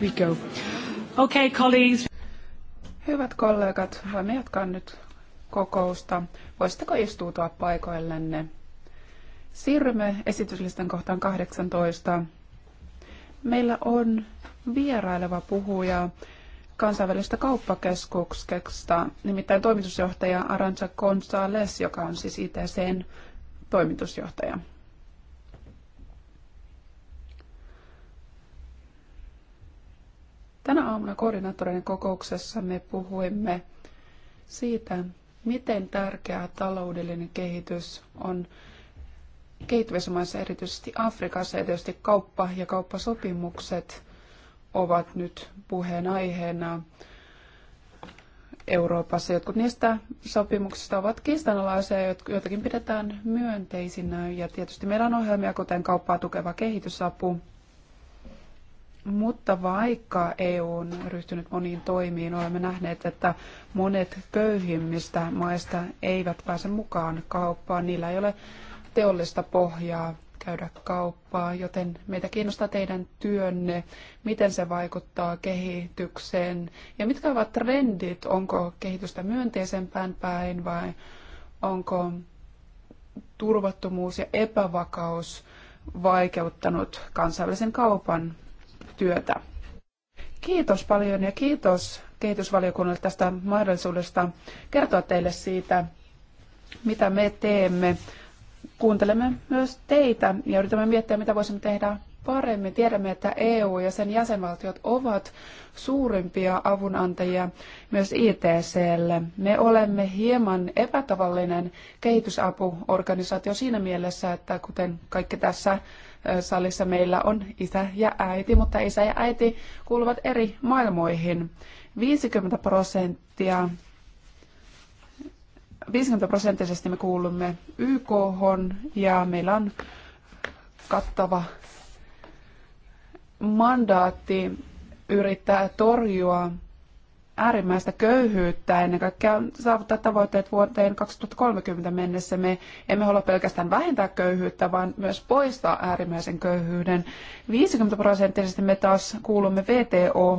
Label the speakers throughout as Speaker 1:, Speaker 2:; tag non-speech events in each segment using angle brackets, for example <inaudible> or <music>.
Speaker 1: We go. Okay, colleagues. Hyvät kollegat, voimme jatkaa nyt kokousta. Voisitteko istuutua paikoillenne? Siirrymme esityslistan kohtaan 18. Meillä on vieraileva puhuja kansainvälistä kauppakeskuksesta, nimittäin toimitusjohtaja Aranja González, joka on siis ITCn toimitusjohtaja. Tänä aamuna koordinaattoreiden kokouksessa me puhuimme siitä, miten tärkeää taloudellinen kehitys on kehittyvissä maissa, erityisesti Afrikassa, Erityisesti kauppa ja kauppasopimukset ovat nyt puheenaiheena Euroopassa. Jotkut niistä sopimuksista ovat kiistanalaisia, joitakin pidetään myönteisinä, ja tietysti meillä on ohjelmia, kuten kauppaa tukeva kehitysapu, mutta vaikka EU on ryhtynyt moniin toimiin, olemme nähneet, että monet köyhimmistä maista eivät pääse mukaan kauppaan. Niillä ei ole teollista pohjaa käydä kauppaa, joten meitä kiinnostaa teidän työnne, miten se vaikuttaa kehitykseen ja mitkä ovat trendit, onko kehitystä myönteisempään päin vai onko turvattomuus ja epävakaus vaikeuttanut kansainvälisen kaupan työtä. Kiitos paljon ja kiitos kehitysvaliokunnalle tästä mahdollisuudesta kertoa teille siitä, mitä me teemme. Kuuntelemme myös teitä ja yritämme miettiä, mitä voisimme tehdä paremmin. Tiedämme, että EU ja sen jäsenvaltiot ovat suurimpia avunantajia myös ITClle. Me olemme hieman epätavallinen kehitysapuorganisaatio siinä mielessä, että kuten kaikki tässä salissa meillä on isä ja äiti, mutta isä ja äiti kuuluvat eri maailmoihin. 50 prosenttia 50 prosenttisesti me kuulumme YK ja meillä on kattava mandaatti yrittää torjua äärimmäistä köyhyyttä, ennen kaikkea saavuttaa tavoitteet vuoteen 2030 mennessä. Me emme halua pelkästään vähentää köyhyyttä, vaan myös poistaa äärimmäisen köyhyyden. 50 prosenttisesti me taas kuulumme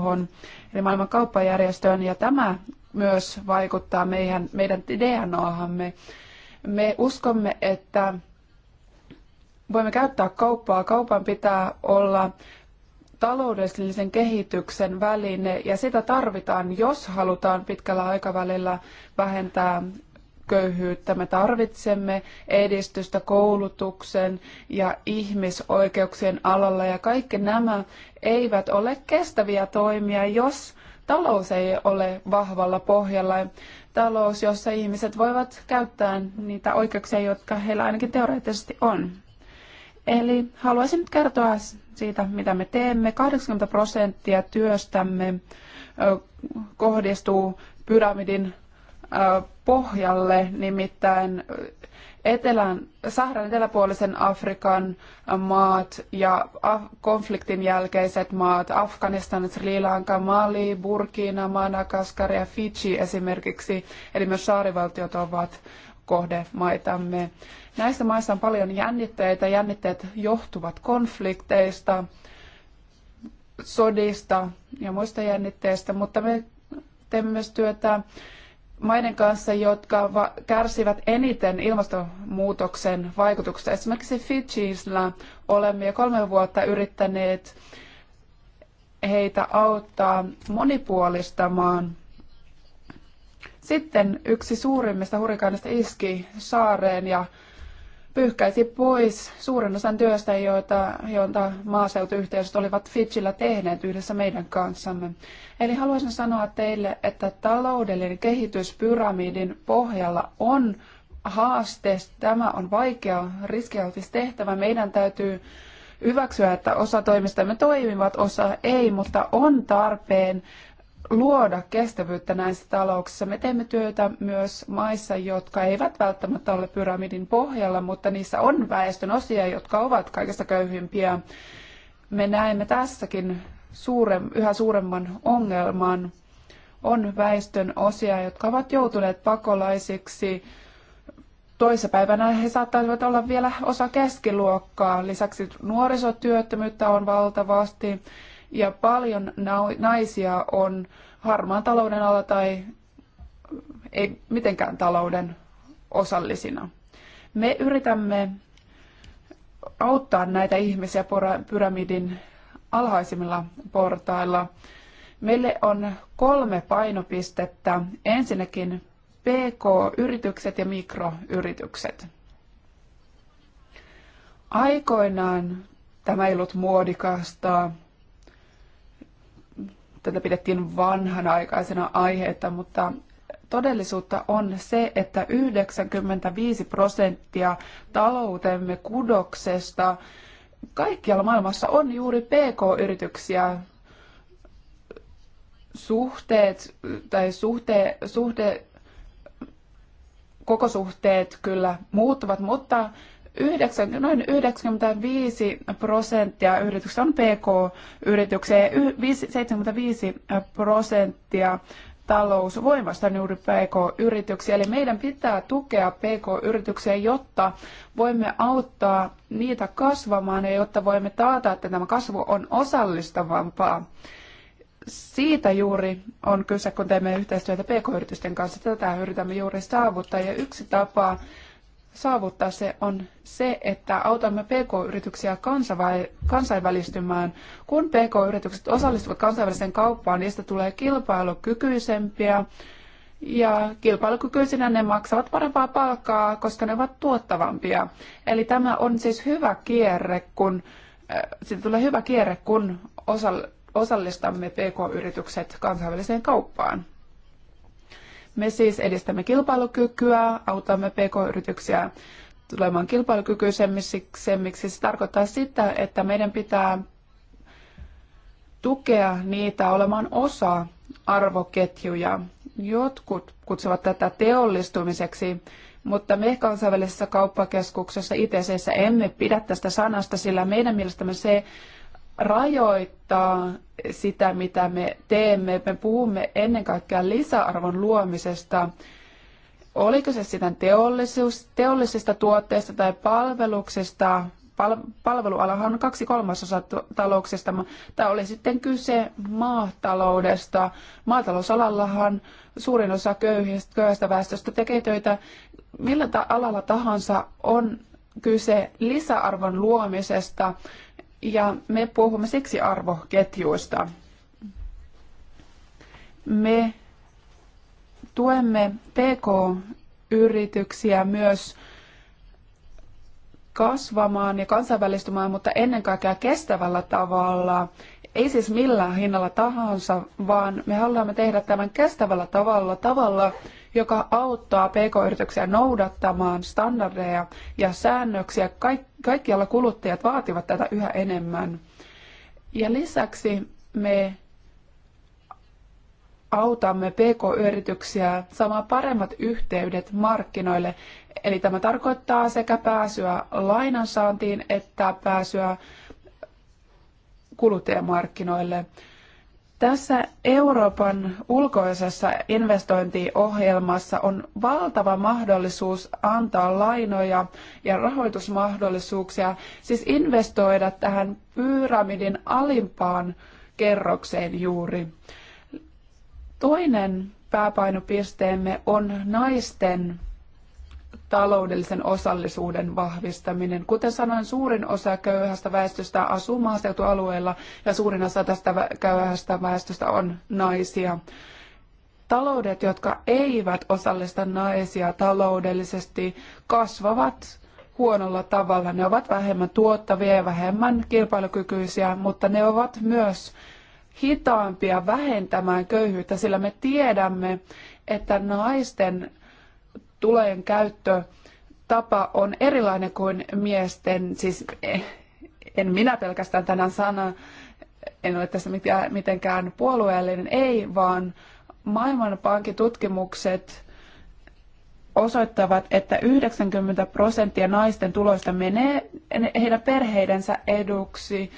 Speaker 1: hon, eli maailman kauppajärjestöön, ja tämä myös vaikuttaa meidän, meidän DNAhamme. Me uskomme, että voimme käyttää kauppaa. Kaupan pitää olla taloudellisen kehityksen väline ja sitä tarvitaan, jos halutaan pitkällä aikavälillä vähentää köyhyyttä. Me tarvitsemme edistystä koulutuksen ja ihmisoikeuksien alalla ja kaikki nämä eivät ole kestäviä toimia, jos talous ei ole vahvalla pohjalla. Talous, jossa ihmiset voivat käyttää niitä oikeuksia, jotka heillä ainakin teoreettisesti on. Eli haluaisin nyt kertoa siitä, mitä me teemme. 80 prosenttia työstämme kohdistuu pyramidin pohjalle, nimittäin etelän, Saharan eteläpuolisen Afrikan maat ja konfliktin jälkeiset maat, Afganistan, Sri Lanka, Mali, Burkina, Madagaskar ja Fiji esimerkiksi, eli myös saarivaltiot ovat kohdemaitamme. Näissä maissa on paljon jännitteitä. Jännitteet johtuvat konflikteista, sodista ja muista jännitteistä, mutta me teemme myös työtä maiden kanssa, jotka kärsivät eniten ilmastonmuutoksen vaikutuksesta. Esimerkiksi Fidjillä olemme jo kolme vuotta yrittäneet heitä auttaa monipuolistamaan. Sitten yksi suurimmista hurrikaanista iski saareen ja pyyhkäisi pois suuren osan työstä, joita, joita maaseutuyhteisöt olivat Fitchillä tehneet yhdessä meidän kanssamme. Eli haluaisin sanoa teille, että taloudellinen kehityspyramidin pohjalla on haaste. Tämä on vaikea, riskialtis tehtävä. Meidän täytyy hyväksyä, että osa toimistamme toimivat, osa ei, mutta on tarpeen luoda kestävyyttä näissä talouksissa. Me teemme työtä myös maissa, jotka eivät välttämättä ole pyramidin pohjalla, mutta niissä on väestön osia, jotka ovat kaikista köyhimpiä. Me näemme tässäkin suurem, yhä suuremman ongelman. On väestön osia, jotka ovat joutuneet pakolaisiksi. päivänä he saattaisivat olla vielä osa keskiluokkaa. Lisäksi nuorisotyöttömyyttä on valtavasti ja paljon naisia on harmaan talouden alla tai ei mitenkään talouden osallisina. Me yritämme auttaa näitä ihmisiä pyramidin alhaisimmilla portailla. Meille on kolme painopistettä. Ensinnäkin PK-yritykset ja mikroyritykset. Aikoinaan tämä ei ollut muodikasta, tätä pidettiin vanhanaikaisena aiheetta, mutta todellisuutta on se, että 95 prosenttia taloutemme kudoksesta kaikkialla maailmassa on juuri PK-yrityksiä. Suhteet tai suhte, suhte, koko suhteet kyllä muuttuvat, mutta 9, noin 95 prosenttia yrityksistä on PK-yrityksiä ja 75 prosenttia talousvoimasta on juuri PK-yrityksiä. Eli meidän pitää tukea PK-yrityksiä, jotta voimme auttaa niitä kasvamaan ja jotta voimme taata, että tämä kasvu on osallistavampaa. Siitä juuri on kyse, kun teemme yhteistyötä PK-yritysten kanssa. Tätä yritämme juuri saavuttaa. Ja yksi tapa saavuttaa se on se, että autamme pk-yrityksiä kansainvälistymään. Kun pk-yritykset osallistuvat kansainväliseen kauppaan, niistä tulee kilpailukykyisempiä ja kilpailukykyisinä ne maksavat parempaa palkkaa, koska ne ovat tuottavampia. Eli tämä on siis hyvä kierre, kun, äh, siitä tulee hyvä kierre, kun osallistamme pk-yritykset kansainväliseen kauppaan. Me siis edistämme kilpailukykyä, autamme pk-yrityksiä tulemaan kilpailukykyisemmiksi. Se tarkoittaa sitä, että meidän pitää tukea niitä olemaan osa arvoketjuja. Jotkut kutsuvat tätä teollistumiseksi, mutta me kansainvälisessä kauppakeskuksessa ITCssä emme pidä tästä sanasta, sillä meidän mielestämme se rajoittaa sitä, mitä me teemme. Me puhumme ennen kaikkea lisäarvon luomisesta. Oliko se sitä teollisuus, teollisista tuotteista tai palveluksesta? Pal- palvelualahan on kaksi kolmasosa talouksesta. Tämä oli sitten kyse maataloudesta. Maatalousalallahan suurin osa köyhistä, köyhästä väestöstä tekee töitä millä ta- alalla tahansa on kyse lisäarvon luomisesta ja me puhumme seksiarvoketjuista. Me tuemme PK-yrityksiä myös kasvamaan ja kansainvälistymään, mutta ennen kaikkea kestävällä tavalla. Ei siis millään hinnalla tahansa, vaan me haluamme tehdä tämän kestävällä tavalla, tavalla, joka auttaa pk-yrityksiä noudattamaan standardeja ja säännöksiä. kaikkialla kuluttajat vaativat tätä yhä enemmän. Ja lisäksi me autamme pk-yrityksiä saamaan paremmat yhteydet markkinoille. Eli tämä tarkoittaa sekä pääsyä lainansaantiin että pääsyä kuluttajamarkkinoille. markkinoille tässä Euroopan ulkoisessa investointiohjelmassa on valtava mahdollisuus antaa lainoja ja rahoitusmahdollisuuksia, siis investoida tähän pyramidin alimpaan kerrokseen juuri. Toinen pääpainopisteemme on naisten taloudellisen osallisuuden vahvistaminen. Kuten sanoin, suurin osa köyhästä väestöstä asuu maaseutualueella ja suurin osa tästä köyhästä väestöstä on naisia. Taloudet, jotka eivät osallista naisia taloudellisesti, kasvavat huonolla tavalla. Ne ovat vähemmän tuottavia ja vähemmän kilpailukykyisiä, mutta ne ovat myös hitaampia vähentämään köyhyyttä, sillä me tiedämme, että naisten tulojen käyttötapa on erilainen kuin miesten, siis eh, en minä pelkästään tänään sana, en ole tässä mitenkään puolueellinen, ei, vaan Maailmanpankin tutkimukset osoittavat, että 90 prosenttia naisten tuloista menee heidän perheidensä eduksi,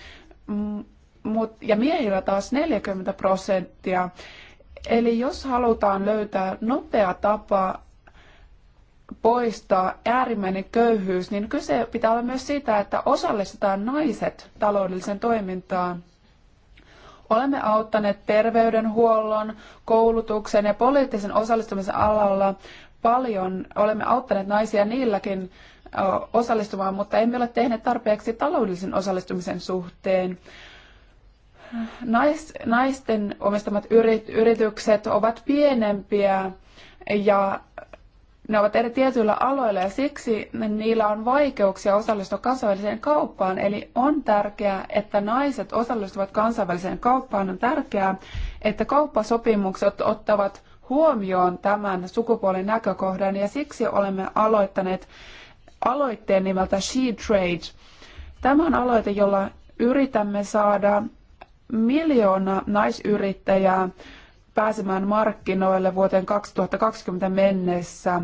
Speaker 1: ja miehillä taas 40 prosenttia. Eli jos halutaan löytää nopea tapa poistaa äärimmäinen köyhyys, niin kyse pitää olla myös siitä, että osallistetaan naiset taloudelliseen toimintaan. Olemme auttaneet terveydenhuollon, koulutuksen ja poliittisen osallistumisen alalla paljon. Olemme auttaneet naisia niilläkin osallistumaan, mutta emme ole tehneet tarpeeksi taloudellisen osallistumisen suhteen. Nais, naisten omistamat yrit, yritykset ovat pienempiä ja ne ovat eri tietyillä aloilla ja siksi niillä on vaikeuksia osallistua kansainväliseen kauppaan. Eli on tärkeää, että naiset osallistuvat kansainväliseen kauppaan. On tärkeää, että kauppasopimukset ottavat huomioon tämän sukupuolen näkökohdan ja siksi olemme aloittaneet aloitteen nimeltä She Trade. Tämä on aloite, jolla yritämme saada miljoona naisyrittäjää pääsemään markkinoille vuoteen 2020 mennessä.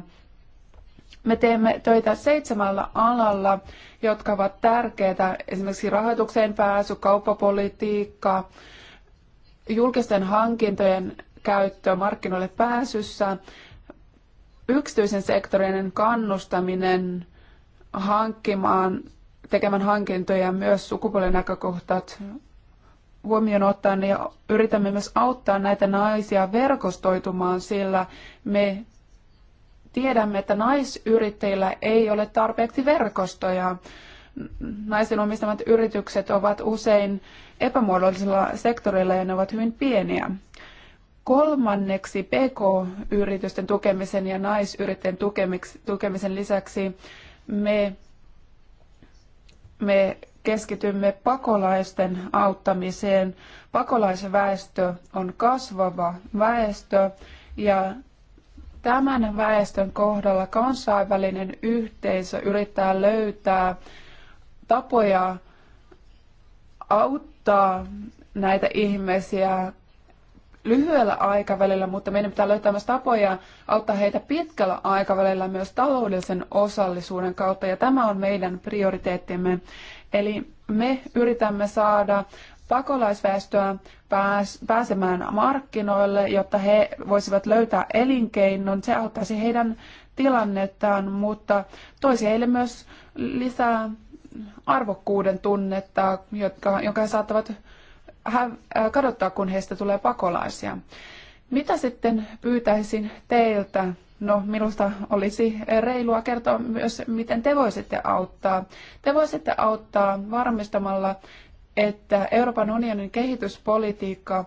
Speaker 1: Me teemme töitä seitsemällä alalla, jotka ovat tärkeitä, esimerkiksi rahoitukseen pääsy, kauppapolitiikka, julkisten hankintojen käyttö markkinoille pääsyssä, yksityisen sektorin kannustaminen hankkimaan, tekemään hankintoja myös sukupuolinäkökohtat huomioon ottaen ja niin yritämme myös auttaa näitä naisia verkostoitumaan, sillä me tiedämme, että naisyrittäjillä ei ole tarpeeksi verkostoja. Naisen omistamat yritykset ovat usein epämuodollisilla sektorilla ja ne ovat hyvin pieniä. Kolmanneksi PK-yritysten tukemisen ja naisyrittäjien tukemisen lisäksi me, me keskitymme pakolaisten auttamiseen. Pakolaisväestö on kasvava väestö ja tämän väestön kohdalla kansainvälinen yhteisö yrittää löytää tapoja auttaa näitä ihmisiä lyhyellä aikavälillä, mutta meidän pitää löytää myös tapoja auttaa heitä pitkällä aikavälillä myös taloudellisen osallisuuden kautta, ja tämä on meidän prioriteettimme. Eli me yritämme saada pakolaisväestöä pääsemään markkinoille, jotta he voisivat löytää elinkeinon. Se auttaisi heidän tilannettaan, mutta toisi heille myös lisää arvokkuuden tunnetta, jotka, jonka he saattavat äh, kadottaa, kun heistä tulee pakolaisia. Mitä sitten pyytäisin teiltä No, minusta olisi reilua kertoa myös, miten te voisitte auttaa. Te voisitte auttaa varmistamalla, että Euroopan unionin kehityspolitiikka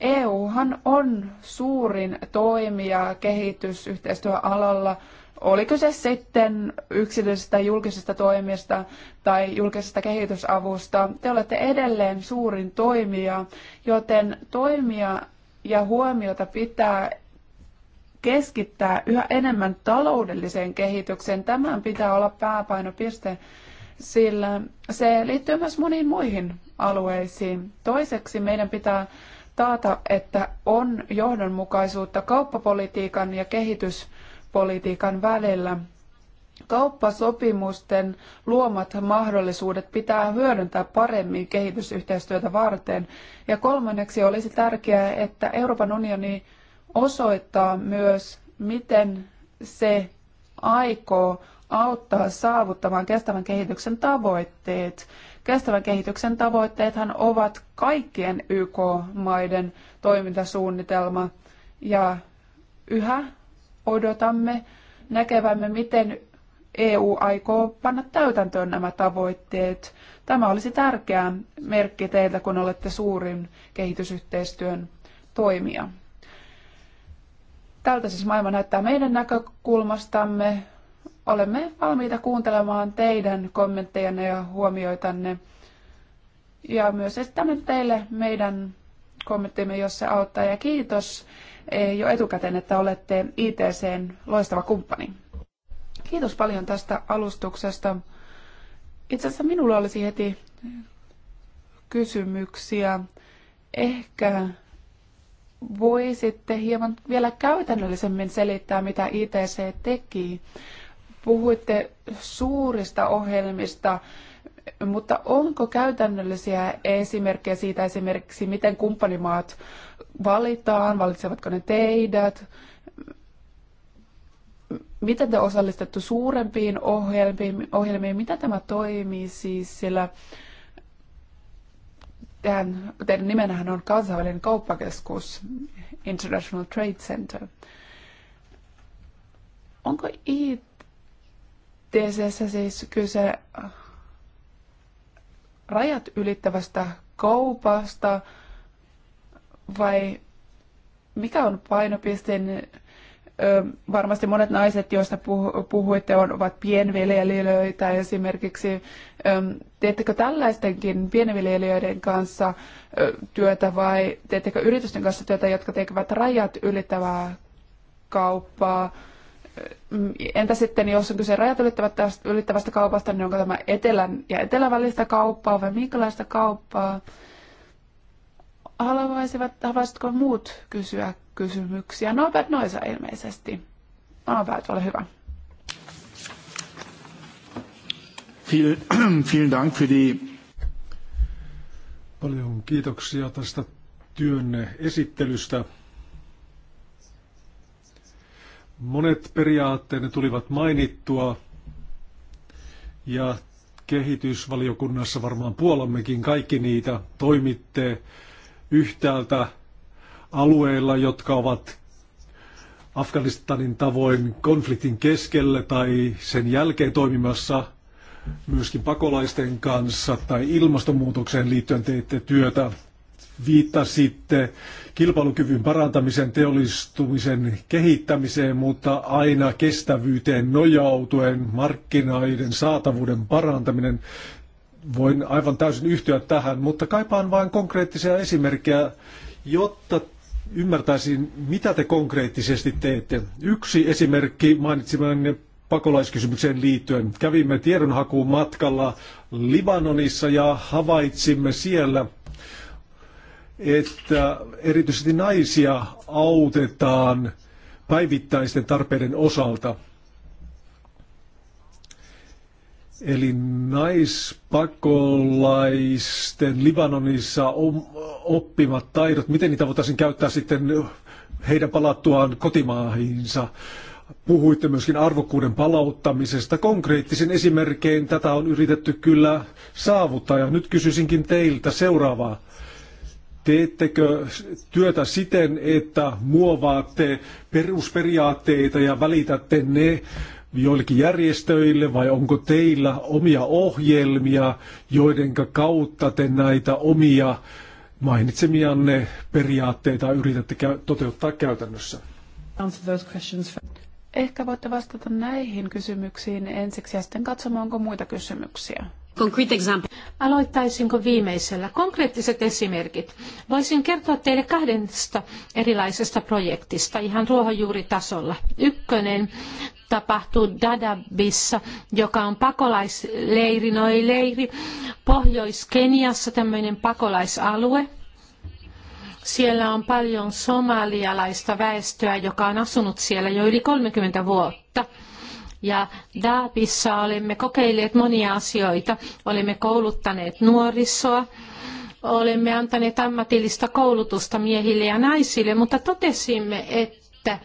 Speaker 1: EUhan on suurin toimija kehitysyhteistyöalalla. Oli kyse sitten yksityisestä julkisesta toimijasta tai julkisesta kehitysavusta, te olette edelleen suurin toimija, joten toimia ja huomiota pitää keskittää yhä enemmän taloudelliseen kehitykseen. Tämän pitää olla pääpainopiste, sillä se liittyy myös moniin muihin alueisiin. Toiseksi meidän pitää taata, että on johdonmukaisuutta kauppapolitiikan ja kehityspolitiikan välillä. Kauppasopimusten luomat mahdollisuudet pitää hyödyntää paremmin kehitysyhteistyötä varten. Ja kolmanneksi olisi tärkeää, että Euroopan unioni osoittaa myös, miten se aikoo auttaa saavuttamaan kestävän kehityksen tavoitteet. Kestävän kehityksen tavoitteethan ovat kaikkien YK-maiden toimintasuunnitelma ja yhä odotamme näkevämme, miten EU aikoo panna täytäntöön nämä tavoitteet. Tämä olisi tärkeä merkki teiltä, kun olette suurin kehitysyhteistyön toimija. Tältä siis maailma näyttää meidän näkökulmastamme. Olemme valmiita kuuntelemaan teidän kommenttejanne ja huomioitanne. Ja myös esittämme teille meidän kommenttimme, jos se auttaa. Ja kiitos e, jo etukäteen, että olette ITCn loistava kumppani. Kiitos paljon tästä alustuksesta. Itse asiassa minulla olisi heti kysymyksiä. Ehkä voisitte hieman vielä käytännöllisemmin selittää, mitä ITC teki. Puhuitte suurista ohjelmista, mutta onko käytännöllisiä esimerkkejä siitä esimerkiksi, miten kumppanimaat valitaan, valitsevatko ne teidät, miten te osallistettu suurempiin ohjelmiin, ohjelmiin, mitä tämä toimii siis, sillä tehän, teidän nimenähän on kansainvälinen kauppakeskus, International Trade Center. Onko ITCssä siis kyse äh, rajat ylittävästä kaupasta vai mikä on painopisteen Varmasti monet naiset, joista puhuitte, ovat pienviljelijöitä esimerkiksi. Teettekö tällaistenkin pienviljelijöiden kanssa työtä vai teettekö yritysten kanssa työtä, jotka tekevät rajat ylittävää kauppaa? Entä sitten, jos on kyse rajat ylittävästä kaupasta, niin onko tämä etelän ja etelän välistä kauppaa vai minkälaista kauppaa? Haluaisivat, haluaisitko muut kysyä kysymyksiä? Norbert Noisa ilmeisesti. Norbert, ole hyvä.
Speaker 2: <clears throat> Vielen Dank für die...
Speaker 3: Paljon kiitoksia tästä työnne esittelystä. Monet periaatteet tulivat mainittua ja kehitysvaliokunnassa varmaan puolammekin kaikki niitä. Toimitte yhtäältä alueilla, jotka ovat Afganistanin tavoin konfliktin keskellä tai sen jälkeen toimimassa myöskin pakolaisten kanssa tai ilmastonmuutokseen liittyen teitte työtä. Viittasitte kilpailukyvyn parantamisen, teollistumisen kehittämiseen, mutta aina kestävyyteen nojautuen markkinaiden saatavuuden parantaminen voin aivan täysin yhtyä tähän, mutta kaipaan vain konkreettisia esimerkkejä, jotta ymmärtäisin, mitä te konkreettisesti teette. Yksi esimerkki mainitsimanne pakolaiskysymykseen liittyen. Kävimme tiedonhakuun matkalla Libanonissa ja havaitsimme siellä, että erityisesti naisia autetaan päivittäisten tarpeiden osalta – Eli naispakolaisten Libanonissa oppimat taidot, miten niitä voitaisiin käyttää sitten heidän palattuaan kotimaahinsa? Puhuitte myöskin arvokkuuden palauttamisesta. konkreettisen esimerkkein tätä on yritetty kyllä saavuttaa ja nyt kysyisinkin teiltä seuraavaa. Teettekö työtä siten, että muovaatte perusperiaatteita ja välitätte ne joillekin järjestöille vai onko teillä omia ohjelmia, joiden kautta te näitä omia mainitsemianne periaatteita yritätte kä- toteuttaa käytännössä?
Speaker 1: Ehkä voitte vastata näihin
Speaker 4: kysymyksiin ensiksi ja sitten katsomaan, onko muita kysymyksiä. Concrete example. Aloittaisinko viimeisellä? Konkreettiset esimerkit. Voisin kertoa teille kahdesta erilaisesta projektista ihan ruohonjuuritasolla. Ykkönen tapahtuu Dadabissa, joka on pakolaisleiri, noin leiri, Pohjois-Keniassa tämmöinen pakolaisalue. Siellä on paljon somalialaista väestöä, joka on asunut siellä jo yli 30 vuotta. Ja Daabissa olemme kokeilleet monia asioita. Olemme kouluttaneet nuorisoa, olemme antaneet ammatillista koulutusta miehille ja naisille, mutta totesimme, että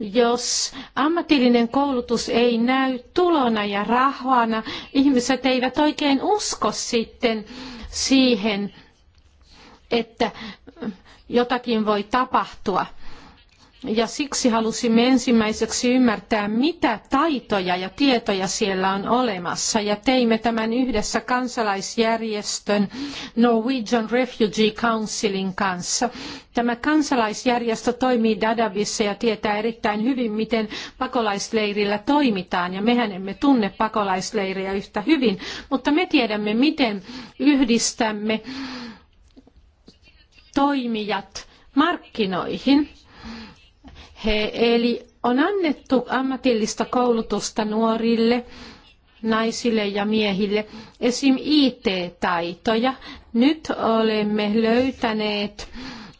Speaker 4: jos ammatillinen koulutus ei näy tulona ja rahana, ihmiset eivät oikein usko sitten siihen, että jotakin voi tapahtua. Ja siksi halusimme ensimmäiseksi ymmärtää, mitä taitoja ja tietoja siellä on olemassa. Ja teimme tämän yhdessä kansalaisjärjestön Norwegian Refugee Councilin kanssa. Tämä kansalaisjärjestö toimii Dadabissa ja tietää erittäin hyvin, miten pakolaisleirillä toimitaan. Ja mehän emme tunne pakolaisleirejä yhtä hyvin, mutta me tiedämme, miten yhdistämme toimijat markkinoihin he, eli on annettu ammatillista koulutusta nuorille, naisille ja miehille, esim. IT-taitoja. Nyt olemme löytäneet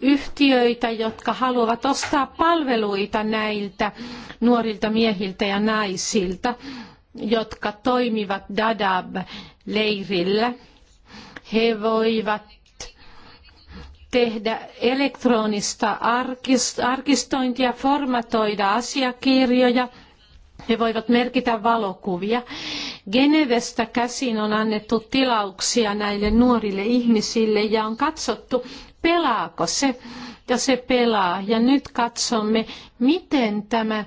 Speaker 4: yhtiöitä, jotka haluavat ostaa palveluita näiltä nuorilta miehiltä ja naisilta, jotka toimivat Dadab-leirillä. He voivat tehdä elektronista arkistointia, formatoida asiakirjoja, he voivat merkitä valokuvia. Genevestä käsin on annettu tilauksia näille nuorille ihmisille ja on katsottu, pelaako se ja se pelaa. Ja nyt katsomme, miten tämä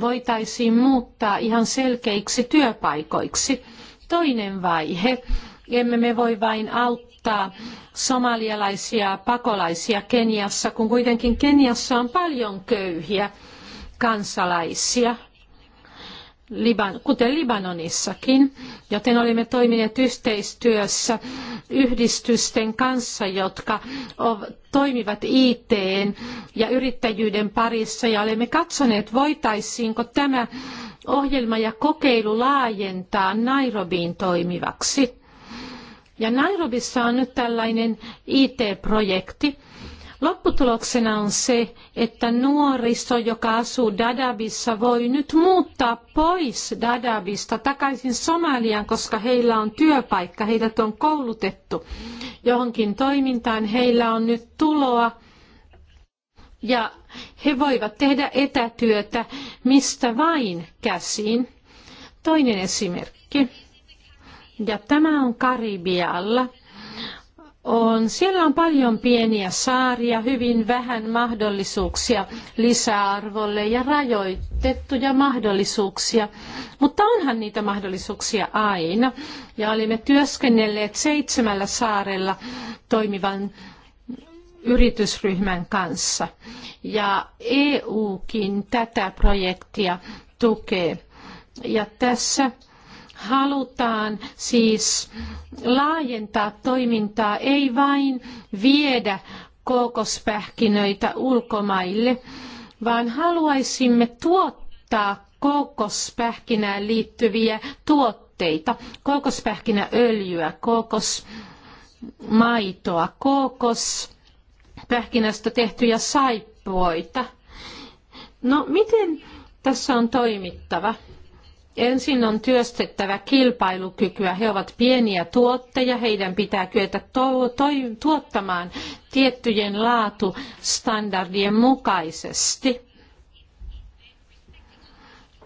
Speaker 4: voitaisiin muuttaa ihan selkeiksi työpaikoiksi. Toinen vaihe. Emme me voi vain auttaa auttaa somalialaisia pakolaisia Keniassa, kun kuitenkin Keniassa on paljon köyhiä kansalaisia, kuten Libanonissakin, joten olimme toimineet yhteistyössä yhdistysten kanssa, jotka toimivat IT ja yrittäjyyden parissa ja olemme katsoneet, voitaisiinko tämä ohjelma ja kokeilu laajentaa Nairobiin toimivaksi ja Nairobissa on nyt tällainen IT-projekti. Lopputuloksena on se, että nuoriso, joka asuu Dadabissa, voi nyt muuttaa pois Dadabista takaisin Somaliaan, koska heillä on työpaikka, heidät on koulutettu johonkin toimintaan, heillä on nyt tuloa. Ja he voivat tehdä etätyötä mistä vain käsiin. Toinen esimerkki. Ja tämä on Karibialla. On, siellä on paljon pieniä saaria, hyvin vähän mahdollisuuksia lisäarvolle ja rajoitettuja mahdollisuuksia. Mutta onhan niitä mahdollisuuksia aina. Ja olimme työskennelleet seitsemällä saarella toimivan yritysryhmän kanssa. Ja EUkin tätä projektia tukee. Ja tässä Halutaan siis laajentaa toimintaa, ei vain viedä kookospähkinöitä ulkomaille, vaan haluaisimme tuottaa kookospähkinään liittyviä tuotteita, kookospähkinäöljyä, kookosmaitoa, kookospähkinästä tehtyjä saippuoita. No miten tässä on toimittava? Ensin on työstettävä kilpailukykyä. He ovat pieniä tuotteja, heidän pitää kyetä to- to- tuottamaan tiettyjen laatustandardien mukaisesti.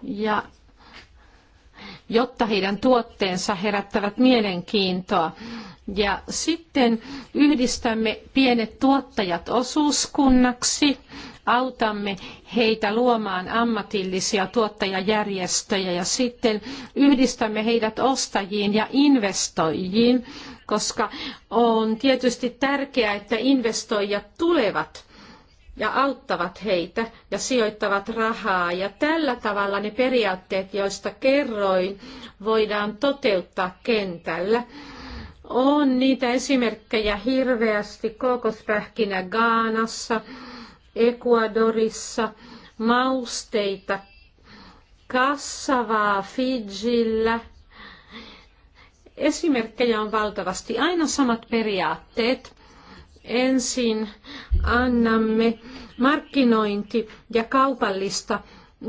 Speaker 4: Ja jotta heidän tuotteensa herättävät mielenkiintoa. Ja sitten yhdistämme pienet tuottajat osuuskunnaksi autamme heitä luomaan ammatillisia tuottajajärjestöjä ja sitten yhdistämme heidät ostajiin ja investoijiin, koska on tietysti tärkeää, että investoijat tulevat ja auttavat heitä ja sijoittavat rahaa. Ja tällä tavalla ne periaatteet, joista kerroin, voidaan toteuttaa kentällä. On niitä esimerkkejä hirveästi kookospähkinä Gaanassa, Ecuadorissa, mausteita kassavaa Fijillä. Esimerkkejä on valtavasti. Aina samat periaatteet. Ensin annamme markkinointi- ja kaupallista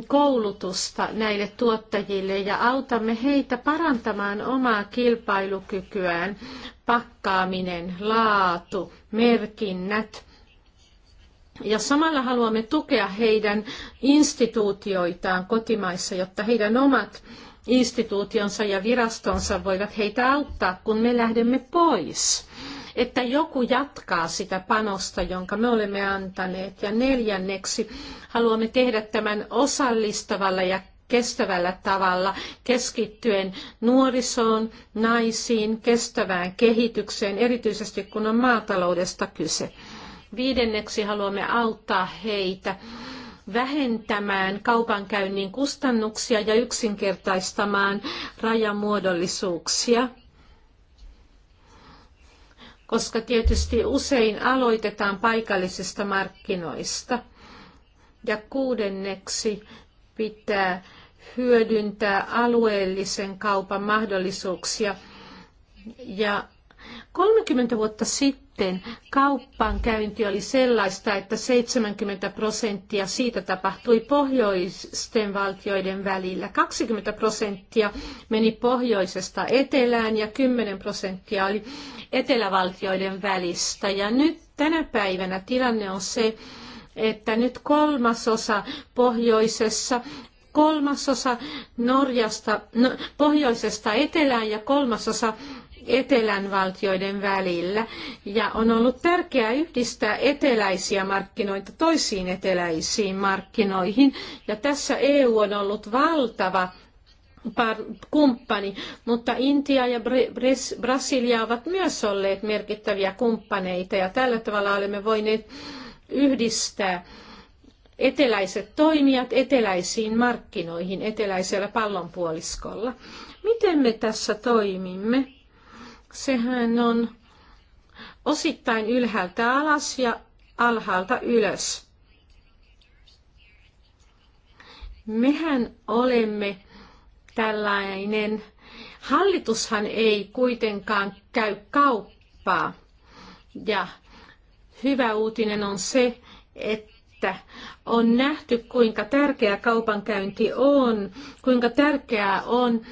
Speaker 4: koulutusta näille tuottajille ja autamme heitä parantamaan omaa kilpailukykyään. Pakkaaminen, laatu, merkinnät ja samalla haluamme tukea heidän instituutioitaan kotimaissa, jotta heidän omat instituutionsa ja virastonsa voivat heitä auttaa, kun me lähdemme pois. Että joku jatkaa sitä panosta, jonka me olemme antaneet. Ja neljänneksi haluamme tehdä tämän osallistavalla ja kestävällä tavalla keskittyen nuorisoon, naisiin, kestävään kehitykseen, erityisesti kun on maataloudesta kyse. Viidenneksi haluamme auttaa heitä vähentämään kaupankäynnin kustannuksia ja yksinkertaistamaan rajamuodollisuuksia koska tietysti usein aloitetaan paikallisista markkinoista. Ja kuudenneksi pitää hyödyntää alueellisen kaupan mahdollisuuksia. Ja 30 vuotta sitten sitten kauppankäynti oli sellaista, että 70 prosenttia siitä tapahtui pohjoisten valtioiden välillä. 20 prosenttia meni pohjoisesta etelään ja 10 prosenttia oli etelävaltioiden välistä. Ja nyt tänä päivänä tilanne on se, että nyt kolmasosa pohjoisessa kolmasosa Norjasta, no, pohjoisesta etelään ja kolmasosa etelän valtioiden välillä. Ja on ollut tärkeää yhdistää eteläisiä markkinoita toisiin eteläisiin markkinoihin. Ja tässä EU on ollut valtava kumppani, mutta Intia ja Brasilia ovat myös olleet merkittäviä kumppaneita ja tällä tavalla olemme voineet yhdistää eteläiset toimijat eteläisiin markkinoihin eteläisellä pallonpuoliskolla. Miten me tässä toimimme? Sehän on osittain ylhäältä alas ja alhaalta ylös. Mehän olemme tällainen. Hallitushan ei kuitenkaan käy kauppaa. Ja hyvä uutinen on se, että on nähty, kuinka tärkeä kaupankäynti on, kuinka tärkeää on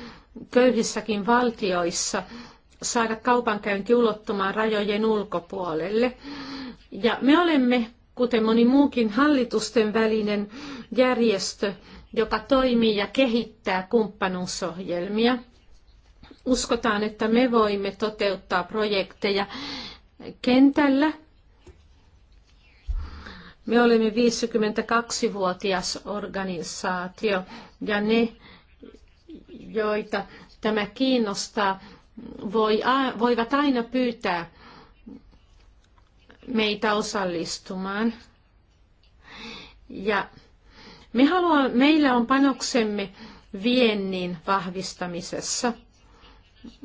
Speaker 4: köyhissäkin valtioissa saada kaupankäynti ulottumaan rajojen ulkopuolelle. Ja me olemme, kuten moni muukin hallitusten välinen järjestö, joka toimii ja kehittää kumppanuusohjelmia. Uskotaan, että me voimme toteuttaa projekteja kentällä. Me olemme 52-vuotias organisaatio ja ne, joita tämä kiinnostaa, voi, voivat aina pyytää meitä osallistumaan. Ja me haluamme, meillä on panoksemme viennin vahvistamisessa.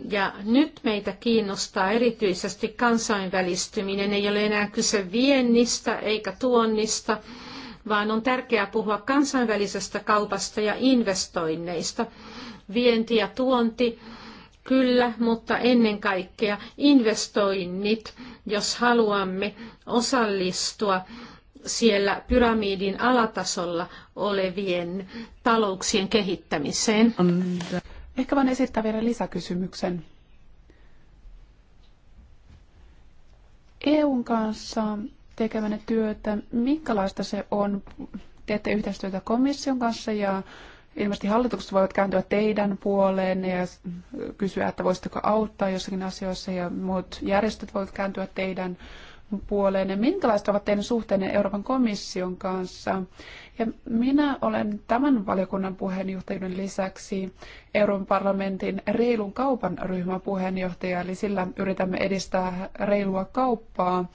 Speaker 4: Ja nyt meitä kiinnostaa erityisesti kansainvälistyminen. Ei ole enää kyse viennistä eikä tuonnista, vaan on tärkeää puhua kansainvälisestä kaupasta ja investoinneista. Vienti ja tuonti Kyllä, mutta ennen kaikkea investoinnit, jos haluamme osallistua siellä pyramidin alatasolla olevien talouksien kehittämiseen.
Speaker 1: Ehkä vain esittää vielä lisäkysymyksen. EUn kanssa tekemänne työtä, minkälaista se on? Teette yhteistyötä komission kanssa ja ilmeisesti hallitukset voivat kääntyä teidän puoleenne ja kysyä, että voisitteko auttaa jossakin asioissa ja muut järjestöt voivat kääntyä teidän puoleenne. minkälaista ovat teidän suhteenne Euroopan komission kanssa? Ja minä olen tämän valiokunnan puheenjohtajuuden lisäksi Euroopan parlamentin reilun kaupan ryhmän puheenjohtaja, eli sillä yritämme edistää reilua kauppaa.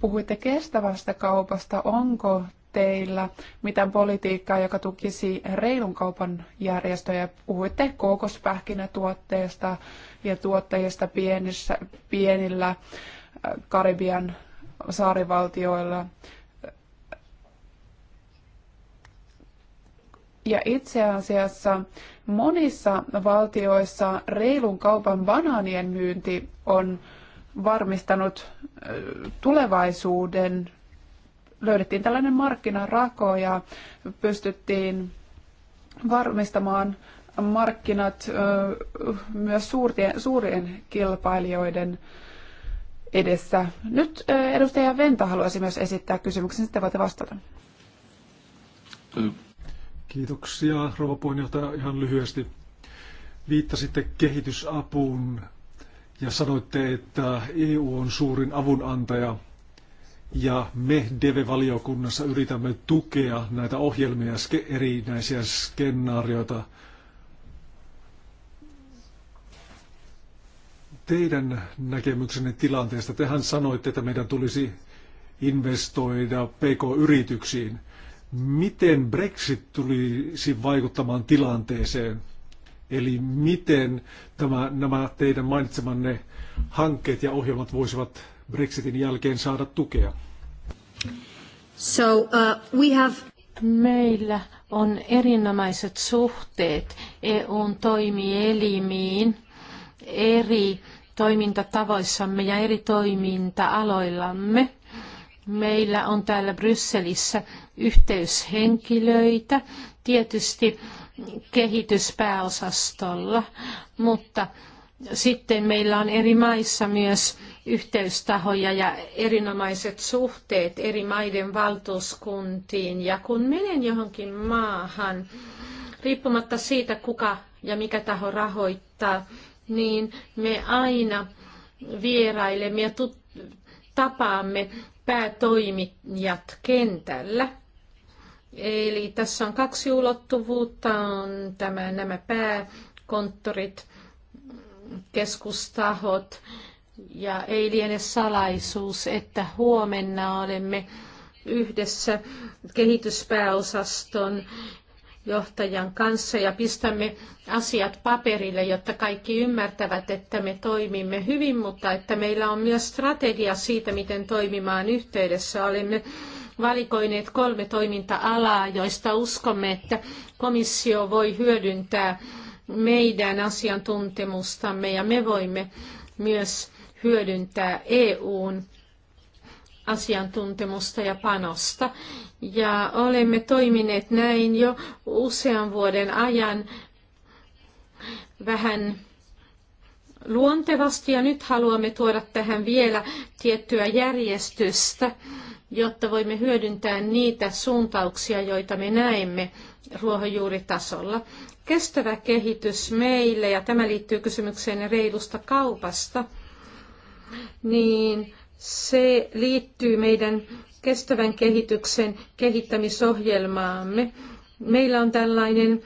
Speaker 1: Puhuitte kestävästä kaupasta. Onko teillä mitään politiikkaa, joka tukisi reilun kaupan järjestöjä. Puhuitte kookospähkinätuotteesta ja tuottajista pienissä, pienillä äh, Karibian saarivaltioilla. Ja itse asiassa monissa valtioissa reilun kaupan banaanien myynti on varmistanut äh, tulevaisuuden löydettiin tällainen markkinarako ja pystyttiin varmistamaan markkinat myös suurien, suurien kilpailijoiden edessä. Nyt edustaja Venta haluaisi myös esittää kysymyksen, sitten voitte vastata.
Speaker 3: Kiitoksia, rouva puheenjohtaja. Ihan lyhyesti viittasitte kehitysapuun ja sanoitte, että EU on suurin avunantaja – ja me DEVE-valiokunnassa yritämme tukea näitä ohjelmia, erinäisiä skenaarioita. Teidän näkemyksenne tilanteesta, tehän sanoitte, että meidän tulisi investoida PK-yrityksiin. Miten Brexit tulisi vaikuttamaan tilanteeseen? Eli miten tämä, nämä teidän mainitsemanne hankkeet ja ohjelmat voisivat Brexitin jälkeen saada tukea?
Speaker 4: So, uh, we have... Meillä on erinomaiset suhteet EUn toimielimiin eri toimintatavoissamme ja eri toiminta-aloillamme. Meillä on täällä Brysselissä yhteyshenkilöitä, tietysti kehityspääosastolla, mutta sitten meillä on eri maissa myös yhteystahoja ja erinomaiset suhteet eri maiden valtuuskuntiin. Ja kun menen johonkin maahan, riippumatta siitä kuka ja mikä taho rahoittaa, niin me aina vierailemme ja tut- tapaamme päätoimijat kentällä. Eli tässä on kaksi ulottuvuutta, on tämä, nämä pääkonttorit, keskustahot ja ei liene salaisuus, että huomenna olemme yhdessä kehityspääosaston johtajan kanssa ja pistämme asiat paperille, jotta kaikki ymmärtävät, että me toimimme hyvin, mutta että meillä on myös strategia siitä, miten toimimaan yhteydessä. Olemme valikoineet kolme toiminta-alaa, joista uskomme, että komissio voi hyödyntää meidän asiantuntemustamme ja me voimme myös hyödyntää EUn asiantuntemusta ja panosta. Ja olemme toimineet näin jo usean vuoden ajan vähän luontevasti ja nyt haluamme tuoda tähän vielä tiettyä järjestystä, jotta voimme hyödyntää niitä suuntauksia, joita me näemme ruohonjuuritasolla. Kestävä kehitys meille, ja tämä liittyy kysymykseen reilusta kaupasta – niin se liittyy meidän kestävän kehityksen kehittämisohjelmaamme. Meillä on tällainen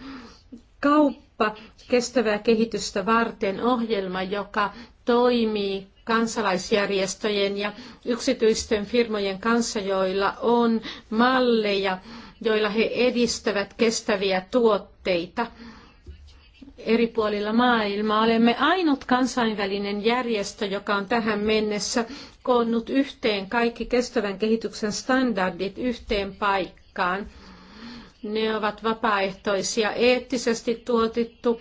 Speaker 4: kauppa kestävää kehitystä varten ohjelma, joka toimii kansalaisjärjestöjen ja yksityisten firmojen kanssa, joilla on malleja, joilla he edistävät kestäviä tuotteita eri puolilla maailmaa. Olemme ainut kansainvälinen järjestö, joka on tähän mennessä koonnut yhteen kaikki kestävän kehityksen standardit yhteen paikkaan. Ne ovat vapaaehtoisia, eettisesti tuotettu,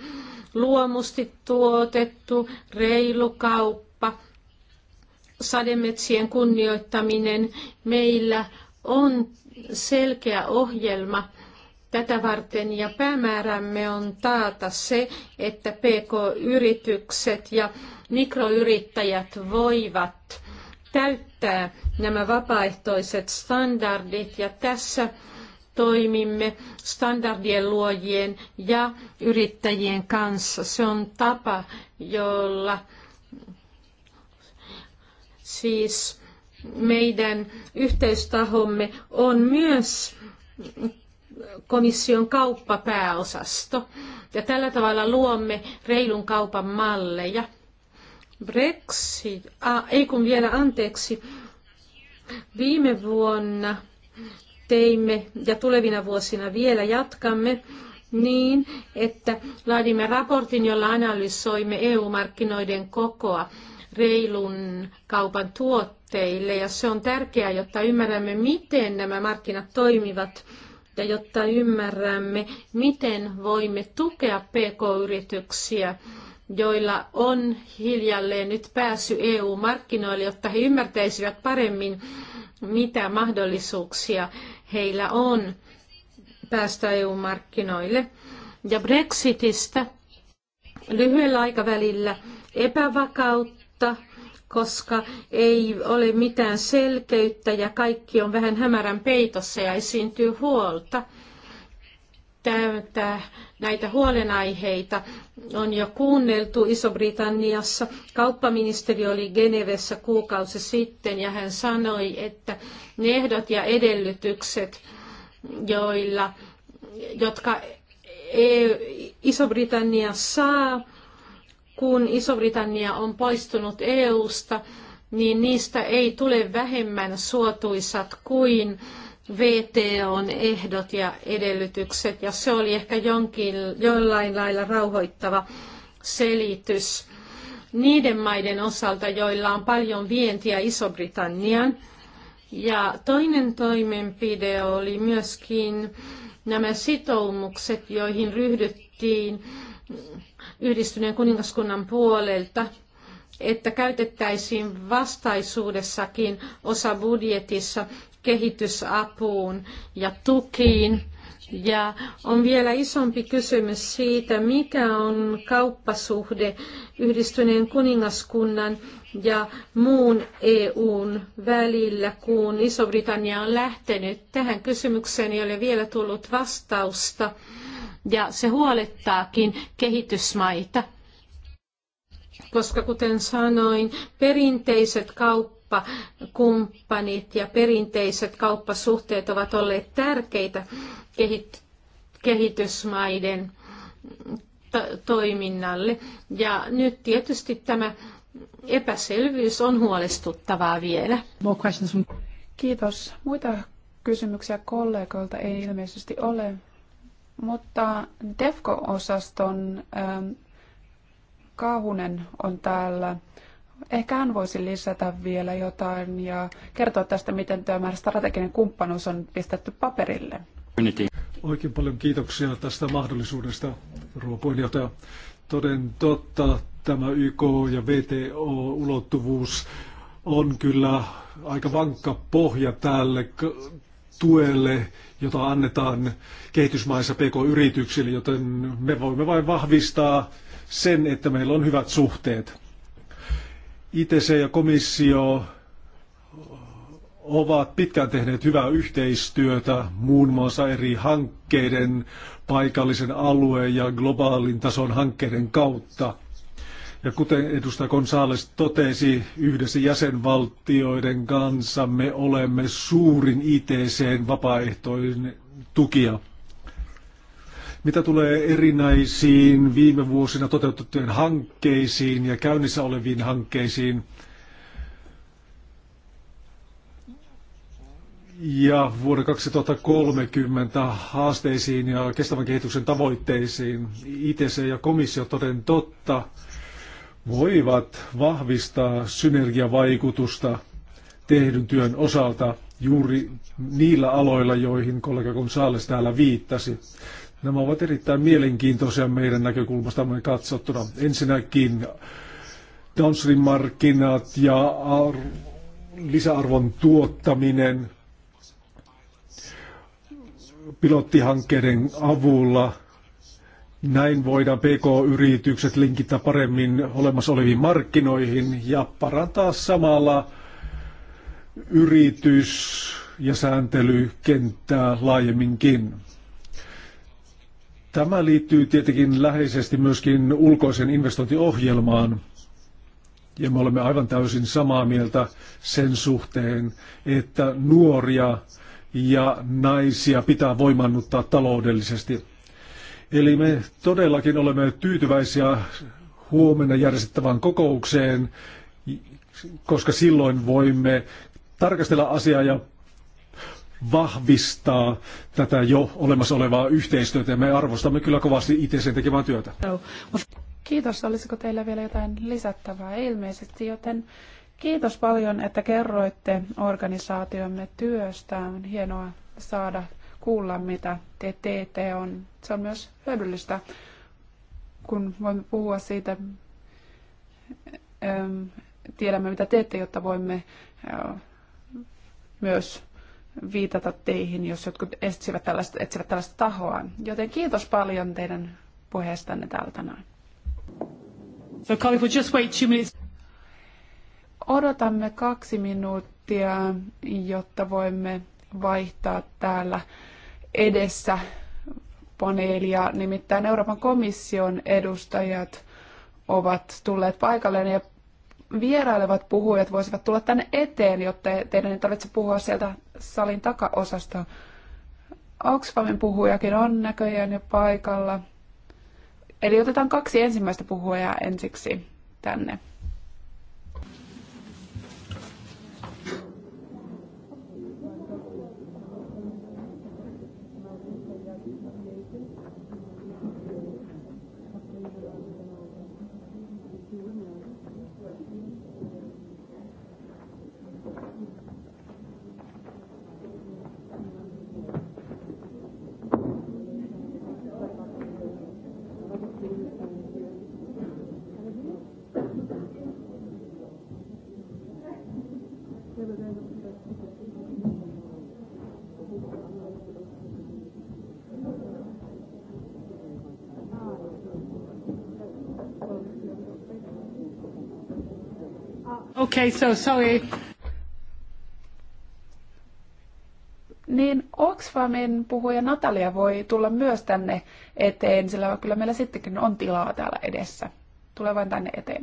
Speaker 4: luomusti tuotettu, reilu kauppa, sademetsien kunnioittaminen. Meillä on selkeä ohjelma tätä varten ja päämäärämme on taata se, että PK-yritykset ja mikroyrittäjät voivat täyttää nämä vapaaehtoiset standardit ja tässä toimimme standardien luojien ja yrittäjien kanssa. Se on tapa, jolla siis meidän yhteistahomme on myös komission kauppapääosasto. Ja tällä tavalla luomme reilun kaupan malleja. Brexit, ah, ei kun vielä anteeksi, viime vuonna teimme ja tulevina vuosina vielä jatkamme niin, että laadimme raportin, jolla analysoimme EU-markkinoiden kokoa reilun kaupan tuotteille. Ja se on tärkeää, jotta ymmärrämme, miten nämä markkinat toimivat ja jotta ymmärrämme, miten voimme tukea pk-yrityksiä, joilla on hiljalleen nyt pääsy EU-markkinoille, jotta he ymmärtäisivät paremmin, mitä mahdollisuuksia heillä on päästä EU-markkinoille. Ja Brexitistä lyhyellä aikavälillä epävakautta koska ei ole mitään selkeyttä ja kaikki on vähän hämärän peitossa ja esiintyy huolta. Täytä, näitä huolenaiheita on jo kuunneltu Iso-Britanniassa. Kauppaministeri oli Genevessä kuukausi sitten ja hän sanoi, että ne ehdot ja edellytykset, joilla, jotka e- Iso-Britannia saa, kun Iso-Britannia on poistunut EU-sta, niin niistä ei tule vähemmän suotuisat kuin VTOn ehdot ja edellytykset, ja se oli ehkä jonkin, jollain lailla rauhoittava selitys niiden maiden osalta, joilla on paljon vientiä Iso-Britannian. Ja toinen toimenpide oli myöskin nämä sitoumukset, joihin ryhdyttiin yhdistyneen kuningaskunnan puolelta, että käytettäisiin vastaisuudessakin osa budjetissa kehitysapuun ja tukiin. Ja on vielä isompi kysymys siitä, mikä on kauppasuhde yhdistyneen kuningaskunnan ja muun EUn välillä, kun Iso-Britannia on lähtenyt. Tähän kysymykseen ei ole vielä tullut vastausta ja se huolettaakin kehitysmaita. Koska kuten sanoin, perinteiset kauppakumppanit ja perinteiset kauppasuhteet ovat olleet tärkeitä kehitysmaiden toiminnalle. Ja nyt tietysti tämä epäselvyys on huolestuttavaa vielä.
Speaker 1: Kiitos. Muita kysymyksiä kollegoilta ei ilmeisesti ole. Mutta DEFCO-osaston ähm, Kaahunen on täällä. Ehkä hän voisi lisätä vielä jotain ja kertoa tästä, miten tämä strateginen kumppanuus on pistetty
Speaker 3: paperille. Oikein paljon kiitoksia tästä mahdollisuudesta, rouva puheenjohtaja. Toden totta, tämä YK ja VTO-ulottuvuus on kyllä aika vankka pohja tälle tuelle, jota annetaan kehitysmaissa PK-yrityksille, joten me voimme vain vahvistaa sen, että meillä on hyvät suhteet. ITC ja komissio ovat pitkään tehneet hyvää yhteistyötä muun muassa eri hankkeiden, paikallisen alueen ja globaalin tason hankkeiden kautta. Ja kuten edustaja Gonzales totesi, yhdessä jäsenvaltioiden kanssa me olemme suurin ITCn vapaaehtoinen tukija. Mitä tulee erinäisiin viime vuosina toteutettujen hankkeisiin ja käynnissä oleviin hankkeisiin, ja vuoden 2030 haasteisiin ja kestävän kehityksen tavoitteisiin. ITC ja komissio toden totta voivat vahvistaa synergiavaikutusta tehdyn työn osalta juuri niillä aloilla, joihin kollega Gonzales täällä viittasi. Nämä ovat erittäin mielenkiintoisia meidän näkökulmastamme katsottuna. Ensinnäkin downstream-markkinat ja lisäarvon tuottaminen pilottihankkeiden avulla – näin voidaan PK-yritykset linkittää paremmin olemassa oleviin markkinoihin ja parantaa samalla yritys- ja sääntelykenttää laajemminkin. Tämä liittyy tietenkin läheisesti myöskin ulkoisen investointiohjelmaan, ja me olemme aivan täysin samaa mieltä sen suhteen, että nuoria ja naisia pitää voimannuttaa taloudellisesti. Eli me todellakin olemme tyytyväisiä huomenna järjestettävään kokoukseen, koska silloin voimme tarkastella asiaa ja vahvistaa tätä jo olemassa olevaa yhteistyötä ja me arvostamme kyllä kovasti itse sen tekemää työtä.
Speaker 1: Kiitos. Olisiko teillä vielä jotain lisättävää ilmeisesti, joten kiitos paljon, että kerroitte organisaatiomme työstä. On hienoa saada kuulla, mitä te teette. On, se on myös hyödyllistä, kun voimme puhua siitä, ähm, tiedämme mitä teette, jotta voimme äh, myös viitata teihin, jos jotkut etsivät tällaista, etsivät tällaista tahoa. Joten kiitos paljon teidän puheestanne täällä tänään. So, colleague, we'll just wait two minutes. Odotamme kaksi minuuttia, jotta voimme vaihtaa täällä edessä paneelia, nimittäin Euroopan komission edustajat ovat tulleet paikalle ja vierailevat puhujat voisivat tulla tänne eteen, jotta teidän ei tarvitse puhua sieltä salin takaosasta. Oxfamin puhujakin on näköjään jo paikalla. Eli otetaan kaksi ensimmäistä puhujaa ensiksi tänne. Okay, so sorry. Niin Oxfamin puhuja Natalia voi tulla myös tänne eteen, sillä kyllä meillä sittenkin on tilaa täällä edessä. Tule vain tänne eteen.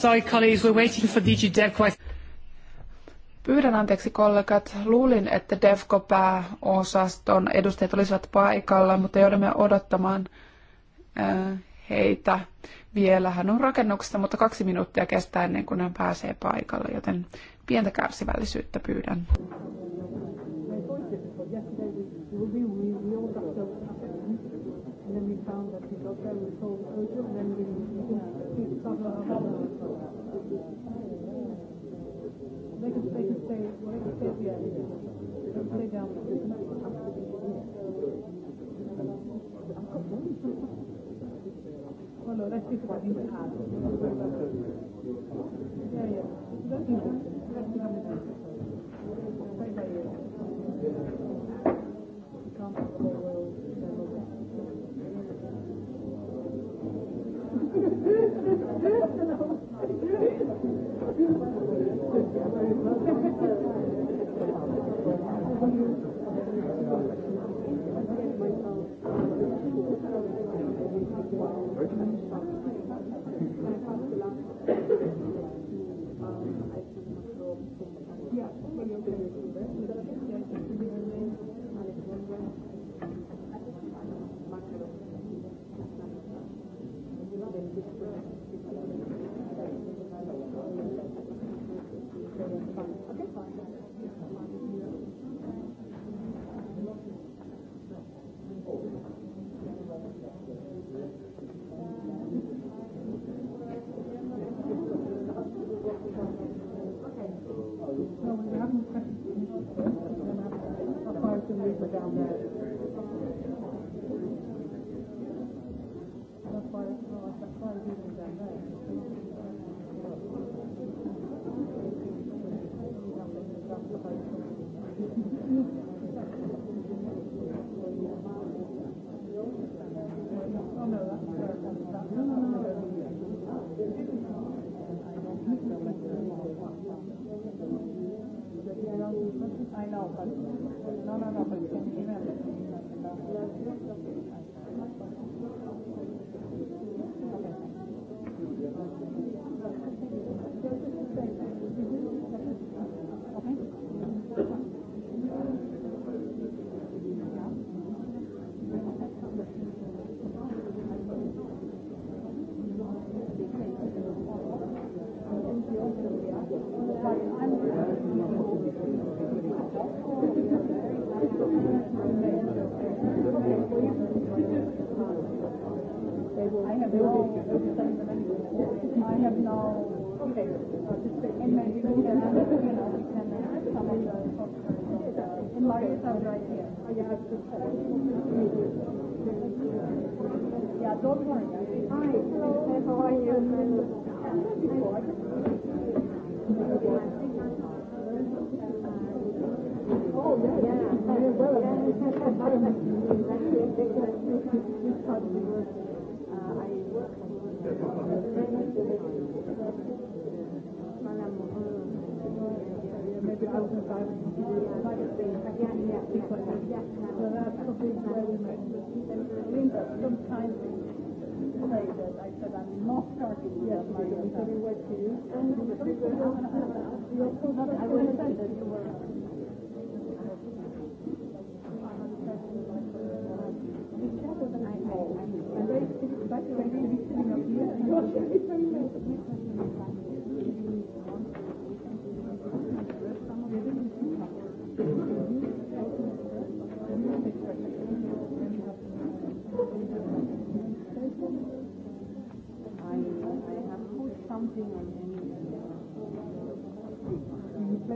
Speaker 1: Sorry colleagues, we're waiting for DG DevCo. Pyydän anteeksi kollegat. Luulin, että DevCo-pääosaston edustajat olisivat paikalla, mutta joudumme odottamaan äh, heitä vielä. Hän on rakennuksessa, mutta kaksi minuuttia kestää ennen kuin hän pääsee paikalle, joten pientä kärsivällisyyttä pyydän.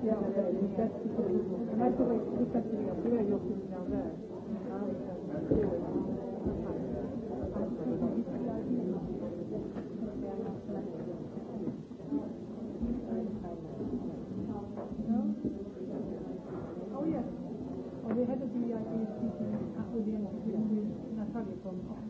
Speaker 5: Oh, yes. Oh, we had a VIP speaking at the end of the Natalia from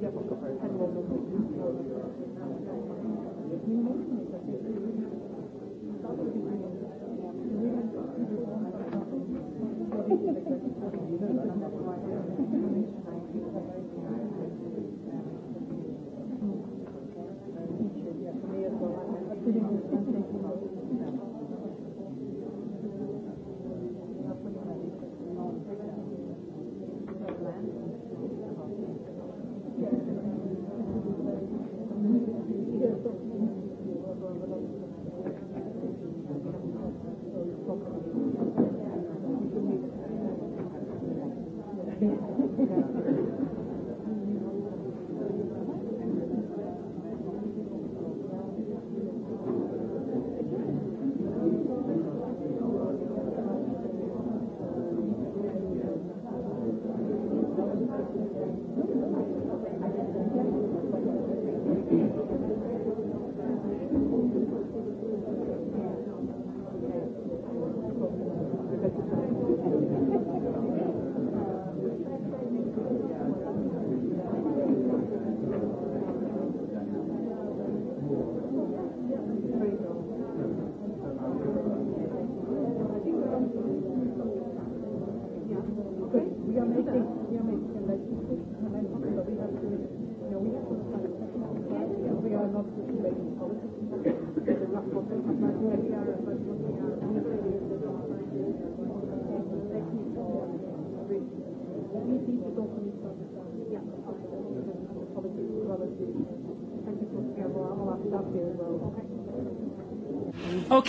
Speaker 5: Yeah,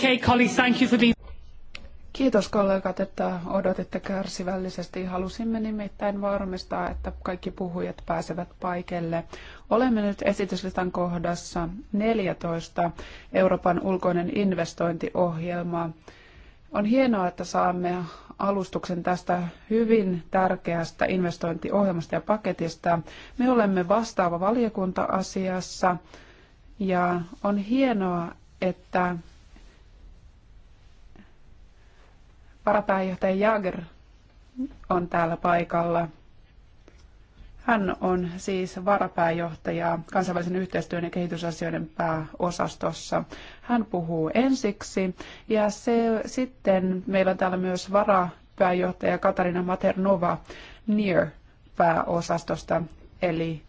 Speaker 1: Okay, colleagues, thank you for Kiitos kollegat, että odotitte kärsivällisesti. Halusimme nimittäin varmistaa, että kaikki puhujat pääsevät paikalle. Olemme nyt esityslistan kohdassa 14, Euroopan ulkoinen investointiohjelma. On hienoa, että saamme alustuksen tästä hyvin tärkeästä investointiohjelmasta ja paketista. Me olemme vastaava valiokunta asiassa ja on hienoa, että varapääjohtaja Jager on täällä paikalla. Hän on siis varapääjohtaja kansainvälisen yhteistyön ja kehitysasioiden pääosastossa. Hän puhuu ensiksi ja se, sitten meillä on täällä myös varapääjohtaja Katarina Maternova NIR pääosastosta, eli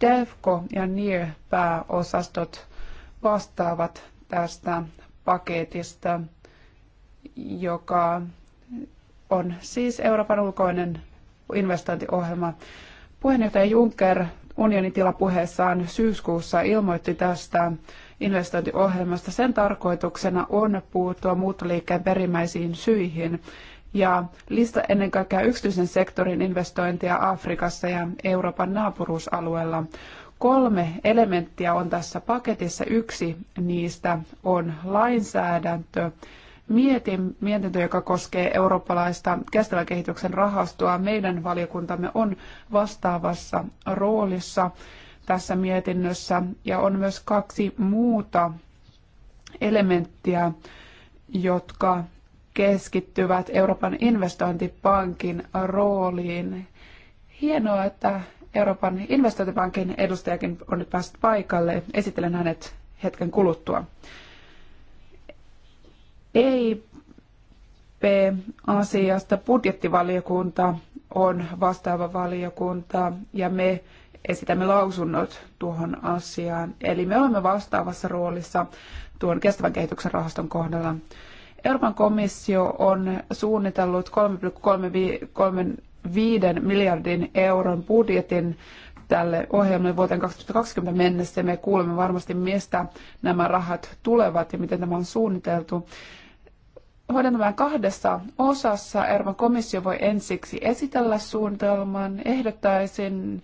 Speaker 1: DEVCO ja NIR pääosastot vastaavat tästä paketista joka on siis Euroopan ulkoinen investointiohjelma. Puheenjohtaja Juncker unionin tilapuheessaan syyskuussa ilmoitti tästä investointiohjelmasta. Sen tarkoituksena on puuttua muuttoliikkeen perimmäisiin syihin ja lista ennen kaikkea yksityisen sektorin investointia Afrikassa ja Euroopan naapuruusalueella. Kolme elementtiä on tässä paketissa. Yksi niistä on lainsäädäntö, mietin, mietintö, joka koskee eurooppalaista kestävän kehityksen rahastoa. Meidän valiokuntamme on vastaavassa roolissa tässä mietinnössä ja on myös kaksi muuta elementtiä, jotka keskittyvät Euroopan investointipankin rooliin. Hienoa, että Euroopan investointipankin edustajakin on nyt päässyt paikalle. Esittelen hänet hetken kuluttua. EIP-asiasta budjettivaliokunta on vastaava valiokunta ja me esitämme lausunnot tuohon asiaan. Eli me olemme vastaavassa roolissa tuon kestävän kehityksen rahaston kohdalla. Euroopan komissio on suunnitellut 3,35 miljardin euron budjetin tälle ohjelmalle vuoteen 2020 mennessä. Me kuulemme varmasti, mistä nämä rahat tulevat ja miten tämä on suunniteltu hoidan tämän kahdessa osassa. Euroopan komissio voi ensiksi esitellä suunnitelman. Ehdottaisin,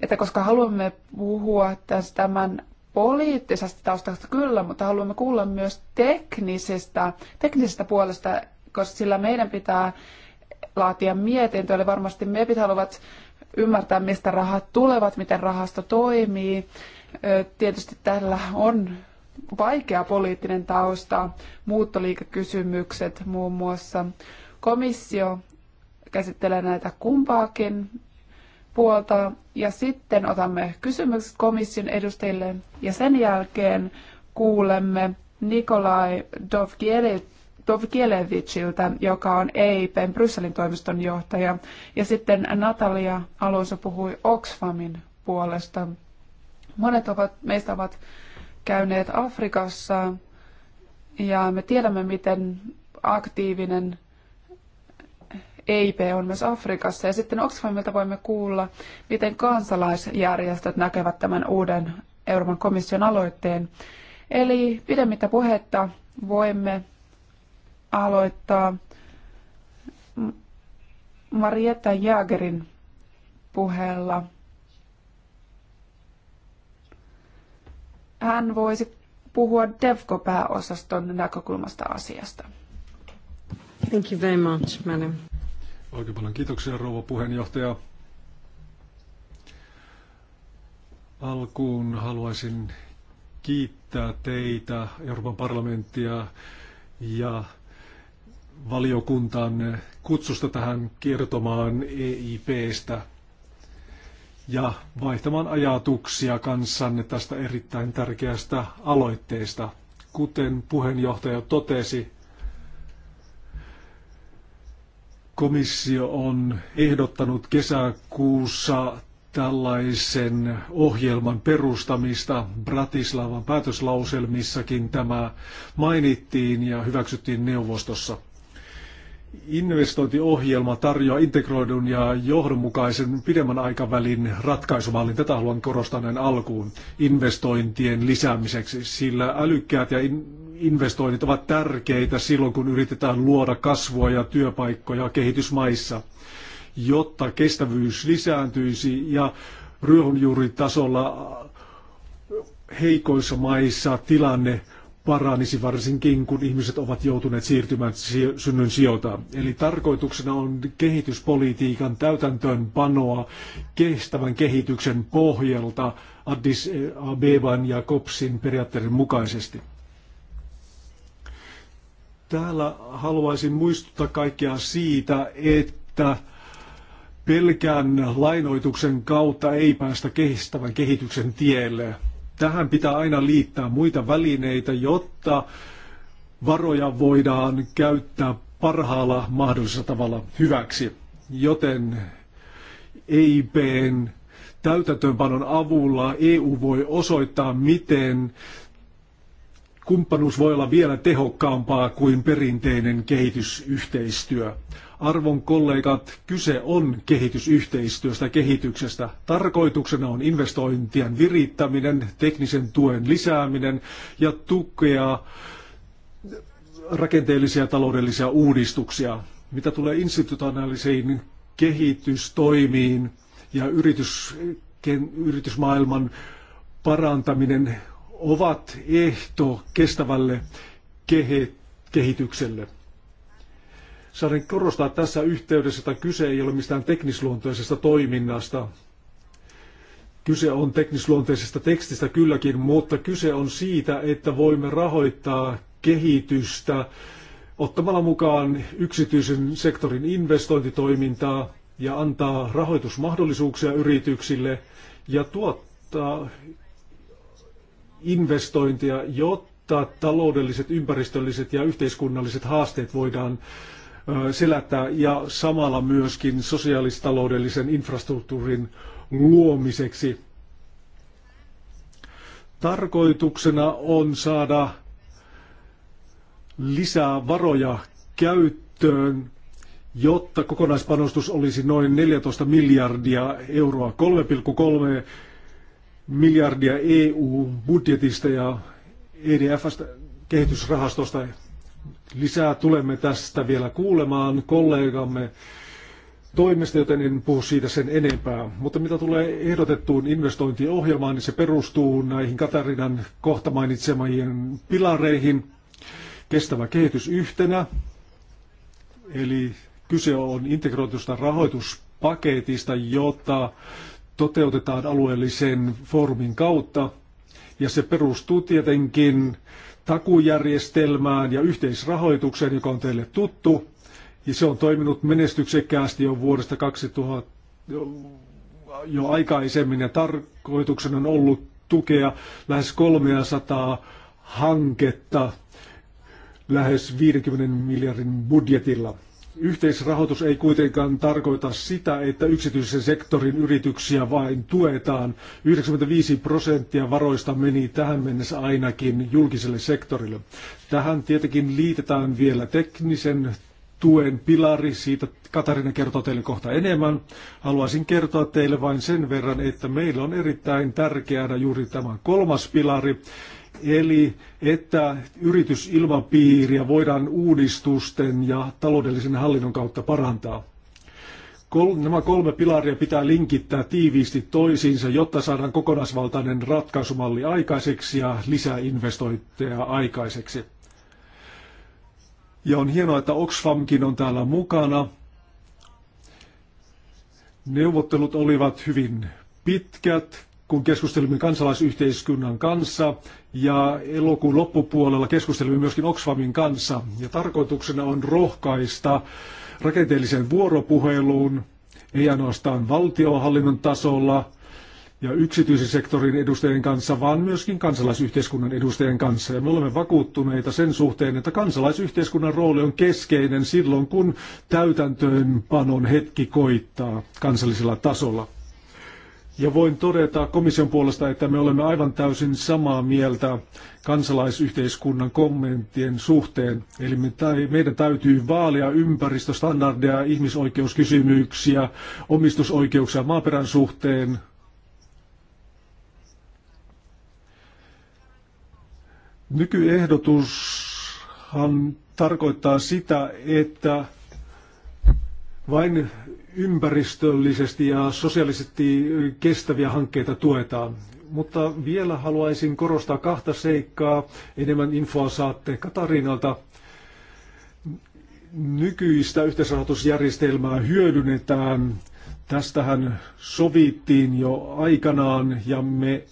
Speaker 1: että koska haluamme puhua tästä tämän poliittisesta taustasta kyllä, mutta haluamme kuulla myös teknisestä, teknisestä puolesta, koska sillä meidän pitää laatia mietintö, eli varmasti mepit haluavat ymmärtää, mistä rahat tulevat, miten rahasto toimii. Tietysti tällä on vaikea poliittinen tausta, muuttoliikekysymykset muun muassa. Komissio käsittelee näitä kumpaakin puolta ja sitten otamme kysymykset komission edustajille ja sen jälkeen kuulemme Nikolai Dovkieleviciltä, joka on EIPn Brysselin toimiston johtaja, ja sitten Natalia Alonso puhui Oxfamin puolesta. Monet ovat, meistä ovat käyneet Afrikassa ja me tiedämme, miten aktiivinen EIP on myös Afrikassa. Ja sitten Oxfamilta voimme kuulla, miten kansalaisjärjestöt näkevät tämän uuden Euroopan komission aloitteen. Eli pidemmittä puhetta voimme aloittaa Marietta Jägerin puheella. hän voisi puhua DEVCO-pääosaston näkökulmasta asiasta.
Speaker 3: Thank you very much, madam. Oikein paljon kiitoksia, rouva puheenjohtaja. Alkuun haluaisin kiittää teitä, Euroopan parlamenttia ja valiokuntaan kutsusta tähän kertomaan EIPstä – ja vaihtamaan ajatuksia kanssanne tästä erittäin tärkeästä aloitteesta. Kuten puheenjohtaja totesi, komissio on ehdottanut kesäkuussa tällaisen ohjelman perustamista. Bratislavan päätöslauselmissakin tämä mainittiin ja hyväksyttiin neuvostossa investointiohjelma tarjoaa integroidun ja johdonmukaisen pidemmän aikavälin ratkaisumallin. Tätä haluan korostaa näin alkuun investointien lisäämiseksi, sillä älykkäät ja investoinnit ovat tärkeitä silloin, kun yritetään luoda kasvua ja työpaikkoja kehitysmaissa, jotta kestävyys lisääntyisi ja ryohonjuuritasolla heikoissa maissa tilanne paranisi varsinkin, kun ihmiset ovat joutuneet siirtymään synnyn Eli tarkoituksena on kehityspolitiikan täytäntöönpanoa kestävän kehityksen pohjalta Addis Abeban ja kopsin periaatteiden mukaisesti. Täällä haluaisin muistuttaa kaikkea siitä, että pelkän lainoituksen kautta ei päästä kestävän kehityksen tielle tähän pitää aina liittää muita välineitä, jotta varoja voidaan käyttää parhaalla mahdollisella tavalla hyväksi. Joten EIPn täytäntöönpanon avulla EU voi osoittaa, miten kumppanuus voi olla vielä tehokkaampaa kuin perinteinen kehitysyhteistyö. Arvon kollegat, kyse on kehitysyhteistyöstä kehityksestä. Tarkoituksena on investointien virittäminen, teknisen tuen lisääminen ja tukea rakenteellisia ja taloudellisia uudistuksia. Mitä tulee institutionaalisiin kehitystoimiin ja yritys, yritysmaailman parantaminen ovat ehto kestävälle kehitykselle. Saanen korostaa tässä yhteydessä, että kyse ei ole mistään teknisluontoisesta toiminnasta. Kyse on teknisluonteisesta tekstistä kylläkin, mutta kyse on siitä, että voimme rahoittaa kehitystä ottamalla mukaan yksityisen sektorin investointitoimintaa ja antaa rahoitusmahdollisuuksia yrityksille ja tuottaa investointia, jotta taloudelliset, ympäristölliset ja yhteiskunnalliset haasteet voidaan selättää ja samalla myöskin sosiaalistaloudellisen infrastruktuurin luomiseksi. Tarkoituksena on saada lisää varoja käyttöön, jotta kokonaispanostus olisi noin 14 miljardia euroa, 3,3 miljardia EU-budjetista ja EDFstä kehitysrahastosta Lisää tulemme tästä vielä kuulemaan kollegamme toimesta, joten en puhu siitä sen enempää. Mutta mitä tulee ehdotettuun investointiohjelmaan, niin se perustuu näihin Katarinan kohta mainitsemien pilareihin. Kestävä kehitys yhtenä, eli kyse on integroitusta rahoituspaketista, jota toteutetaan alueellisen foorumin kautta. Ja se perustuu tietenkin takujärjestelmään ja yhteisrahoitukseen, joka on teille tuttu. Ja se on toiminut menestyksekkäästi jo vuodesta 2000 jo aikaisemmin ja tarkoituksena on ollut tukea lähes 300 hanketta lähes 50 miljardin budjetilla. Yhteisrahoitus ei kuitenkaan tarkoita sitä, että yksityisen sektorin yrityksiä vain tuetaan. 95 prosenttia varoista meni tähän mennessä ainakin julkiselle sektorille. Tähän tietenkin liitetään vielä teknisen tuen pilari, siitä Katarina kertoo teille kohta enemmän. Haluaisin kertoa teille vain sen verran, että meillä on erittäin tärkeänä juuri tämä kolmas pilari, Eli että yritysilmapiiriä voidaan uudistusten ja taloudellisen hallinnon kautta parantaa. Kol- nämä kolme pilaria pitää linkittää tiiviisti toisiinsa, jotta saadaan kokonaisvaltainen ratkaisumalli aikaiseksi ja lisää investointeja aikaiseksi. Ja on hienoa, että Oxfamkin on täällä mukana. Neuvottelut olivat hyvin pitkät, kun keskustelimme kansalaisyhteiskunnan kanssa ja elokuun loppupuolella keskustelimme myöskin Oxfamin kanssa. Ja tarkoituksena on rohkaista rakenteelliseen vuoropuheluun, ei ainoastaan valtiohallinnon tasolla ja yksityisen sektorin edustajien kanssa, vaan myöskin kansalaisyhteiskunnan edustajien kanssa. Ja me olemme vakuuttuneita sen suhteen, että kansalaisyhteiskunnan rooli on keskeinen silloin, kun täytäntöönpanon hetki koittaa kansallisella tasolla. Ja voin todeta komission puolesta, että me olemme aivan täysin samaa mieltä kansalaisyhteiskunnan kommenttien suhteen. Eli me tai, meidän täytyy vaalia ympäristöstandardeja, ihmisoikeuskysymyksiä, omistusoikeuksia maaperän suhteen. Nykyehdotushan tarkoittaa sitä, että vain ympäristöllisesti ja sosiaalisesti kestäviä hankkeita tuetaan. Mutta vielä haluaisin korostaa kahta seikkaa. Enemmän infoa saatte Katarinalta. Nykyistä yhteisrahoitusjärjestelmää hyödynnetään. Tästähän sovittiin jo aikanaan ja me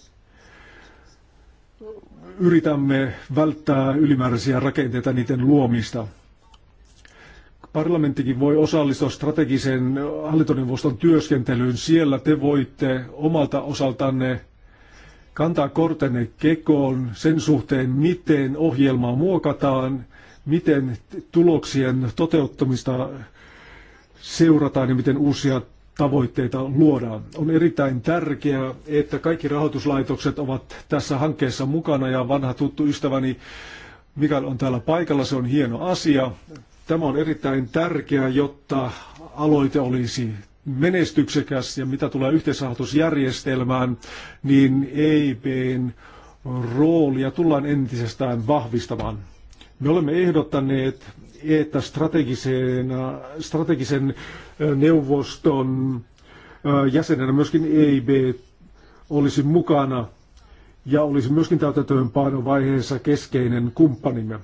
Speaker 3: yritämme välttää ylimääräisiä rakenteita niiden luomista. Parlamenttikin voi osallistua strategisen hallintoneuvoston työskentelyyn. Siellä te voitte omalta osaltanne kantaa kortenne kekoon sen suhteen, miten ohjelmaa muokataan, miten tuloksien toteuttamista seurataan ja miten uusia tavoitteita luodaan. On erittäin tärkeää, että kaikki rahoituslaitokset ovat tässä hankkeessa mukana ja vanha tuttu ystäväni Mikael on täällä paikalla, se on hieno asia. Tämä on erittäin tärkeää, jotta aloite olisi menestyksekäs ja mitä tulee yhteisrahoitusjärjestelmään, niin EIPn roolia tullaan entisestään vahvistamaan. Me olemme ehdottaneet, että strategisen, strategisen neuvoston jäsenenä myöskin EIB olisi mukana ja olisi myöskin täytäntöönpanovaiheessa keskeinen kumppanimme.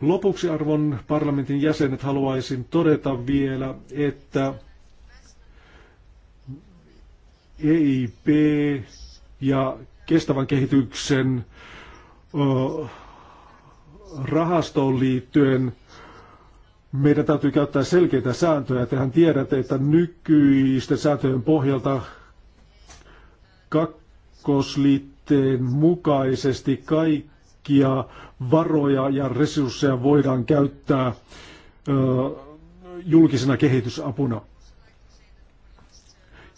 Speaker 3: Lopuksi arvon parlamentin jäsenet haluaisin todeta vielä, että EIP ja kestävän kehityksen rahastoon liittyen meidän täytyy käyttää selkeitä sääntöjä. Tehän tiedätte, että nykyisten sääntöjen pohjalta kakkosliitteen mukaisesti kaikki kaikkia varoja ja resursseja voidaan käyttää julkisena kehitysapuna.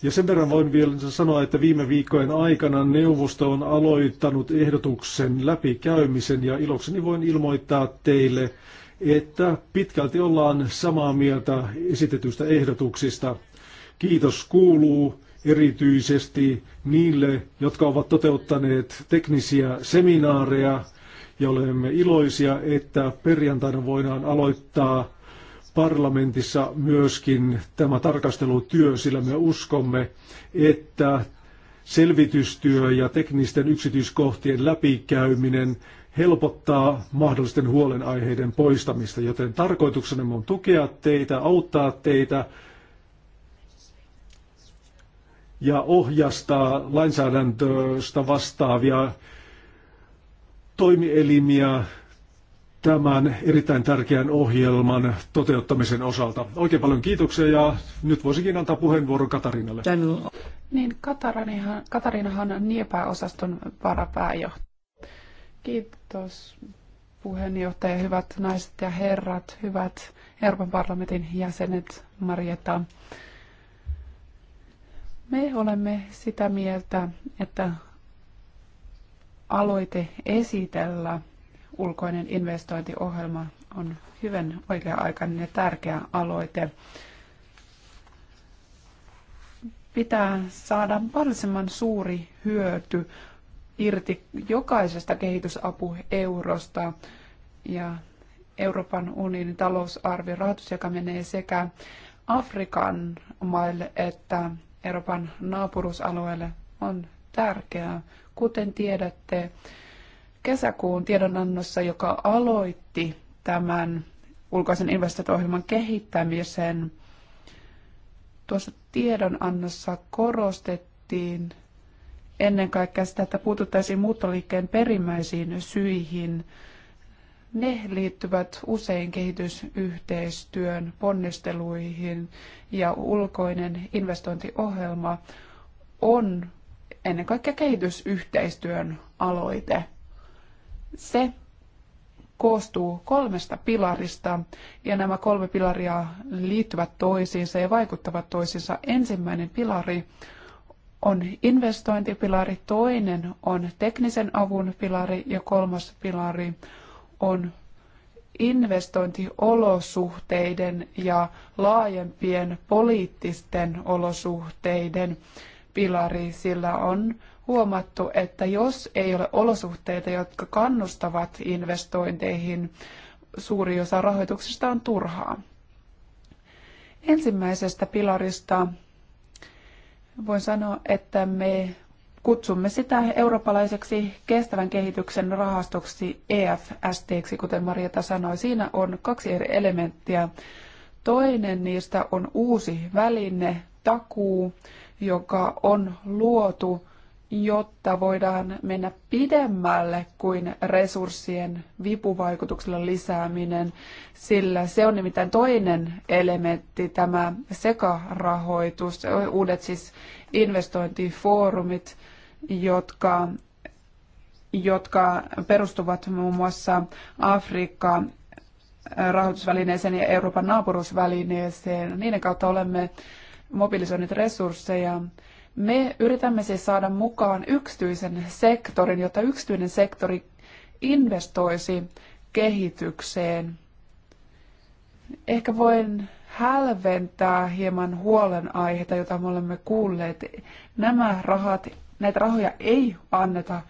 Speaker 3: Ja sen verran voin vielä sanoa, että viime viikkojen aikana neuvosto on aloittanut ehdotuksen läpikäymisen ja ilokseni voin ilmoittaa teille, että pitkälti ollaan samaa mieltä esitetyistä ehdotuksista. Kiitos kuuluu erityisesti niille, jotka ovat toteuttaneet teknisiä seminaareja, ja olemme iloisia, että perjantaina voidaan aloittaa parlamentissa myöskin tämä tarkastelutyö, sillä me uskomme, että selvitystyö ja teknisten yksityiskohtien läpikäyminen helpottaa mahdollisten huolenaiheiden poistamista, joten tarkoituksena on tukea teitä, auttaa teitä ja ohjastaa lainsäädäntöstä vastaavia toimielimiä tämän erittäin tärkeän ohjelman toteuttamisen osalta. Oikein paljon kiitoksia ja nyt voisinkin antaa puheenvuoron Katarinalle.
Speaker 1: Niin, Katarinahan, Katarinahan on Niepää-osaston varapääjohtaja. Kiitos puheenjohtaja, hyvät naiset ja herrat, hyvät Euroopan parlamentin jäsenet, Marietta. Me olemme sitä mieltä, että aloite esitellä ulkoinen investointiohjelma on hyvin oikea-aikainen ja tärkeä aloite. Pitää saada mahdollisimman suuri hyöty irti jokaisesta kehitysapueurosta ja Euroopan unionin talousarvio rahoitus, joka menee sekä Afrikan maille että Euroopan naapurusalueelle on tärkeää. Kuten tiedätte, kesäkuun tiedonannossa, joka aloitti tämän ulkoisen investointiohjelman kehittämisen, tuossa tiedonannossa korostettiin ennen kaikkea sitä, että puututtaisiin muuttoliikkeen perimmäisiin syihin – ne liittyvät usein kehitysyhteistyön ponnisteluihin ja ulkoinen investointiohjelma on ennen kaikkea kehitysyhteistyön aloite. Se koostuu kolmesta pilarista ja nämä kolme pilaria liittyvät toisiinsa ja vaikuttavat toisiinsa. Ensimmäinen pilari on investointipilari, toinen on teknisen avun pilari ja kolmas pilari on investointiolosuhteiden ja laajempien poliittisten olosuhteiden pilari, sillä on huomattu, että jos ei ole olosuhteita, jotka kannustavat investointeihin, suuri osa rahoituksesta on turhaa. Ensimmäisestä pilarista voin sanoa, että me Kutsumme sitä eurooppalaiseksi kestävän kehityksen rahastoksi e ksi, kuten Marietta sanoi. Siinä on kaksi eri elementtiä. Toinen niistä on uusi väline, takuu, joka on luotu, jotta voidaan mennä pidemmälle kuin resurssien vipuvaikutuksella lisääminen, sillä se on nimittäin toinen elementti, tämä sekarahoitus, uudet siis investointifoorumit – jotka, jotka perustuvat muun muassa Afrikka rahoitusvälineeseen ja Euroopan naapuruusvälineeseen. Niiden kautta olemme mobilisoineet resursseja. Me yritämme siis saada mukaan yksityisen sektorin, jotta yksityinen sektori investoisi kehitykseen. Ehkä voin hälventää hieman huolenaiheita, jota me olemme kuulleet. Nämä rahat näitä rahoja ei anneta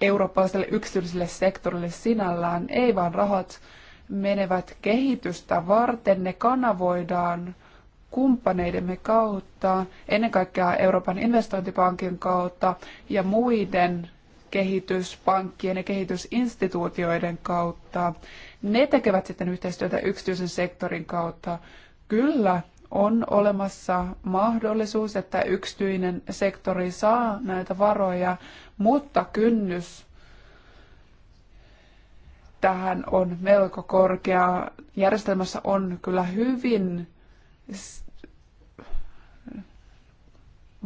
Speaker 1: eurooppalaiselle yksityiselle sektorille sinällään, ei vaan rahat menevät kehitystä varten, ne kanavoidaan kumppaneidemme kautta, ennen kaikkea Euroopan investointipankin kautta ja muiden kehityspankkien ja kehitysinstituutioiden kautta. Ne tekevät sitten yhteistyötä yksityisen sektorin kautta. Kyllä, on olemassa mahdollisuus, että yksityinen sektori saa näitä varoja, mutta kynnys tähän on melko korkea. Järjestelmässä on kyllä hyvin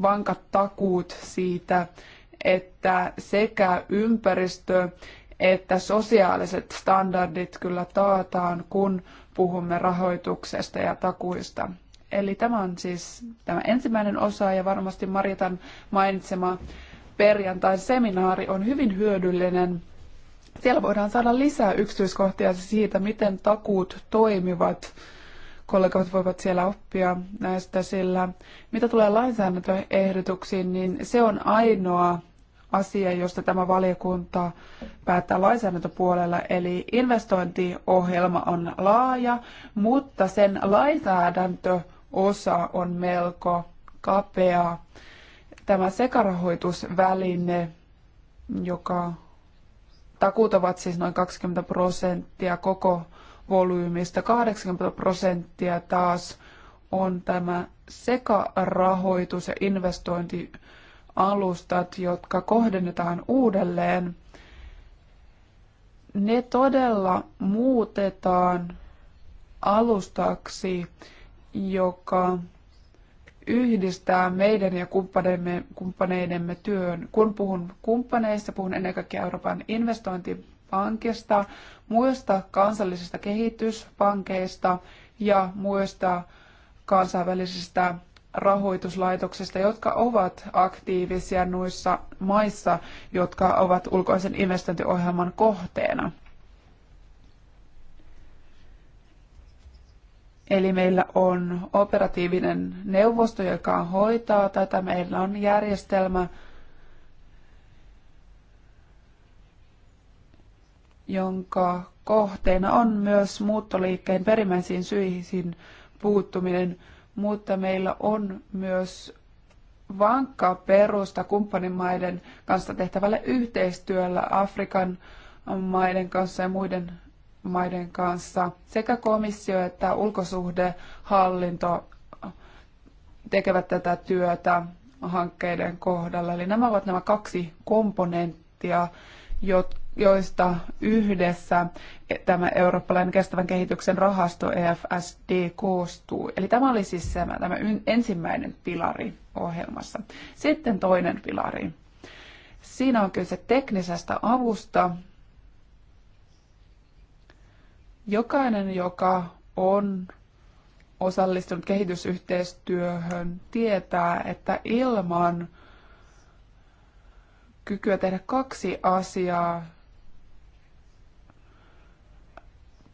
Speaker 1: vankat takuut siitä, että sekä ympäristö että sosiaaliset standardit kyllä taataan, kun puhumme rahoituksesta ja takuista. Eli tämä on siis tämä ensimmäinen osa ja varmasti Maritan mainitsema perjantain seminaari on hyvin hyödyllinen. Siellä voidaan saada lisää yksityiskohtia siitä, miten takuut toimivat. Kollegat voivat siellä oppia näistä, sillä mitä tulee lainsäädäntöehdotuksiin, niin se on ainoa asia, josta tämä valiokunta päättää lainsäädäntöpuolella. Eli investointiohjelma on laaja, mutta sen lainsäädäntö osa on melko kapea. Tämä sekarahoitusväline, joka takuut ovat siis noin 20 prosenttia koko volyymista, 80 prosenttia taas on tämä sekarahoitus ja investointialustat, jotka kohdennetaan uudelleen. Ne todella muutetaan alustaksi joka yhdistää meidän ja kumppaneidemme, kumppaneidemme työn. Kun puhun kumppaneista, puhun ennen kaikkea Euroopan investointipankista, muista kansallisista kehityspankeista ja muista kansainvälisistä rahoituslaitoksista, jotka ovat aktiivisia noissa maissa, jotka ovat ulkoisen investointiohjelman kohteena. Eli meillä on operatiivinen neuvosto, joka hoitaa tätä. Meillä on järjestelmä, jonka kohteena on myös muuttoliikkeen perimmäisiin syihin puuttuminen, mutta meillä on myös vankka perusta kumppanimaiden kanssa tehtävälle yhteistyöllä Afrikan maiden kanssa ja muiden maiden kanssa. Sekä komissio että ulkosuhdehallinto tekevät tätä työtä hankkeiden kohdalla. Eli nämä ovat nämä kaksi komponenttia, joista yhdessä tämä eurooppalainen kestävän kehityksen rahasto EFSD koostuu. Eli tämä oli siis se, tämä ensimmäinen pilari ohjelmassa. Sitten toinen pilari. Siinä on kyse teknisestä avusta, Jokainen, joka on osallistunut kehitysyhteistyöhön, tietää, että ilman kykyä tehdä kaksi asiaa,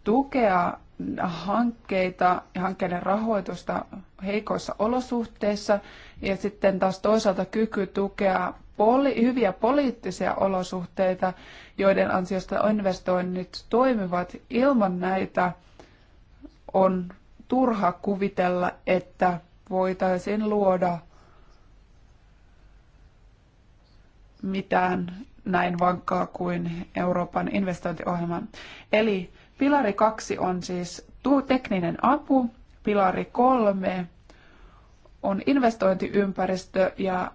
Speaker 1: tukea hankkeita ja hankkeiden rahoitusta heikoissa olosuhteissa ja sitten taas toisaalta kyky tukea poli- hyviä poliittisia olosuhteita, joiden ansiosta investoinnit toimivat. Ilman näitä on turha kuvitella, että voitaisiin luoda mitään näin vankkaa kuin Euroopan investointiohjelma. Eli pilari kaksi on siis tekninen apu, pilari kolme on investointiympäristö ja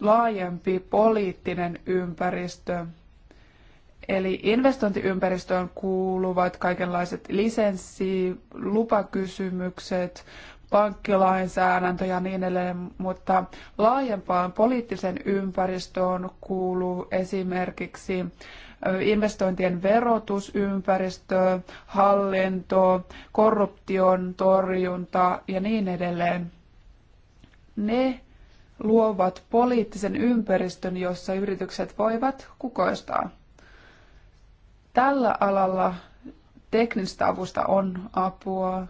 Speaker 1: laajempi poliittinen ympäristö. Eli investointiympäristöön kuuluvat kaikenlaiset lisenssi, lupakysymykset, pankkilainsäädäntö ja niin edelleen, mutta laajempaan poliittiseen ympäristöön kuuluu esimerkiksi investointien verotusympäristö, hallinto, korruption torjunta ja niin edelleen. Ne luovat poliittisen ympäristön, jossa yritykset voivat kukoistaa. Tällä alalla teknistä avusta on apua.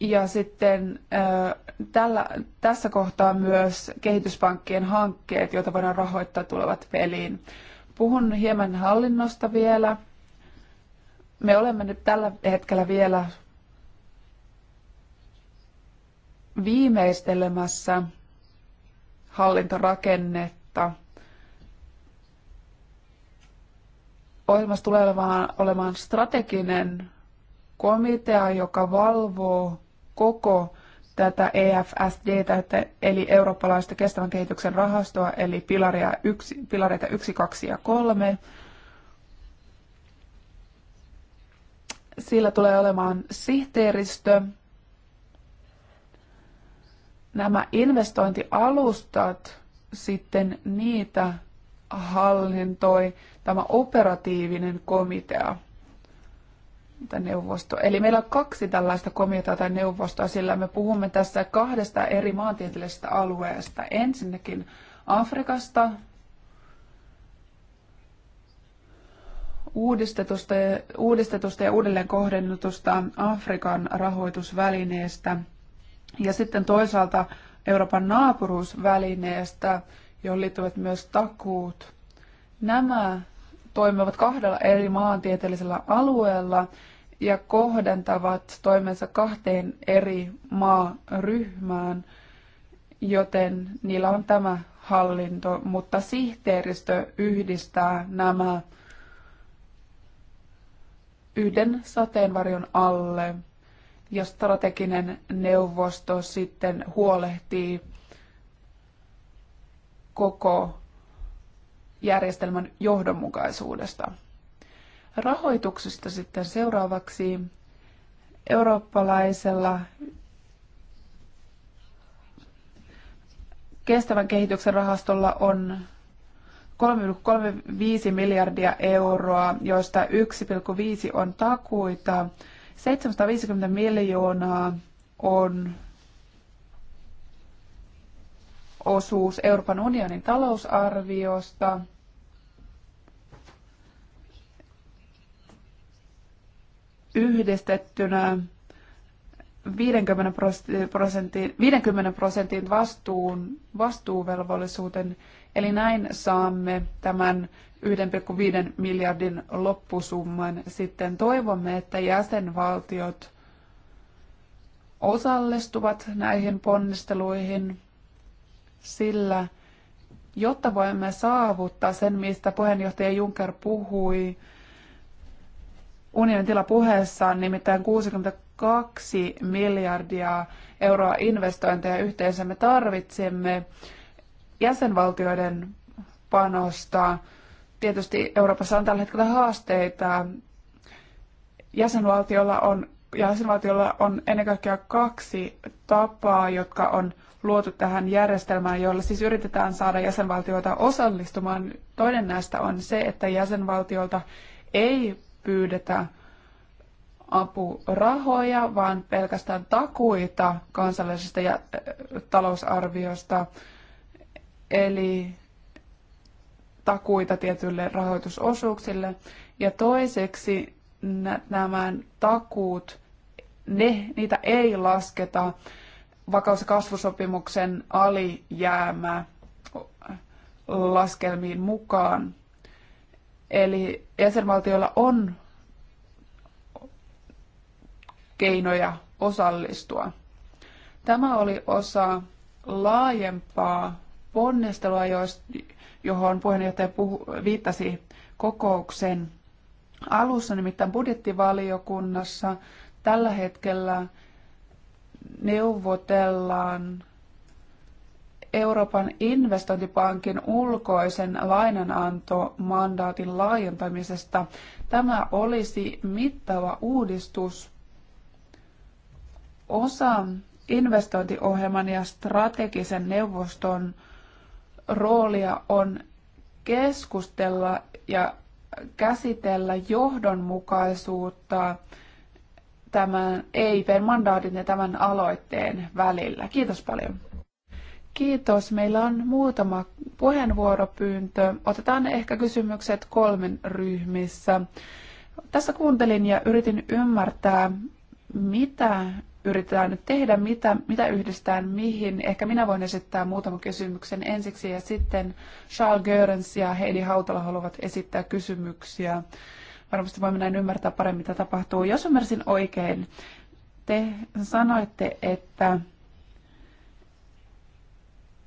Speaker 1: Ja sitten tällä, tässä kohtaa myös kehityspankkien hankkeet, joita voidaan rahoittaa, tulevat peliin. Puhun hieman hallinnosta vielä. Me olemme nyt tällä hetkellä vielä viimeistelemässä hallintorakennetta. Ohjelmassa tulee olemaan, olemaan strateginen komitea, joka valvoo koko tätä EFSD, eli eurooppalaista kestävän kehityksen rahastoa, eli pilaria yksi, pilareita 1, 2 ja 3. Sillä tulee olemaan sihteeristö, nämä investointialustat sitten niitä hallintoi tämä operatiivinen komitea tai neuvosto. Eli meillä on kaksi tällaista komiteaa tai neuvostoa, sillä me puhumme tässä kahdesta eri maantieteellisestä alueesta. Ensinnäkin Afrikasta, uudistetusta, uudistetusta ja uudelleen kohdennetusta Afrikan rahoitusvälineestä – ja sitten toisaalta Euroopan naapuruusvälineestä, johon liittyvät myös takuut. Nämä toimivat kahdella eri maantieteellisellä alueella ja kohdentavat toimensa kahteen eri maaryhmään, joten niillä on tämä hallinto, mutta sihteeristö yhdistää nämä yhden sateenvarjon alle ja strateginen neuvosto sitten huolehtii koko järjestelmän johdonmukaisuudesta. Rahoituksesta sitten seuraavaksi eurooppalaisella kestävän kehityksen rahastolla on 3,35 miljardia euroa, joista 1,5 on takuita 750 miljoonaa on osuus Euroopan unionin talousarviosta. yhdistettynä 50 prosentin, vastuun, vastuuvelvollisuuden. Eli näin saamme tämän 1,5 miljardin loppusumman, sitten toivomme, että jäsenvaltiot osallistuvat näihin ponnisteluihin, sillä jotta voimme saavuttaa sen, mistä puheenjohtaja Juncker puhui unionin tilapuheessaan, nimittäin 62 miljardia euroa investointeja yhteensä me tarvitsemme jäsenvaltioiden panosta Tietysti Euroopassa on tällä hetkellä haasteita. Jäsenvaltiolla on, jäsenvaltiolla on ennen kaikkea kaksi tapaa, jotka on luotu tähän järjestelmään, jolla siis yritetään saada jäsenvaltioita osallistumaan. Toinen näistä on se, että jäsenvaltiolta ei pyydetä apurahoja, vaan pelkästään takuita kansallisesta ja, talousarviosta. Eli takuita tietyille rahoitusosuuksille. Ja toiseksi nämä takuut, ne, niitä ei lasketa vakaus- ja kasvusopimuksen alijäämä laskelmiin mukaan. Eli jäsenvaltioilla on keinoja osallistua. Tämä oli osa laajempaa ponnistelua, johon puheenjohtaja puhu, viittasi kokouksen alussa, nimittäin budjettivaliokunnassa tällä hetkellä neuvotellaan Euroopan investointipankin ulkoisen lainanantomandaatin laajentamisesta. Tämä olisi mittava uudistus. Osa investointiohjelman ja strategisen neuvoston roolia on keskustella ja käsitellä johdonmukaisuutta tämän EIPn mandaatin ja tämän aloitteen välillä. Kiitos paljon. Kiitos. Meillä on muutama puheenvuoropyyntö. Otetaan ehkä kysymykset kolmen ryhmissä. Tässä kuuntelin ja yritin ymmärtää, mitä yritetään nyt tehdä, mitä, mitä yhdistään mihin. Ehkä minä voin esittää muutaman kysymyksen ensiksi ja sitten Charles Görens ja Heidi Hautala haluavat esittää kysymyksiä. Varmasti voimme näin ymmärtää paremmin, mitä tapahtuu. Jos ymmärsin oikein, te sanoitte, että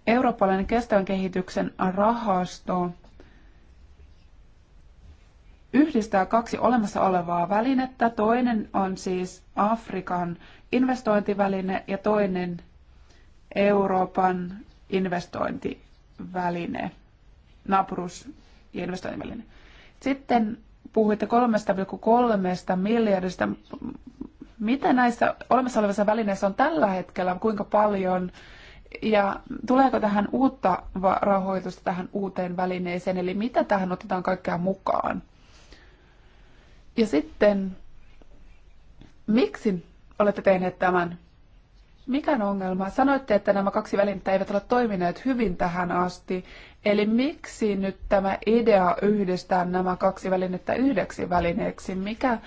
Speaker 1: eurooppalainen kestävän kehityksen rahasto – yhdistää kaksi olemassa olevaa välinettä. Toinen on siis Afrikan investointiväline ja toinen Euroopan investointiväline, naapurus- ja investointiväline. Sitten puhuitte 3,3 miljardista. Mitä näissä olemassa olevissa välineissä on tällä hetkellä, kuinka paljon ja tuleeko tähän uutta rahoitusta tähän uuteen välineeseen, eli mitä tähän otetaan kaikkea mukaan? Ja sitten, miksi olette tehneet tämän? Mikä on ongelma? Sanoitte, että nämä kaksi välinettä eivät ole toimineet hyvin tähän asti. Eli miksi nyt tämä idea yhdistää nämä kaksi välinettä yhdeksi välineeksi? Mikä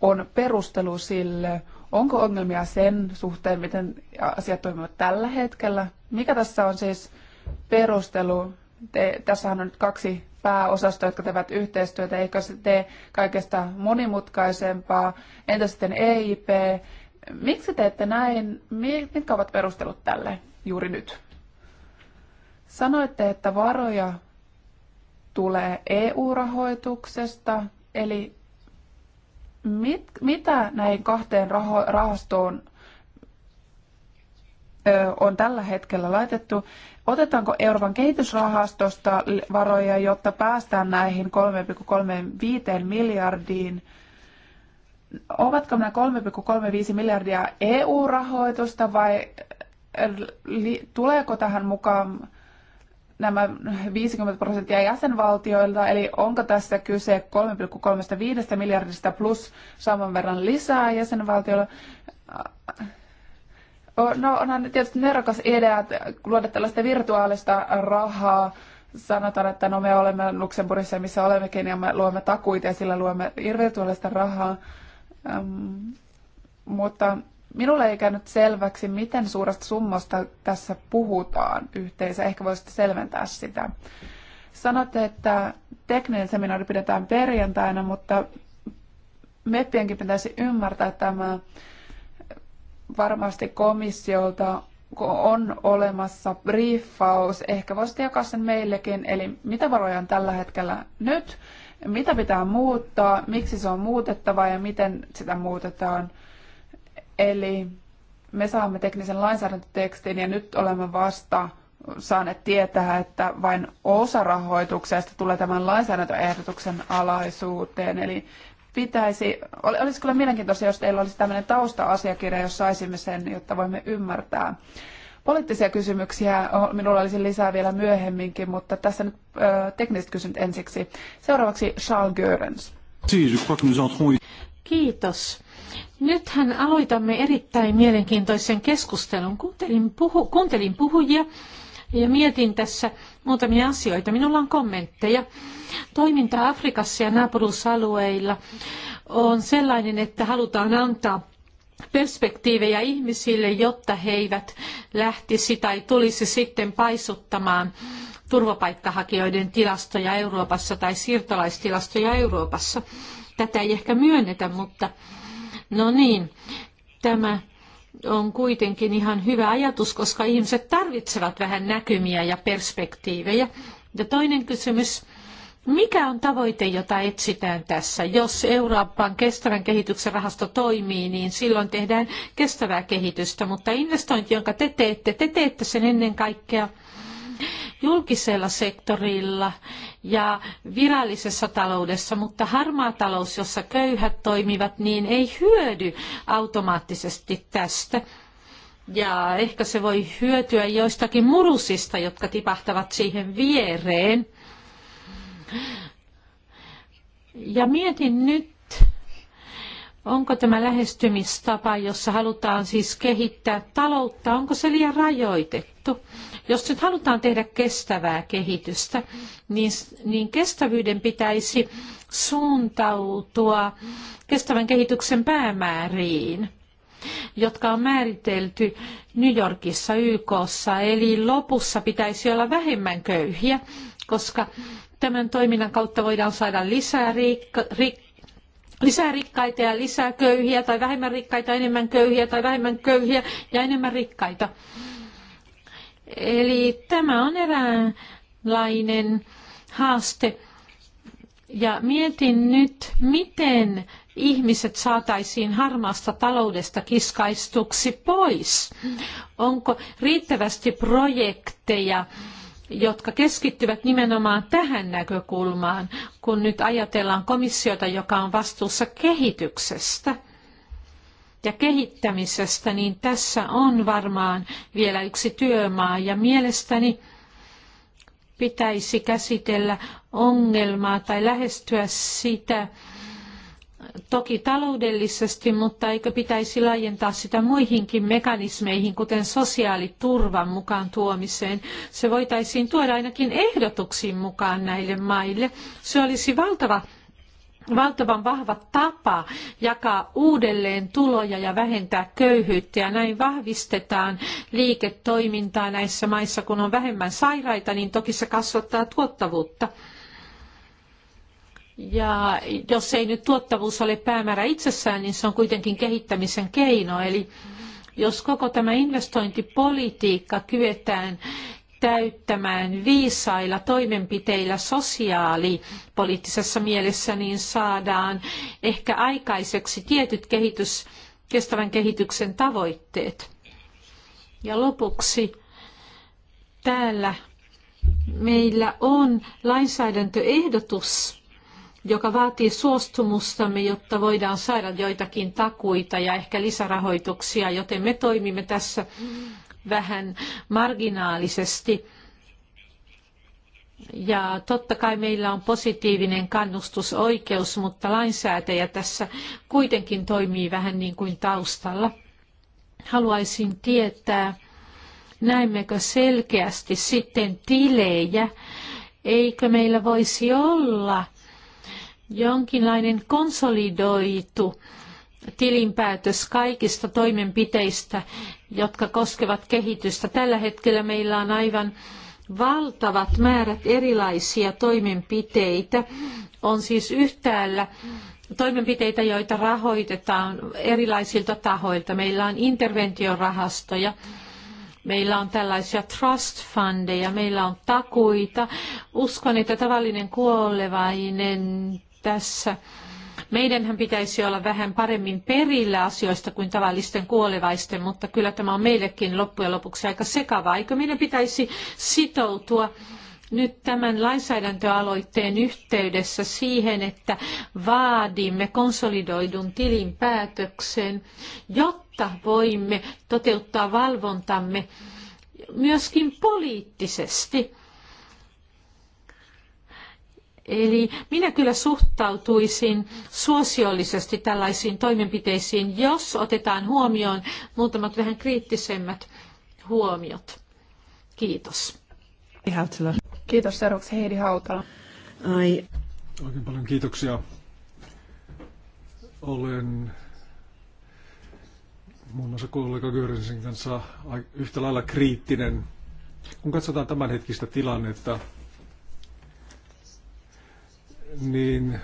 Speaker 1: on perustelu sille? Onko ongelmia sen suhteen, miten asiat toimivat tällä hetkellä? Mikä tässä on siis perustelu? Te, tässähän on nyt kaksi pääosasto, jotka tekevät yhteistyötä, eikä se tee kaikesta monimutkaisempaa. Entä sitten EIP? Miksi teette näin? Mitkä ovat perustelut tälle juuri nyt? Sanoitte, että varoja tulee EU-rahoituksesta, eli mit, mitä näihin kahteen raho, rahastoon on tällä hetkellä laitettu. Otetaanko Euroopan kehitysrahastosta varoja, jotta päästään näihin 3,35 miljardiin? Ovatko nämä 3,35 miljardia EU-rahoitusta vai tuleeko tähän mukaan nämä 50 prosenttia jäsenvaltioilta, eli onko tässä kyse 3,35 miljardista plus saman verran lisää jäsenvaltioilla? No onhan tietysti nerokas idea luoda tällaista virtuaalista rahaa. Sanotaan, että no me olemme Luxemburgissa, missä olemmekin, ja me luomme takuita ja sillä luomme virtuaalista rahaa. Ähm, mutta minulle ei käynyt selväksi, miten suuresta summasta tässä puhutaan yhteensä. Ehkä voisitte selventää sitä. Sanoitte, että tekninen seminaari pidetään perjantaina, mutta meppienkin pitäisi ymmärtää tämä varmasti komissiolta on olemassa briefaus. Ehkä voisit jakaa sen meillekin, eli mitä varoja on tällä hetkellä nyt, mitä pitää muuttaa, miksi se on muutettava ja miten sitä muutetaan. Eli me saamme teknisen lainsäädäntötekstin ja nyt olemme vasta saaneet tietää, että vain osa rahoituksesta tulee tämän lainsäädäntöehdotuksen alaisuuteen. Eli pitäisi, olisi kyllä mielenkiintoista, jos teillä olisi tämmöinen tausta-asiakirja, jos saisimme sen, jotta voimme ymmärtää. Poliittisia kysymyksiä minulla olisi lisää vielä myöhemminkin, mutta tässä nyt ö, tekniset kysymykset ensiksi. Seuraavaksi Charles Görens.
Speaker 4: Kiitos. Nythän aloitamme erittäin mielenkiintoisen keskustelun. Kuuntelin, puhu, kuuntelin puhujia ja mietin tässä, muutamia asioita. Minulla on kommentteja. Toiminta Afrikassa ja naapuruusalueilla on sellainen, että halutaan antaa perspektiivejä ihmisille, jotta he eivät lähtisi tai tulisi sitten paisuttamaan turvapaikkahakijoiden tilastoja Euroopassa tai siirtolaistilastoja Euroopassa. Tätä ei ehkä myönnetä, mutta no niin, tämä on kuitenkin ihan hyvä ajatus, koska ihmiset tarvitsevat vähän näkymiä ja perspektiivejä. Ja toinen kysymys, mikä on tavoite, jota etsitään tässä? Jos Euroopan kestävän kehityksen rahasto toimii, niin silloin tehdään kestävää kehitystä, mutta investointi, jonka te teette, te teette sen ennen kaikkea – julkisella sektorilla ja virallisessa taloudessa, mutta harmaa talous, jossa köyhät toimivat, niin ei hyödy automaattisesti tästä. Ja ehkä se voi hyötyä joistakin murusista, jotka tipahtavat siihen viereen. Ja mietin nyt, onko tämä lähestymistapa, jossa halutaan siis kehittää taloutta, onko se liian rajoitettu? Jos nyt halutaan tehdä kestävää kehitystä, niin, niin kestävyyden pitäisi suuntautua kestävän kehityksen päämääriin jotka on määritelty New Yorkissa, YKssa, eli lopussa pitäisi olla vähemmän köyhiä, koska tämän toiminnan kautta voidaan saada lisää, rikka, rik, lisää rikkaita ja lisää köyhiä, tai vähemmän rikkaita, enemmän köyhiä, tai vähemmän köyhiä ja enemmän rikkaita. Eli tämä on eräänlainen haaste. Ja mietin nyt, miten ihmiset saataisiin harmaasta taloudesta kiskaistuksi pois. Onko riittävästi projekteja, jotka keskittyvät nimenomaan tähän näkökulmaan, kun nyt ajatellaan komissiota, joka on vastuussa kehityksestä? ja kehittämisestä, niin tässä on varmaan vielä yksi työmaa ja mielestäni pitäisi käsitellä ongelmaa tai lähestyä sitä toki taloudellisesti, mutta eikö pitäisi laajentaa sitä muihinkin mekanismeihin, kuten sosiaaliturvan mukaan tuomiseen. Se voitaisiin tuoda ainakin ehdotuksiin mukaan näille maille. Se olisi valtava valtavan vahva tapa jakaa uudelleen tuloja ja vähentää köyhyyttä ja näin vahvistetaan liiketoimintaa näissä maissa, kun on vähemmän sairaita, niin toki se kasvattaa tuottavuutta. Ja jos ei nyt tuottavuus ole päämäärä itsessään, niin se on kuitenkin kehittämisen keino. Eli jos koko tämä investointipolitiikka kyetään täyttämään viisailla toimenpiteillä sosiaalipoliittisessa mielessä, niin saadaan ehkä aikaiseksi tietyt kehitys, kestävän kehityksen tavoitteet. Ja lopuksi täällä meillä on lainsäädäntöehdotus, joka vaatii suostumustamme, jotta voidaan saada joitakin takuita ja ehkä lisärahoituksia, joten me toimimme tässä vähän marginaalisesti. Ja totta kai meillä on positiivinen kannustusoikeus, mutta lainsäätäjä tässä kuitenkin toimii vähän niin kuin taustalla. Haluaisin tietää, näemmekö selkeästi sitten tilejä, eikö meillä voisi olla jonkinlainen konsolidoitu tilinpäätös kaikista toimenpiteistä, jotka koskevat kehitystä. Tällä hetkellä meillä on aivan valtavat määrät erilaisia toimenpiteitä. On siis yhtäällä toimenpiteitä, joita rahoitetaan erilaisilta tahoilta. Meillä on interventiorahastoja, meillä on tällaisia trust fundeja, meillä on takuita. Uskon, että tavallinen kuolevainen tässä Meidänhän pitäisi olla vähän paremmin perillä asioista kuin tavallisten kuolevaisten, mutta kyllä tämä on meillekin loppujen lopuksi aika sekava. Eikö meidän pitäisi sitoutua nyt tämän lainsäädäntöaloitteen yhteydessä siihen, että vaadimme konsolidoidun tilinpäätöksen, jotta voimme toteuttaa valvontamme myöskin poliittisesti Eli minä kyllä suhtautuisin suosiollisesti tällaisiin toimenpiteisiin, jos otetaan huomioon muutamat vähän kriittisemmät huomiot. Kiitos.
Speaker 1: Kiitos seuraavaksi Heidi Hautala. Ai.
Speaker 3: Oikein paljon kiitoksia. Olen muun muassa kollega Görinsin kanssa yhtä lailla kriittinen. Kun katsotaan tämänhetkistä tilannetta, niin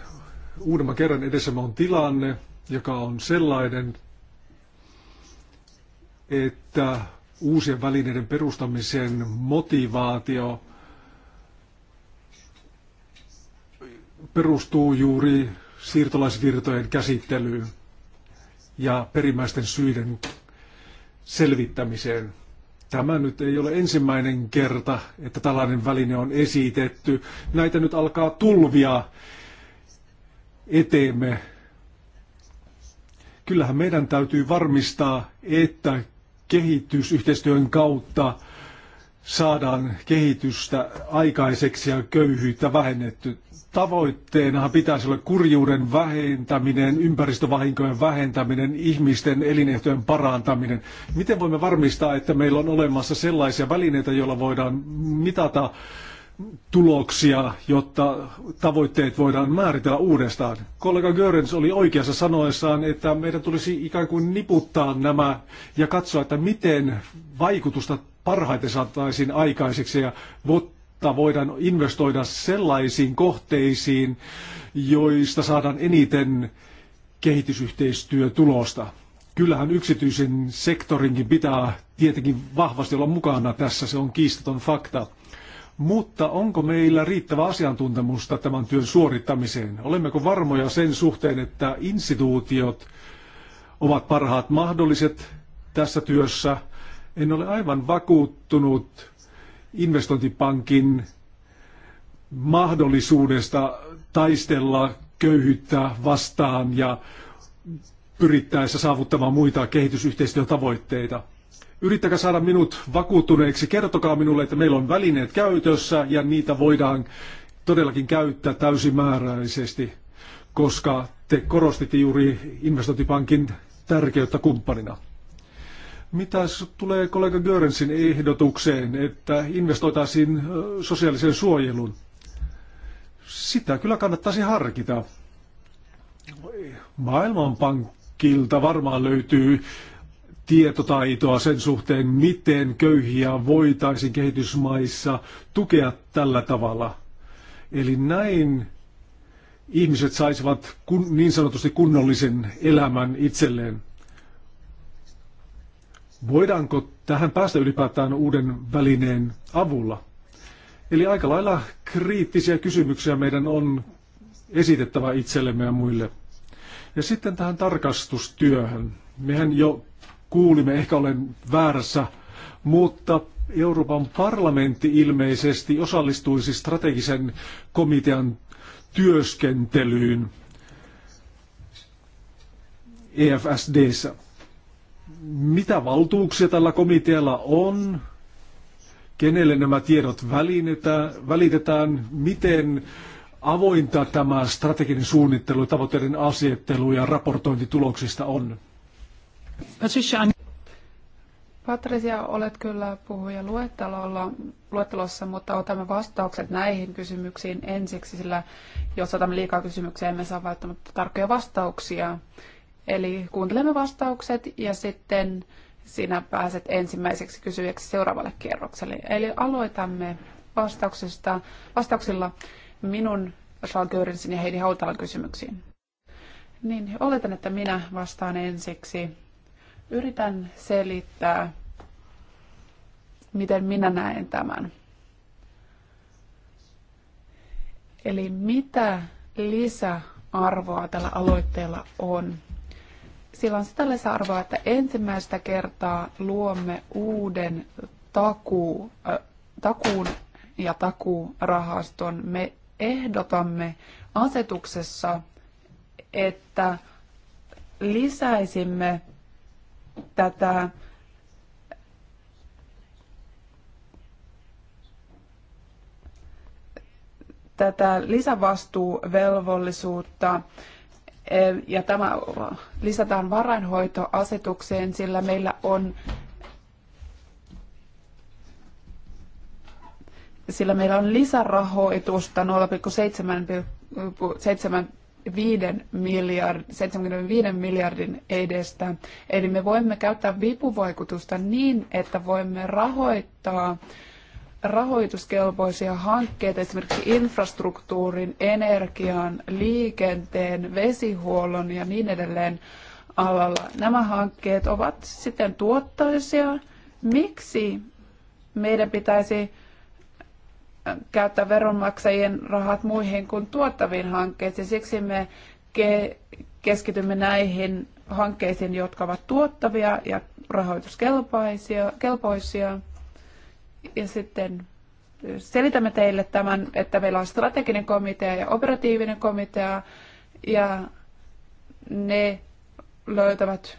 Speaker 3: uudemman kerran edessämme on tilanne, joka on sellainen, että uusien välineiden perustamisen motivaatio perustuu juuri siirtolaisvirtojen käsittelyyn ja perimmäisten syiden selvittämiseen. Tämä nyt ei ole ensimmäinen kerta, että tällainen väline on esitetty. Näitä nyt alkaa tulvia eteemme. Kyllähän meidän täytyy varmistaa, että kehitysyhteistyön kautta saadaan kehitystä aikaiseksi ja köyhyyttä vähennetty. Tavoitteenahan pitäisi olla kurjuuden vähentäminen, ympäristövahinkojen vähentäminen, ihmisten elinehtojen parantaminen. Miten voimme varmistaa, että meillä on olemassa sellaisia välineitä, joilla voidaan mitata tuloksia, jotta tavoitteet voidaan määritellä uudestaan. Kollega Görens oli oikeassa sanoessaan, että meidän tulisi ikään kuin niputtaa nämä ja katsoa, että miten vaikutusta parhaiten saataisiin aikaiseksi, ja, mutta voidaan investoida sellaisiin kohteisiin, joista saadaan eniten kehitysyhteistyötulosta. Kyllähän yksityisen sektorinkin pitää tietenkin vahvasti olla mukana tässä, se on kiistaton fakta. Mutta onko meillä riittävä asiantuntemusta tämän työn suorittamiseen? Olemmeko varmoja sen suhteen, että instituutiot ovat parhaat mahdolliset tässä työssä – en ole aivan vakuuttunut investointipankin mahdollisuudesta taistella köyhyyttä vastaan ja pyrittäessä saavuttamaan muita kehitysyhteistyötavoitteita. Yrittäkää saada minut vakuuttuneeksi. Kertokaa minulle, että meillä on välineet käytössä ja niitä voidaan todellakin käyttää täysimääräisesti, koska te korostitte juuri investointipankin tärkeyttä kumppanina. Mitä tulee kollega Görensin ehdotukseen, että investoitaisiin sosiaaliseen suojeluun? Sitä kyllä kannattaisi harkita. Maailmanpankilta varmaan löytyy tietotaitoa sen suhteen, miten köyhiä voitaisiin kehitysmaissa tukea tällä tavalla. Eli näin ihmiset saisivat kun, niin sanotusti kunnollisen elämän itselleen. Voidaanko tähän päästä ylipäätään uuden välineen avulla? Eli aika lailla kriittisiä kysymyksiä meidän on esitettävä itsellemme ja muille. Ja sitten tähän tarkastustyöhön. Mehän jo kuulimme, ehkä olen väärässä, mutta Euroopan parlamentti ilmeisesti osallistuisi strategisen komitean työskentelyyn EFSDssä mitä valtuuksia tällä komitealla on, kenelle nämä tiedot välitetään, miten avointa tämä strateginen suunnittelu, tavoitteiden asettelu ja raportointituloksista on.
Speaker 1: Patricia, olet kyllä puhuja luettelolla, luettelossa, mutta otamme vastaukset näihin kysymyksiin ensiksi, sillä jos otamme liikaa kysymyksiä, emme saa välttämättä tarkkoja vastauksia. Eli kuuntelemme vastaukset ja sitten sinä pääset ensimmäiseksi kysyjäksi seuraavalle kierrokselle. Eli aloitamme vastauksista, vastauksilla minun, Charles Görensin ja Heidi Hautalan kysymyksiin. Niin, oletan, että minä vastaan ensiksi. Yritän selittää, miten minä näen tämän. Eli mitä lisäarvoa tällä aloitteella on? sillä on sitä lisäarvoa, että ensimmäistä kertaa luomme uuden takuu, äh, takuun ja takurahaston. Me ehdotamme asetuksessa, että lisäisimme tätä tätä lisävastuuvelvollisuutta ja tämä lisätään varainhoitoasetukseen, sillä meillä on sillä meillä on lisärahoitusta 0,75 miljard, 75 miljardin edestä. Eli me voimme käyttää vipuvaikutusta niin, että voimme rahoittaa rahoituskelpoisia hankkeita esimerkiksi infrastruktuurin, energian, liikenteen, vesihuollon ja niin edelleen alalla. Nämä hankkeet ovat sitten tuottoisia. Miksi meidän pitäisi äh, käyttää veronmaksajien rahat muihin kuin tuottaviin hankkeisiin? Siksi me keskitymme näihin hankkeisiin, jotka ovat tuottavia ja rahoituskelpoisia. Kelpoisia ja sitten selitämme teille tämän, että meillä on strateginen komitea ja operatiivinen komitea, ja ne löytävät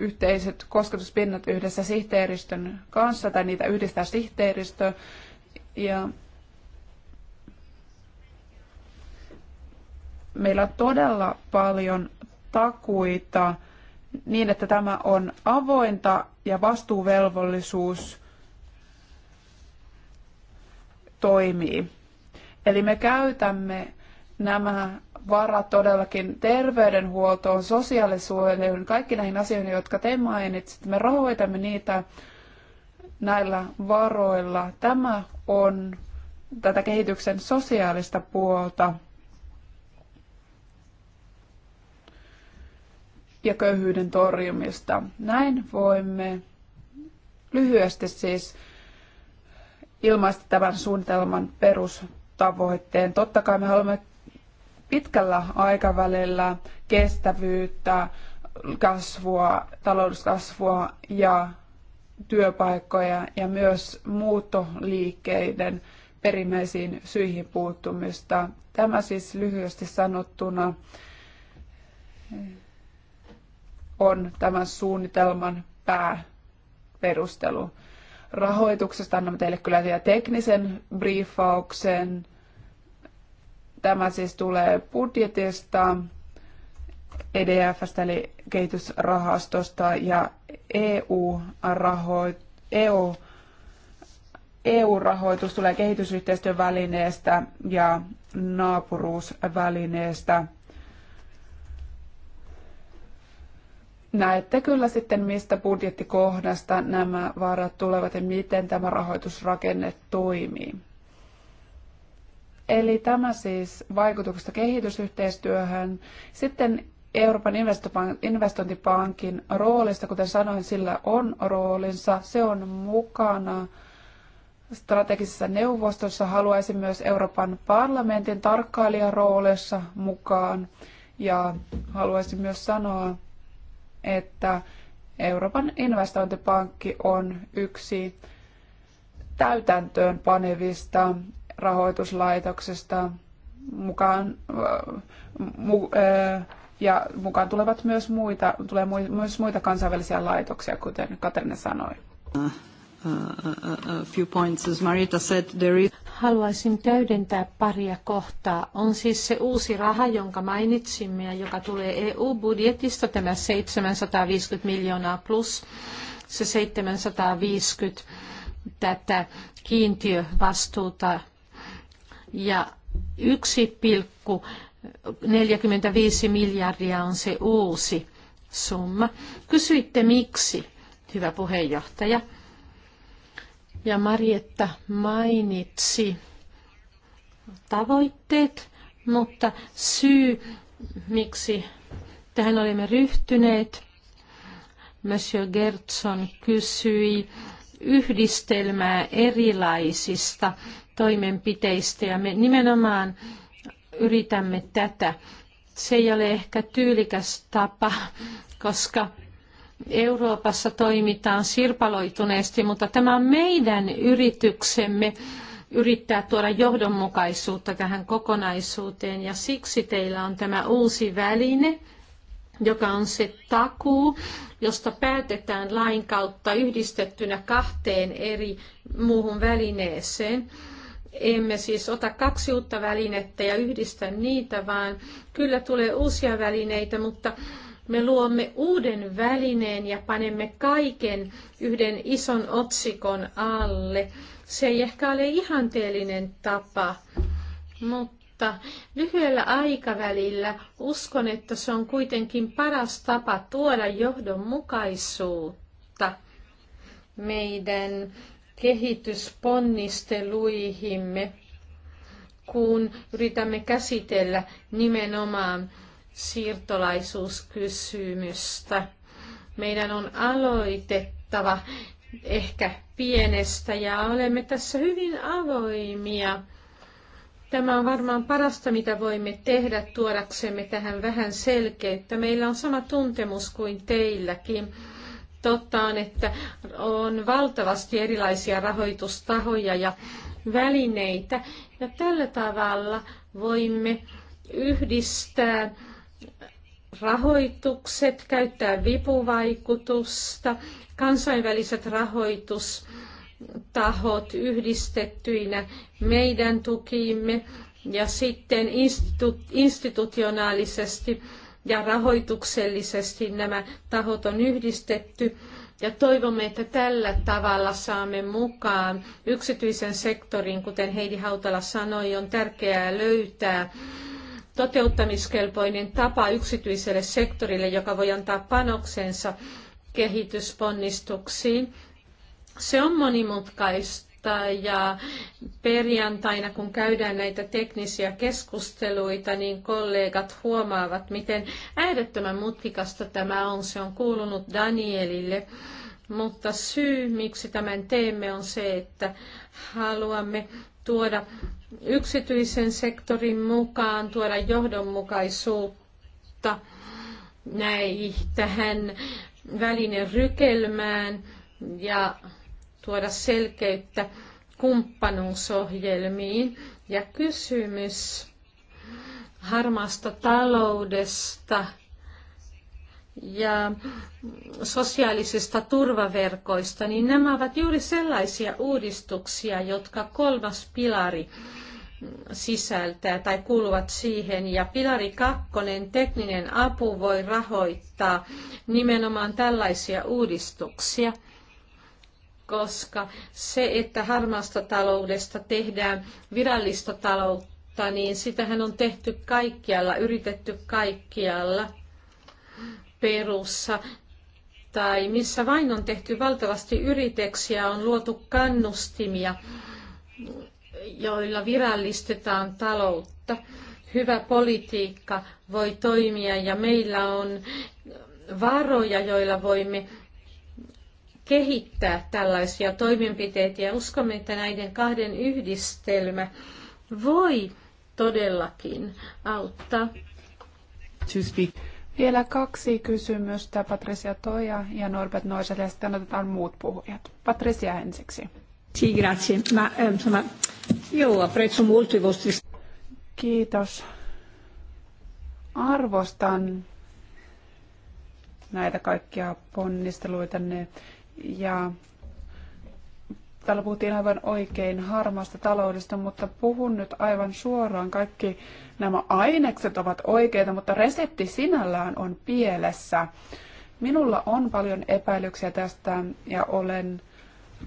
Speaker 1: yhteiset kosketuspinnat yhdessä sihteeristön kanssa, tai niitä yhdistää sihteeristö. Ja meillä on todella paljon takuita niin, että tämä on avointa ja vastuuvelvollisuus – toimii. Eli me käytämme nämä varat todellakin terveydenhuoltoon, sosiaalisuojeluun, kaikki näihin asioihin, jotka te mainitsitte. Me rahoitamme niitä näillä varoilla. Tämä on tätä kehityksen sosiaalista puolta ja köyhyyden torjumista. Näin voimme lyhyesti siis ilmaista tämän suunnitelman perustavoitteen. Totta kai me haluamme pitkällä aikavälillä kestävyyttä, kasvua, talouskasvua ja työpaikkoja ja myös muuttoliikkeiden perimmäisiin syihin puuttumista. Tämä siis lyhyesti sanottuna on tämän suunnitelman pääperustelu rahoituksesta. Annamme teille kyllä vielä teknisen briefauksen. Tämä siis tulee budjetista, EDFstä eli kehitysrahastosta ja EU-rahoit, EU, e EU-rahoitus tulee kehitysyhteistyövälineestä välineestä ja naapuruusvälineestä. näette kyllä sitten, mistä budjettikohdasta nämä varat tulevat ja miten tämä rahoitusrakenne toimii. Eli tämä siis vaikutuksesta kehitysyhteistyöhön. Sitten Euroopan investointipankin roolista, kuten sanoin, sillä on roolinsa. Se on mukana strategisessa neuvostossa. Haluaisin myös Euroopan parlamentin tarkkailijan roolissa mukaan. Ja haluaisin myös sanoa, että Euroopan investointipankki on yksi täytäntöön panevista rahoituslaitoksista mukaan, äh, mu, äh, ja mukaan tulevat myös muita, tulee myös muita kansainvälisiä laitoksia, kuten Katerina sanoi.
Speaker 2: Äh. Uh,
Speaker 4: uh, Haluaisin täydentää paria kohtaa. On siis se uusi raha, jonka mainitsimme ja joka tulee EU-budjetista, tämä 750 miljoonaa plus se 750 tätä kiintiövastuuta ja 1,45 miljardia on se uusi summa. Kysyitte miksi, hyvä puheenjohtaja ja Marietta mainitsi tavoitteet, mutta syy, miksi tähän olemme ryhtyneet, Monsieur Gertson kysyi yhdistelmää erilaisista toimenpiteistä ja me nimenomaan yritämme tätä. Se ei ole ehkä tyylikäs tapa, koska Euroopassa toimitaan sirpaloituneesti, mutta tämä on meidän yrityksemme yrittää tuoda johdonmukaisuutta tähän kokonaisuuteen ja siksi teillä on tämä uusi väline, joka on se takuu, josta päätetään lain kautta yhdistettynä kahteen eri muuhun välineeseen. Emme siis ota kaksi uutta välinettä ja yhdistä niitä, vaan kyllä tulee uusia välineitä, mutta me luomme uuden välineen ja panemme kaiken yhden ison otsikon alle. Se ei ehkä ole ihanteellinen tapa, mutta lyhyellä aikavälillä uskon, että se on kuitenkin paras tapa tuoda johdonmukaisuutta meidän kehitysponnisteluihimme, kun yritämme käsitellä nimenomaan siirtolaisuuskysymystä. Meidän on aloitettava ehkä pienestä ja olemme tässä hyvin avoimia. Tämä on varmaan parasta, mitä voimme tehdä tuodaksemme tähän vähän selkeyttä. Meillä on sama tuntemus kuin teilläkin. Totta on, että on valtavasti erilaisia rahoitustahoja ja välineitä. Ja tällä tavalla voimme yhdistää rahoitukset, käyttää vipuvaikutusta, kansainväliset rahoitustahot yhdistettyinä meidän tukiimme ja sitten institu- institutionaalisesti ja rahoituksellisesti nämä tahot on yhdistetty. Ja toivomme, että tällä tavalla saamme mukaan yksityisen sektorin, kuten Heidi Hautala sanoi, on tärkeää löytää toteuttamiskelpoinen tapa yksityiselle sektorille, joka voi antaa panoksensa kehitysponnistuksiin. Se on monimutkaista ja perjantaina, kun käydään näitä teknisiä keskusteluita, niin kollegat huomaavat, miten äärettömän mutkikasta tämä on. Se on kuulunut Danielille. Mutta syy, miksi tämän teemme, on se, että haluamme tuoda yksityisen sektorin mukaan tuoda johdonmukaisuutta näihin tähän välinerykelmään ja tuoda selkeyttä kumppanuusohjelmiin. Ja kysymys harmaasta taloudesta ja sosiaalisista turvaverkoista, niin nämä ovat juuri sellaisia uudistuksia, jotka kolmas pilari sisältää tai kuuluvat siihen. Ja pilari kakkonen, tekninen apu, voi rahoittaa nimenomaan tällaisia uudistuksia, koska se, että harmaasta taloudesta tehdään virallista taloutta, niin sitähän on tehty kaikkialla, yritetty kaikkialla perussa tai missä vain on tehty valtavasti yrityksiä, on luotu kannustimia joilla virallistetaan taloutta. Hyvä politiikka voi toimia ja meillä on varoja, joilla voimme kehittää tällaisia toimenpiteitä ja uskomme, että näiden kahden yhdistelmä voi todellakin auttaa. To speak.
Speaker 1: Vielä kaksi kysymystä Patricia Toja ja Norbert Noiselle ja sitten otetaan muut puhujat. Patricia ensiksi.
Speaker 4: Sì, grazie.
Speaker 1: Ma, eh, insomma, Joo, molto i vostri... Kiitos. Arvostan näitä kaikkia ponnisteluitanne ja täällä puhuttiin aivan oikein harmaasta taloudesta, mutta puhun nyt aivan suoraan. Kaikki nämä ainekset ovat oikeita, mutta resepti sinällään on pielessä. Minulla on paljon epäilyksiä tästä ja olen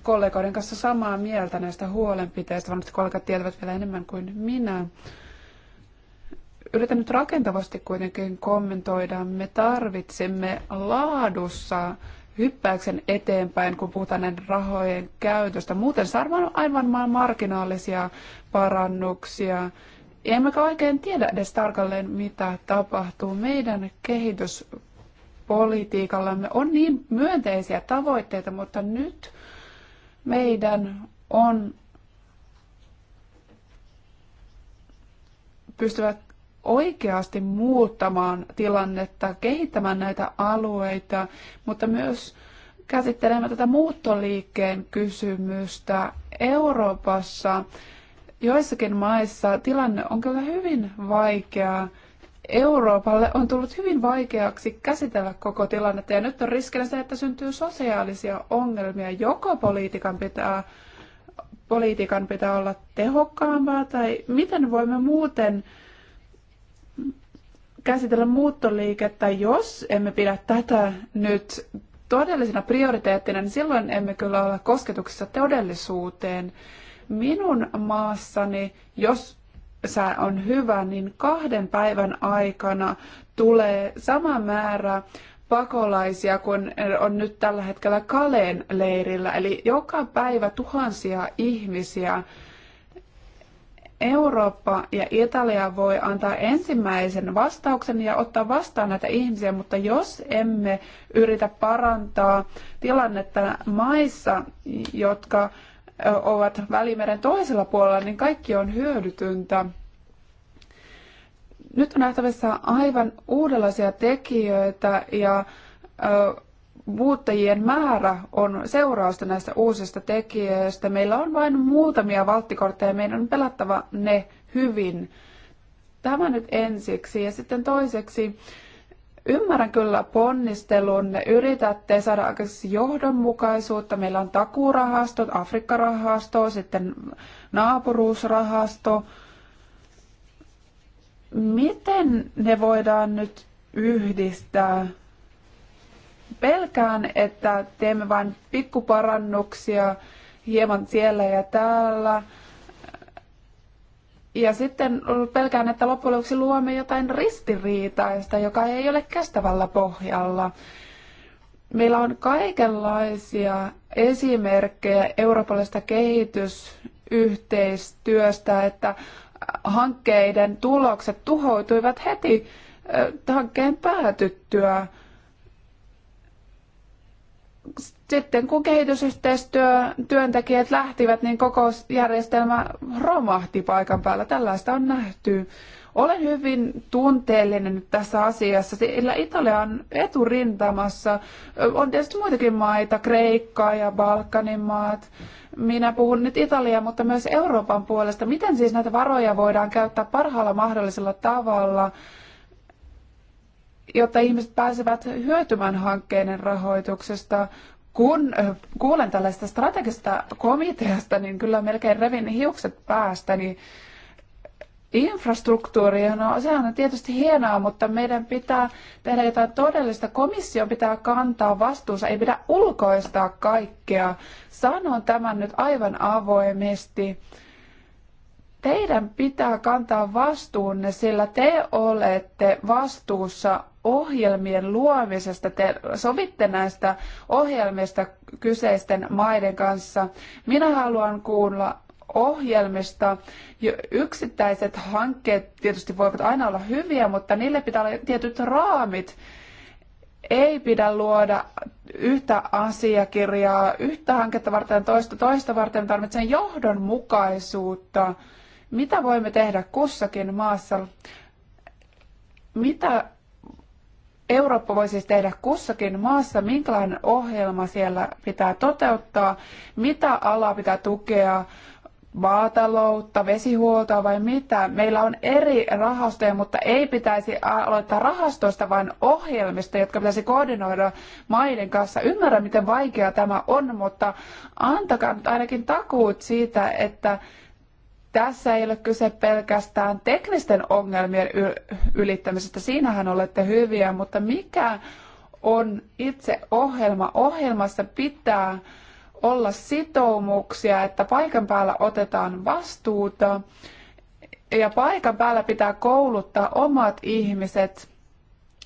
Speaker 1: kollegoiden kanssa samaa mieltä näistä huolenpiteistä. Varmasti kollegat tietävät vielä enemmän kuin minä. Yritän nyt rakentavasti kuitenkin kommentoida. Me tarvitsemme laadussa hyppäyksen eteenpäin, kun puhutaan näiden rahojen käytöstä. Muuten saa aivan vain marginaalisia parannuksia. Emmekä oikein tiedä edes tarkalleen, mitä tapahtuu. Meidän kehityspolitiikallamme on niin myönteisiä tavoitteita, mutta nyt meidän on pystyvät oikeasti muuttamaan tilannetta, kehittämään näitä alueita, mutta myös käsittelemään tätä muuttoliikkeen kysymystä Euroopassa. Joissakin maissa tilanne on kyllä hyvin vaikea. Euroopalle on tullut hyvin vaikeaksi käsitellä koko tilannetta ja nyt on riskinä se, että syntyy sosiaalisia ongelmia. Joko poliitikan pitää, poliitikan pitää olla tehokkaampaa tai miten voimme muuten käsitellä muuttoliikettä, jos emme pidä tätä nyt todellisena prioriteettina, niin silloin emme kyllä ole kosketuksessa todellisuuteen. Minun maassani, jos sää on hyvä, niin kahden päivän aikana tulee sama määrä pakolaisia kuin on nyt tällä hetkellä Kaleen leirillä. Eli joka päivä tuhansia ihmisiä. Eurooppa ja Italia voi antaa ensimmäisen vastauksen ja ottaa vastaan näitä ihmisiä, mutta jos emme yritä parantaa tilannetta maissa, jotka ovat Välimeren toisella puolella, niin kaikki on hyödytöntä. Nyt on nähtävissä aivan uudenlaisia tekijöitä ja muuttajien määrä on seurausta näistä uusista tekijöistä. Meillä on vain muutamia valttikortteja, meidän on pelattava ne hyvin. Tämä nyt ensiksi ja sitten toiseksi Ymmärrän kyllä ponnistelunne. Yritätte saada aikaiseksi johdonmukaisuutta. Meillä on takuurahasto, Afrikkarahasto, sitten naapuruusrahasto. Miten ne voidaan nyt yhdistää? Pelkään, että teemme vain pikkuparannuksia hieman siellä ja täällä ja sitten pelkään, että loppujen lopuksi luomme jotain ristiriitaista, joka ei ole kestävällä pohjalla. Meillä on kaikenlaisia esimerkkejä eurooppalaisesta kehitysyhteistyöstä, että hankkeiden tulokset tuhoutuivat heti hankkeen päätyttyä. Sitten kun kehitysyhteistyöntekijät lähtivät, niin koko järjestelmä romahti paikan päällä. Tällaista on nähty. Olen hyvin tunteellinen tässä asiassa, sillä Italia on eturintamassa. On tietysti muitakin maita, Kreikka ja Balkanin maat. Minä puhun nyt Italiaa, mutta myös Euroopan puolesta. Miten siis näitä varoja voidaan käyttää parhaalla mahdollisella tavalla, jotta ihmiset pääsevät hyötymään hankkeiden rahoituksesta? kun kuulen tällaista strategista komiteasta, niin kyllä melkein revin hiukset päästä, Niin infrastruktuuri, no sehän on tietysti hienoa, mutta meidän pitää tehdä jotain todellista. Komissio pitää kantaa vastuunsa, ei pidä ulkoistaa kaikkea. Sanon tämän nyt aivan avoimesti. Teidän pitää kantaa vastuunne, sillä te olette vastuussa ohjelmien luomisesta, te sovitte näistä ohjelmista kyseisten maiden kanssa. Minä haluan kuulla ohjelmista. Yksittäiset hankkeet tietysti voivat aina olla hyviä, mutta niille pitää olla tietyt raamit. Ei pidä luoda yhtä asiakirjaa yhtä hanketta varten toista toista varten. Tarvitsen johdonmukaisuutta. Mitä voimme tehdä kussakin maassa? Mitä Eurooppa voi siis tehdä kussakin maassa, minkälainen ohjelma siellä pitää toteuttaa, mitä alaa pitää tukea, maataloutta, vesihuoltoa vai mitä. Meillä on eri rahastoja, mutta ei pitäisi aloittaa rahastoista, vaan ohjelmista, jotka pitäisi koordinoida maiden kanssa. Ymmärrän, miten vaikeaa tämä on, mutta antakaa nyt ainakin takuut siitä, että tässä ei ole kyse pelkästään teknisten ongelmien ylittämisestä, siinähän olette hyviä, mutta mikä on itse ohjelma? Ohjelmassa pitää olla sitoumuksia, että paikan päällä otetaan vastuuta ja paikan päällä pitää kouluttaa omat ihmiset.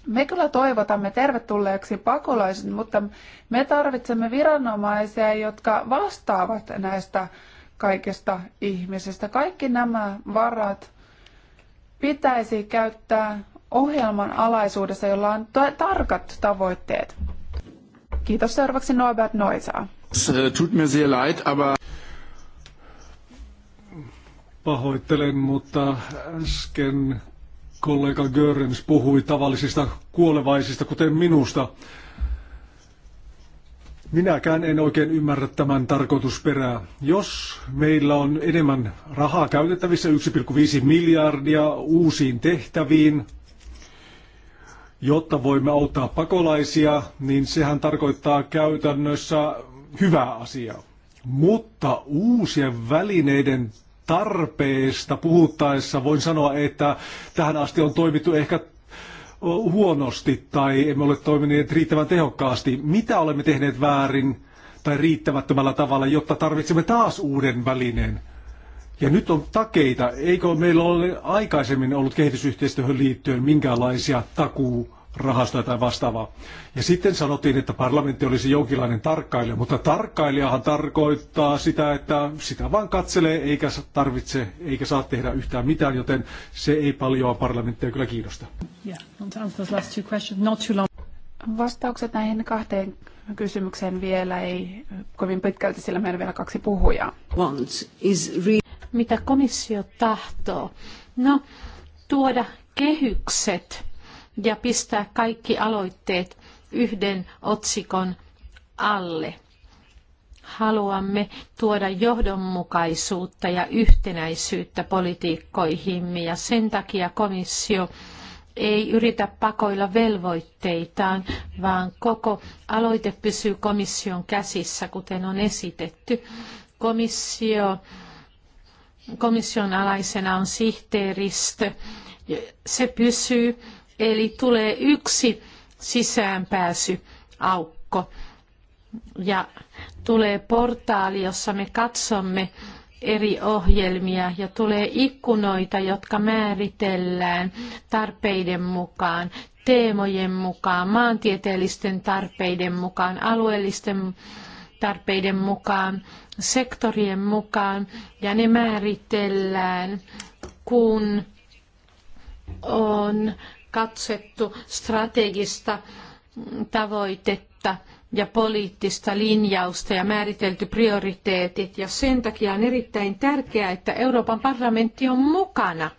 Speaker 1: Me kyllä toivotamme tervetulleeksi pakolaiset, mutta me tarvitsemme viranomaisia, jotka vastaavat näistä kaikista ihmisistä. Kaikki nämä varat pitäisi käyttää ohjelman alaisuudessa, jolla on tarkat tavoitteet. Kiitos seuraavaksi Norbert Noisaa.
Speaker 3: Äh, tut mir sehr leid, aber... Pahoittelen, mutta äsken kollega Görens puhui tavallisista kuolevaisista, kuten minusta. Minäkään en oikein ymmärrä tämän tarkoitusperää. Jos meillä on enemmän rahaa käytettävissä, 1,5 miljardia uusiin tehtäviin, jotta voimme auttaa pakolaisia, niin sehän tarkoittaa käytännössä hyvää asiaa. Mutta uusien välineiden tarpeesta puhuttaessa voin sanoa, että tähän asti on toimittu ehkä huonosti tai emme ole toimineet riittävän tehokkaasti. Mitä olemme tehneet väärin tai riittämättömällä tavalla, jotta tarvitsemme taas uuden välineen? Ja nyt on takeita. Eikö meillä ole aikaisemmin ollut kehitysyhteistyöhön liittyen minkäänlaisia takuu rahastoja tai vastaavaa. Ja sitten sanottiin, että parlamentti olisi jonkinlainen tarkkailija, mutta tarkkailijahan tarkoittaa sitä, että sitä vaan katselee, eikä tarvitse, eikä saa tehdä yhtään mitään, joten se ei paljon parlamenttia kyllä kiinnosta.
Speaker 1: Vastaukset näihin kahteen
Speaker 4: kysymykseen vielä ei kovin pitkälti, sillä meillä on vielä kaksi puhujaa. Mitä komissio tahtoo? No, tuoda kehykset ja pistää kaikki aloitteet yhden otsikon alle. Haluamme tuoda johdonmukaisuutta ja yhtenäisyyttä politiikkoihimme ja sen takia komissio ei yritä pakoilla velvoitteitaan, vaan koko aloite pysyy komission käsissä, kuten on esitetty. Komissio, komission alaisena on sihteeristö. Se pysyy Eli tulee yksi sisäänpääsyaukko ja tulee portaali, jossa me katsomme eri ohjelmia ja tulee ikkunoita, jotka määritellään tarpeiden mukaan, teemojen mukaan, maantieteellisten tarpeiden mukaan, alueellisten tarpeiden mukaan, sektorien mukaan ja ne määritellään, kun on katsettu strategista tavoitetta ja poliittista linjausta ja määritelty prioriteetit. Ja sen takia on erittäin tärkeää, että Euroopan parlamentti on mukana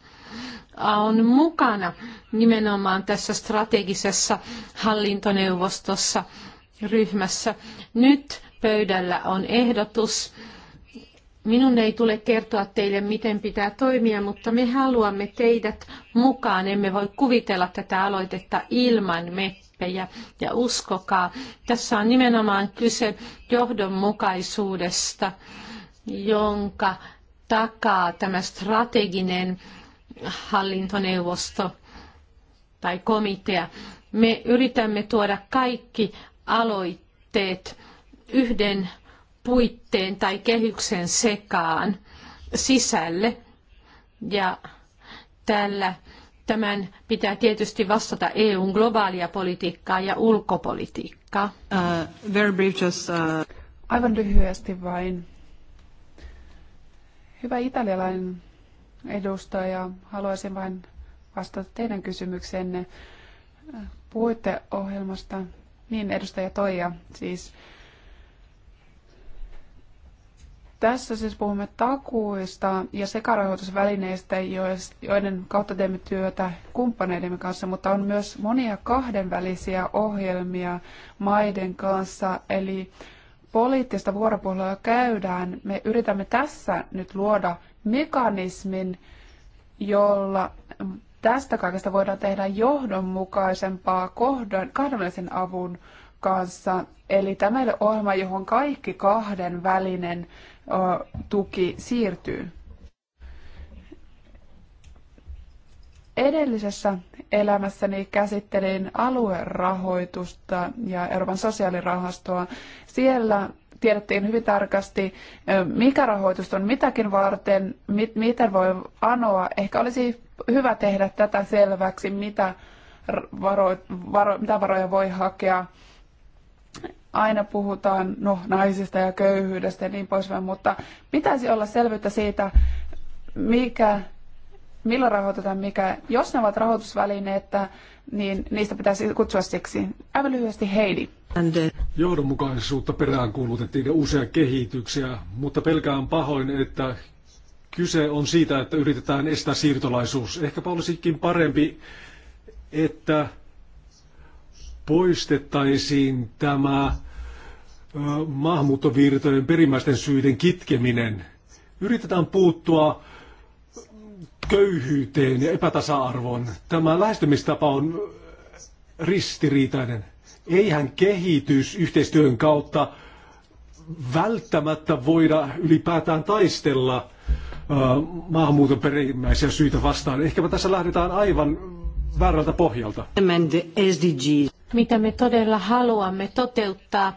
Speaker 4: on mukana nimenomaan tässä strategisessa hallintoneuvostossa ryhmässä. Nyt pöydällä on ehdotus Minun ei tule kertoa teille, miten pitää toimia, mutta me haluamme teidät mukaan. Emme voi kuvitella tätä aloitetta ilman meppejä. Ja uskokaa, tässä on nimenomaan kyse johdonmukaisuudesta, jonka takaa tämä strateginen hallintoneuvosto tai komitea. Me yritämme tuoda kaikki aloitteet yhden puitteen tai kehyksen sekaan sisälle. Ja tällä tämän pitää tietysti vastata EUn globaalia politiikkaa ja ulkopolitiikkaa. Uh,
Speaker 1: very brief just, uh... Aivan lyhyesti vain. Hyvä italialainen edustaja, haluaisin vain vastata teidän kysymykseenne uh, puiteohjelmasta. Niin, edustaja Toija, siis Tässä siis puhumme takuista ja sekarahoitusvälineistä, joiden kautta teemme työtä kumppaneidemme kanssa, mutta on myös monia kahdenvälisiä ohjelmia maiden kanssa, eli poliittista vuoropuhelua käydään. Me yritämme tässä nyt luoda mekanismin, jolla tästä kaikesta voidaan tehdä johdonmukaisempaa kohdan, kahdenvälisen avun kanssa. Eli tämä ei ole ohjelma, johon kaikki kahden välinen tuki siirtyy. Edellisessä elämässäni käsittelin aluerahoitusta ja Euroopan sosiaalirahastoa. Siellä tiedettiin hyvin tarkasti, mikä rahoitus on mitäkin varten, mit, miten voi anoa. Ehkä olisi hyvä tehdä tätä selväksi, mitä, varo, varo, mitä varoja voi hakea aina puhutaan no, naisista ja köyhyydestä ja niin poispäin, mutta pitäisi olla selvyyttä siitä, mikä, millä rahoitetaan mikä. Jos ne ovat rahoitusvälineitä, niin niistä pitäisi kutsua siksi. Aivan lyhyesti Heidi.
Speaker 3: Uh, Johdonmukaisuutta peräänkuulutettiin ja uusia kehityksiä, mutta pelkään pahoin, että kyse on siitä, että yritetään estää siirtolaisuus. Ehkäpä olisikin parempi, että poistettaisiin tämä maahanmuuttovirtojen perimmäisten syiden kitkeminen. Yritetään puuttua köyhyyteen ja epätasa-arvoon. Tämä lähestymistapa on ristiriitainen. Eihän kehitys yhteistyön kautta välttämättä voida ylipäätään taistella maahanmuuton perimmäisiä syitä vastaan. Ehkäpä tässä lähdetään aivan väärältä pohjalta.
Speaker 4: Mitä me todella haluamme toteuttaa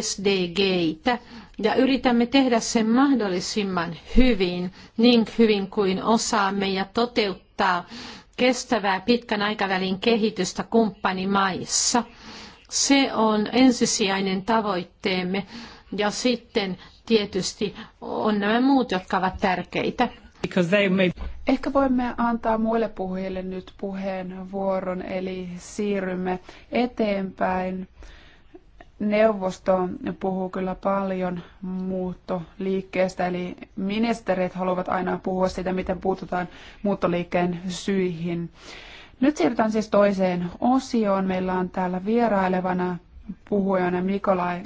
Speaker 4: SDGitä ja yritämme tehdä sen mahdollisimman hyvin, niin hyvin kuin osaamme ja toteuttaa kestävää pitkän aikavälin kehitystä kumppanimaissa. Se on ensisijainen tavoitteemme ja sitten tietysti on nämä muut, jotka ovat tärkeitä. Ehkä voimme antaa muille puhujille nyt
Speaker 1: puheenvuoron, eli siirrymme eteenpäin neuvosto puhuu kyllä paljon muuttoliikkeestä, eli ministerit haluavat aina puhua siitä, miten puututaan muuttoliikkeen syihin. Nyt siirrytään siis toiseen osioon. Meillä on täällä vierailevana puhujana Mikolai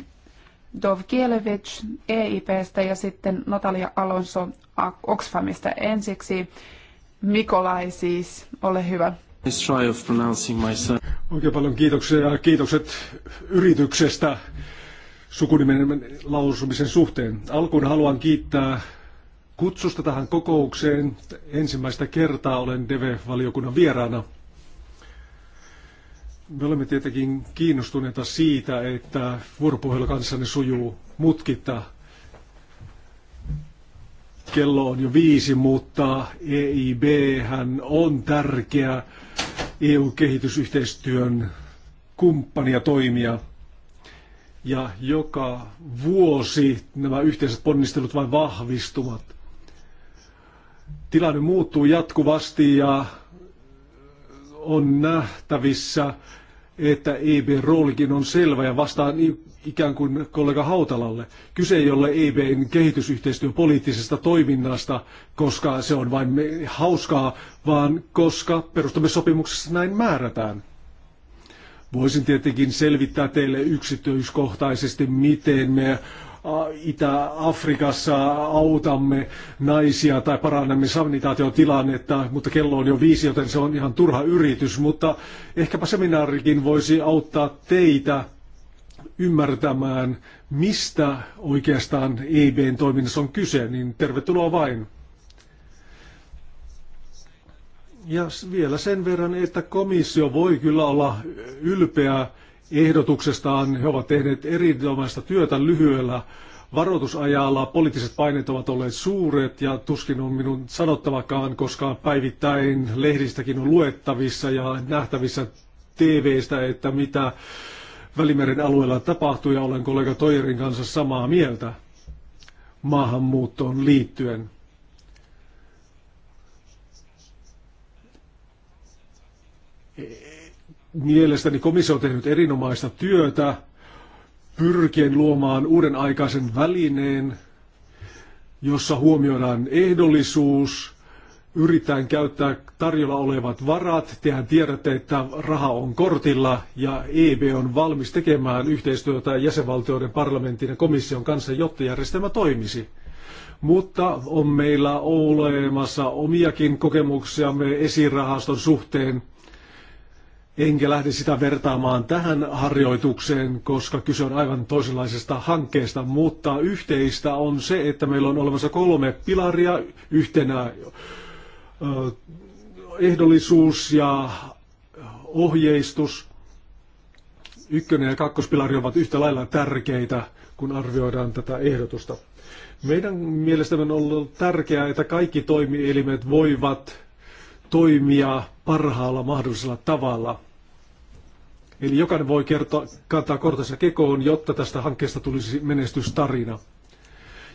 Speaker 1: Dovkielevich EIPstä ja sitten Natalia Alonso Oxfamista ensiksi. Mikolai siis, ole hyvä
Speaker 3: try of pronouncing Oikein paljon kiitoksia ja kiitokset yrityksestä sukunimen lausumisen suhteen. Alkuun haluan kiittää kutsusta tähän kokoukseen. Ensimmäistä kertaa olen DEVE-valiokunnan vieraana. Me olemme tietenkin kiinnostuneita siitä, että vuoropuhelu kanssanne sujuu mutkitta. Kello on jo viisi, mutta EIB hän on tärkeä EU-kehitysyhteistyön kumppania toimia. Ja joka vuosi nämä yhteiset ponnistelut vain vahvistuvat. Tilanne muuttuu jatkuvasti ja on nähtävissä, että eb roolikin on selvä ja vastaan ikään kuin kollega Hautalalle. Kyse ei ole EBn kehitysyhteistyöpoliittisesta toiminnasta, koska se on vain hauskaa, vaan koska perustamissopimuksessa näin määrätään. Voisin tietenkin selvittää teille yksityiskohtaisesti, miten me äh, Itä-Afrikassa autamme naisia tai parannamme sanitaatiotilannetta, mutta kello on jo viisi, joten se on ihan turha yritys, mutta ehkäpä seminaarikin voisi auttaa teitä ymmärtämään, mistä oikeastaan EIBn toiminnassa on kyse, niin tervetuloa vain. Ja vielä sen verran, että komissio voi kyllä olla ylpeä ehdotuksestaan. He ovat tehneet erinomaista työtä lyhyellä varoitusajalla. Poliittiset paineet ovat olleet suuret ja tuskin on minun sanottavakaan, koska päivittäin lehdistäkin on luettavissa ja nähtävissä TVstä, että mitä Välimeren alueella tapahtuu ja olen kollega Toijerin kanssa samaa mieltä maahanmuuttoon liittyen. Mielestäni komissio on tehnyt erinomaista työtä pyrkien luomaan uuden aikaisen välineen, jossa huomioidaan ehdollisuus – yritetään käyttää tarjolla olevat varat. Tehän tiedätte, että raha on kortilla ja EB on valmis tekemään yhteistyötä jäsenvaltioiden parlamentin ja komission kanssa, jotta järjestelmä toimisi. Mutta on meillä olemassa omiakin kokemuksiamme esirahaston suhteen. Enkä lähde sitä vertaamaan tähän harjoitukseen, koska kyse on aivan toisenlaisesta hankkeesta, mutta yhteistä on se, että meillä on olemassa kolme pilaria yhtenä ehdollisuus ja ohjeistus, ykkönen ja kakkospilari ovat yhtä lailla tärkeitä, kun arvioidaan tätä ehdotusta. Meidän mielestämme on ollut tärkeää, että kaikki toimielimet voivat toimia parhaalla mahdollisella tavalla. Eli jokainen voi kertoa, kantaa kortensa kekoon, jotta tästä hankkeesta tulisi menestystarina.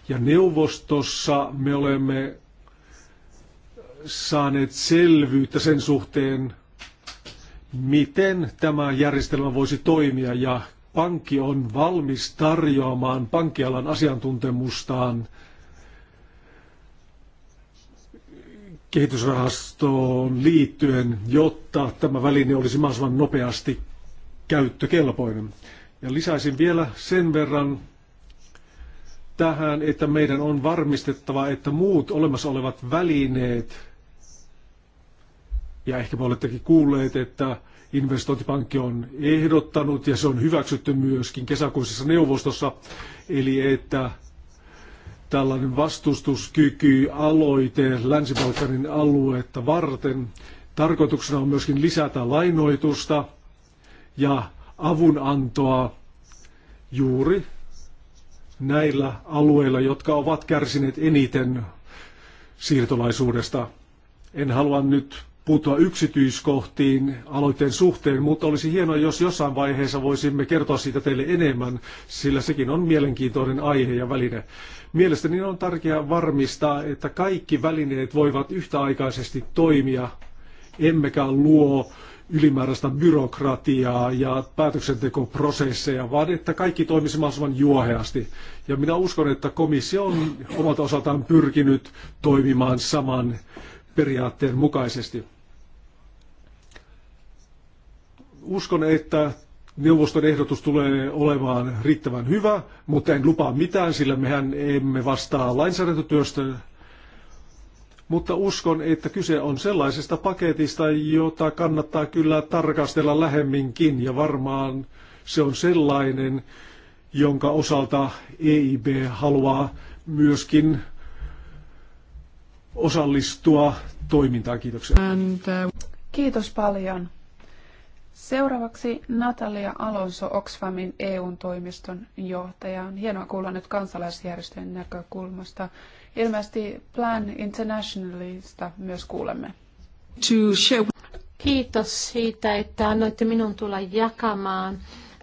Speaker 3: Ja neuvostossa me olemme saaneet selvyyttä sen suhteen, miten tämä järjestelmä voisi toimia ja pankki on valmis tarjoamaan pankkialan asiantuntemustaan kehitysrahastoon liittyen, jotta tämä väline olisi mahdollisimman nopeasti käyttökelpoinen. Ja lisäisin vielä sen verran tähän, että meidän on varmistettava, että muut olemassa olevat välineet – ja ehkä olettekin kuulleet, että investointipankki on ehdottanut, ja se on hyväksytty myöskin kesäkuisessa neuvostossa, eli että tällainen vastustuskyky aloite Länsi-Balkanin aluetta varten. Tarkoituksena on myöskin lisätä lainoitusta ja avunantoa juuri näillä alueilla, jotka ovat kärsineet eniten siirtolaisuudesta. En halua nyt puuttua yksityiskohtiin aloitteen suhteen, mutta olisi hienoa, jos jossain vaiheessa voisimme kertoa siitä teille enemmän, sillä sekin on mielenkiintoinen aihe ja väline. Mielestäni on tärkeää varmistaa, että kaikki välineet voivat yhtäaikaisesti toimia, emmekä luo ylimääräistä byrokratiaa ja päätöksentekoprosesseja, vaan että kaikki toimisi mahdollisimman juoheasti. Ja minä uskon, että komissio on omalta osaltaan pyrkinyt toimimaan saman periaatteen mukaisesti. uskon, että neuvoston ehdotus tulee olemaan riittävän hyvä, mutta en lupaa mitään, sillä mehän emme vastaa lainsäädäntötyöstä. Mutta uskon, että kyse on sellaisesta paketista, jota kannattaa kyllä tarkastella lähemminkin ja varmaan se on sellainen, jonka osalta EIB haluaa myöskin osallistua toimintaan. Kiitoksia.
Speaker 1: And, uh... Kiitos paljon. Seuraavaksi Natalia Alonso Oxfamin EU-toimiston johtaja. On hienoa kuulla nyt kansalaisjärjestöjen näkökulmasta. Ilmeisesti Plan
Speaker 4: Internationalista myös kuulemme. Kiitos siitä, että annoitte minun tulla jakamaan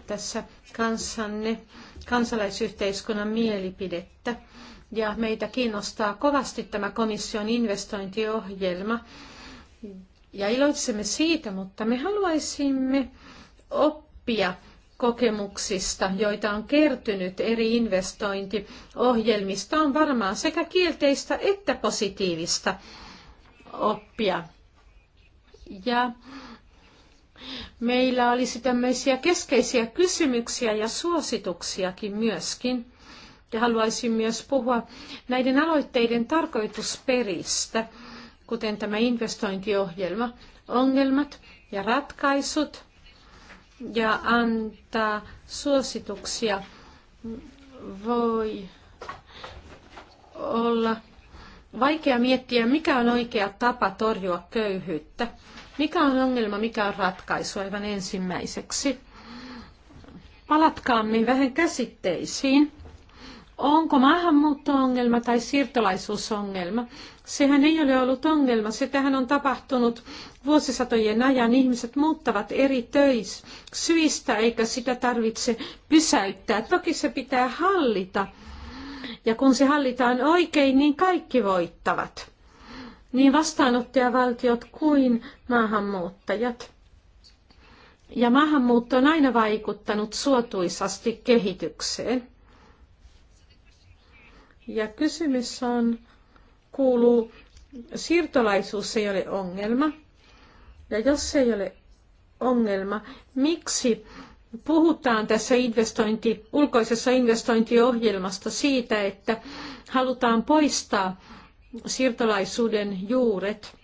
Speaker 4: tässä kanssanne kansalaisyhteiskunnan mielipidettä. Ja meitä kiinnostaa kovasti tämä komission investointiohjelma, ja iloitsemme siitä, mutta me haluaisimme oppia kokemuksista, joita on kertynyt eri investointiohjelmista, on varmaan sekä kielteistä että positiivista oppia. Ja meillä olisi tämmöisiä keskeisiä kysymyksiä ja suosituksiakin myöskin. Ja haluaisin myös puhua näiden aloitteiden tarkoitusperistä kuten tämä investointiohjelma, ongelmat ja ratkaisut ja antaa suosituksia voi olla vaikea miettiä, mikä on oikea tapa torjua köyhyyttä. Mikä on ongelma, mikä on ratkaisu aivan ensimmäiseksi. Palatkaamme vähän käsitteisiin. Onko maahanmuutto-ongelma tai siirtolaisuusongelma? Sehän ei ole ollut ongelma. Sitähän on tapahtunut vuosisatojen ajan. Ihmiset muuttavat eri töis syistä, eikä sitä tarvitse pysäyttää. Toki se pitää hallita. Ja kun se hallitaan oikein, niin kaikki voittavat. Niin vastaanottajavaltiot kuin maahanmuuttajat. Ja maahanmuutto on aina vaikuttanut suotuisasti kehitykseen. Ja kysymys on, kuuluu, siirtolaisuus ei ole ongelma. Ja jos se ei ole ongelma, miksi puhutaan tässä investointi, ulkoisessa investointiohjelmasta siitä, että halutaan poistaa siirtolaisuuden juuret.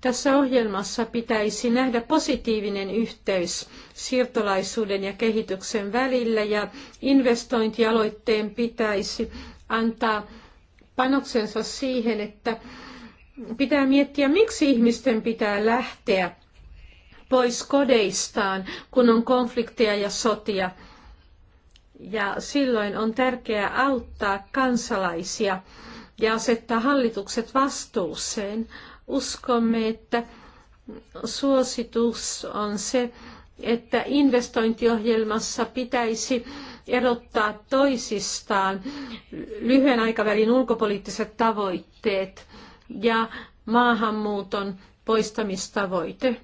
Speaker 4: Tässä ohjelmassa pitäisi nähdä positiivinen yhteys siirtolaisuuden ja kehityksen välillä ja investointialoitteen pitäisi antaa panoksensa siihen, että pitää miettiä, miksi ihmisten pitää lähteä pois kodeistaan, kun on konflikteja ja sotia. Ja silloin on tärkeää auttaa kansalaisia ja asettaa hallitukset vastuuseen. Uskomme, että suositus on se, että investointiohjelmassa pitäisi erottaa toisistaan lyhyen aikavälin ulkopoliittiset tavoitteet ja maahanmuuton poistamistavoite.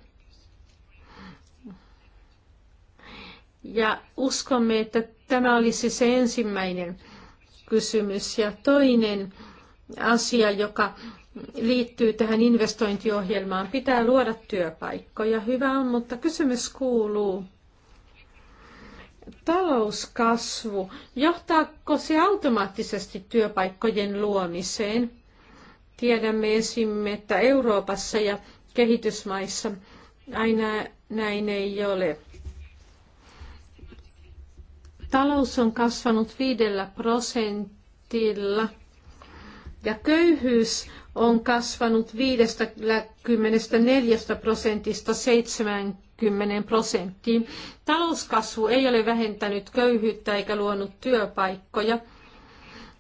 Speaker 4: Ja uskomme, että tämä olisi se ensimmäinen kysymys. Ja toinen asia, joka liittyy tähän investointiohjelmaan, pitää luoda työpaikkoja. Hyvä on, mutta kysymys kuuluu, talouskasvu, johtaako se automaattisesti työpaikkojen luomiseen? Tiedämme esimerkiksi, että Euroopassa ja kehitysmaissa aina näin ei ole. Talous on kasvanut viidellä prosentilla ja köyhyys on kasvanut 54 prosentista 70 10 prosenttiin. Talouskasvu ei ole vähentänyt köyhyyttä eikä luonut työpaikkoja.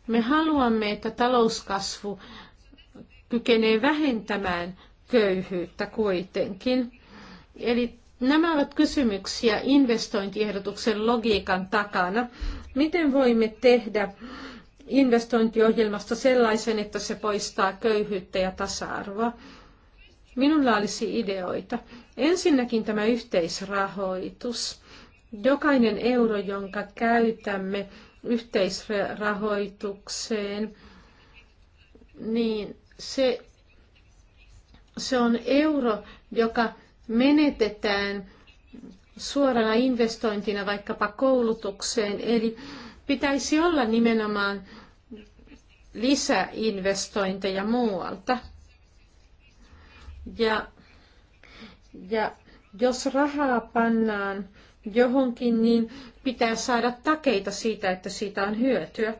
Speaker 4: Me haluamme, että talouskasvu kykenee vähentämään köyhyyttä kuitenkin. Eli nämä ovat kysymyksiä investointiehdotuksen logiikan takana. Miten voimme tehdä investointiohjelmasta sellaisen, että se poistaa köyhyyttä ja tasa-arvoa? Minulla olisi ideoita. Ensinnäkin tämä yhteisrahoitus. Jokainen euro, jonka käytämme yhteisrahoitukseen, niin se, se on euro, joka menetetään suorana investointina vaikkapa koulutukseen. Eli pitäisi olla nimenomaan lisäinvestointeja muualta. Ja, ja jos rahaa pannaan johonkin, niin pitää saada takeita siitä, että siitä on hyötyä.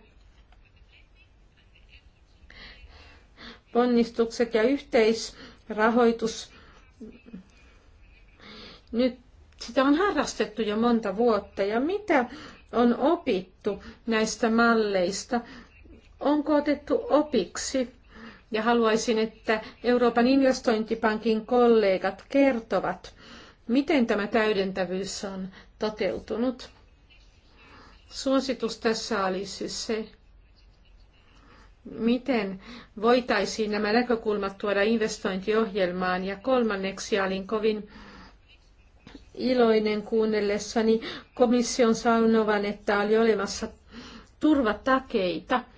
Speaker 4: Ponnistukset ja yhteisrahoitus. Nyt sitä on harrastettu jo monta vuotta ja mitä on opittu näistä malleista? Onko otettu opiksi? Ja haluaisin, että Euroopan investointipankin kollegat kertovat, miten tämä täydentävyys on toteutunut. Suositus tässä olisi se, miten voitaisiin nämä näkökulmat tuoda investointiohjelmaan. Ja kolmanneksi olin kovin iloinen kuunnellessani komission saunovan, että oli olemassa turvatakeita –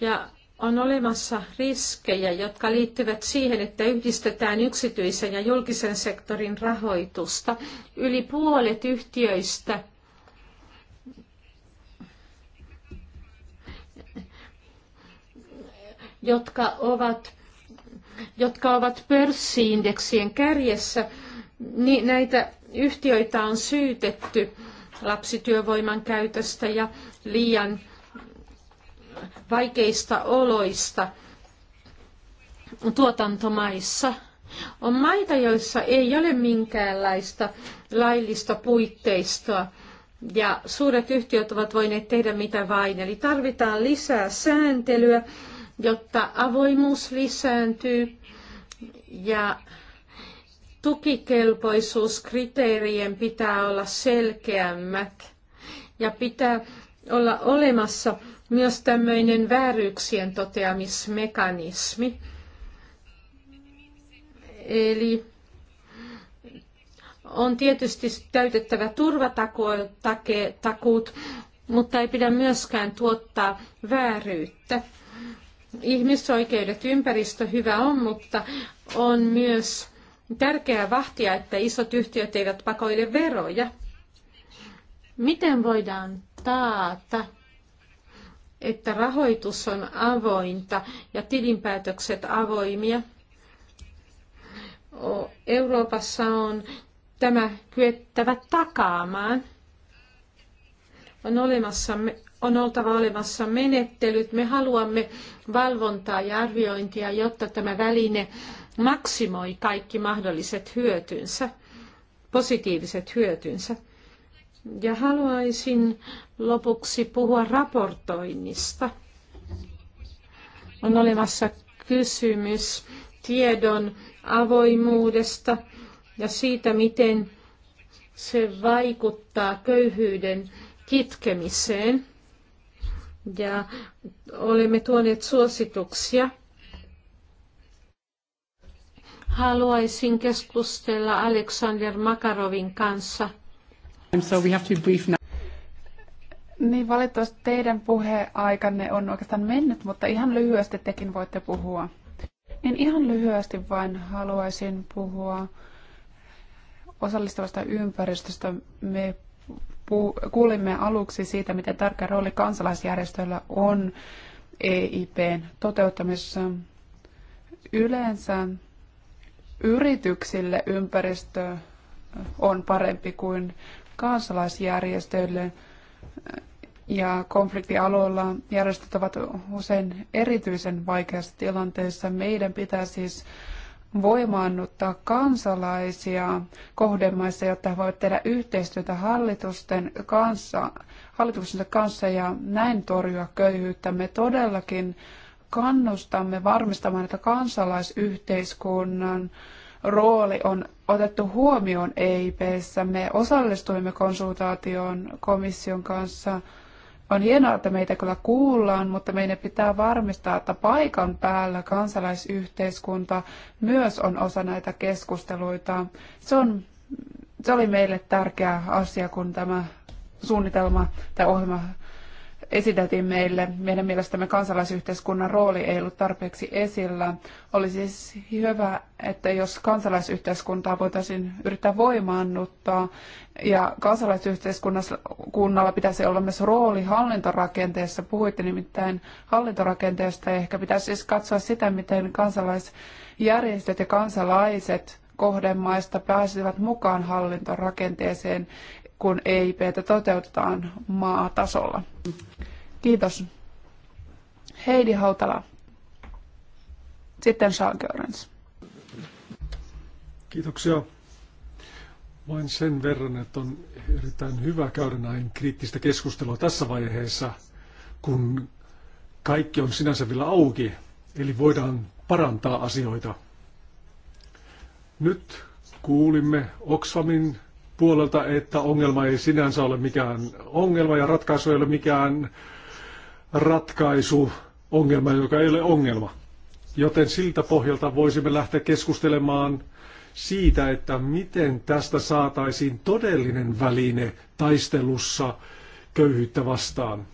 Speaker 4: ja on olemassa riskejä, jotka liittyvät siihen, että yhdistetään yksityisen ja julkisen sektorin rahoitusta. Yli puolet yhtiöistä jotka ovat, jotka ovat pörssiindeksien kärjessä, niin näitä yhtiöitä on syytetty lapsityövoiman käytöstä ja liian vaikeista oloista tuotantomaissa. On maita, joissa ei ole minkäänlaista laillista puitteistoa ja suuret yhtiöt ovat voineet tehdä mitä vain. Eli tarvitaan lisää sääntelyä, jotta avoimuus lisääntyy ja tukikelpoisuuskriteerien pitää olla selkeämmät ja pitää olla olemassa myös tämmöinen vääryyksien toteamismekanismi. Eli on tietysti täytettävä turvatakuut, mutta ei pidä myöskään tuottaa vääryyttä. Ihmisoikeudet, ympäristö hyvä on, mutta on myös tärkeää vahtia, että isot yhtiöt eivät pakoile veroja. Miten voidaan taata että rahoitus on avointa ja tilinpäätökset avoimia. Euroopassa on tämä kyettävä takaamaan. On, olemassa, on oltava olemassa menettelyt. Me haluamme valvontaa ja arviointia, jotta tämä väline maksimoi kaikki mahdolliset hyötynsä, positiiviset hyötynsä. Ja haluaisin lopuksi puhua raportoinnista. On olemassa kysymys tiedon avoimuudesta ja siitä, miten se vaikuttaa köyhyyden kitkemiseen. Ja olemme tuoneet suosituksia. Haluaisin keskustella Aleksander Makarovin kanssa –
Speaker 1: so we have to brief now. Niin valitettavasti teidän puheaikanne on oikeastaan mennyt, mutta ihan lyhyesti tekin voitte puhua. Niin ihan lyhyesti vain haluaisin puhua osallistavasta ympäristöstä. Me kuulimme aluksi siitä, miten tärkeä rooli kansalaisjärjestöillä on EIPn toteuttamisessa. Yleensä yrityksille ympäristö on parempi kuin kansalaisjärjestöille äh, ja konfliktialueilla järjestöt ovat usein erityisen vaikeassa tilanteessa. Meidän pitää siis voimaannuttaa kansalaisia kohdemaissa, jotta he voivat tehdä yhteistyötä hallitusten kanssa, hallituksensa kanssa ja näin torjua köyhyyttä. Me todellakin kannustamme varmistamaan, että kansalaisyhteiskunnan rooli on otettu huomioon EIPssä. Me osallistuimme konsultaatioon komission kanssa. On hienoa, että meitä kyllä kuullaan, mutta meidän pitää varmistaa, että paikan päällä kansalaisyhteiskunta myös on osa näitä keskusteluita. Se, on, se oli meille tärkeä asia, kun tämä suunnitelma tai ohjelma Esitettiin meille. Meidän mielestämme kansalaisyhteiskunnan rooli ei ollut tarpeeksi esillä. Olisi siis hyvä, että jos kansalaisyhteiskuntaa voitaisiin yrittää voimaannuttaa, ja kansalaisyhteiskunnalla pitäisi olla myös rooli hallintorakenteessa. Puhuitte nimittäin hallintorakenteesta, ja ehkä pitäisi siis katsoa sitä, miten kansalaisjärjestöt ja kansalaiset kohdemaista pääsisivät mukaan hallintorakenteeseen kun EIPtä toteutetaan maatasolla. Kiitos. Heidi Hautala. Sitten Sean Görens.
Speaker 3: Kiitoksia. Vain sen verran, että on erittäin hyvä käydä näin kriittistä keskustelua tässä vaiheessa, kun kaikki on sinänsä vielä auki, eli voidaan parantaa asioita. Nyt kuulimme Oxfamin puolelta, että ongelma ei sinänsä ole mikään ongelma ja ratkaisu ei ole mikään ratkaisu ongelma, joka ei ole ongelma. Joten siltä pohjalta voisimme lähteä keskustelemaan siitä, että miten tästä saataisiin todellinen väline taistelussa köyhyyttä vastaan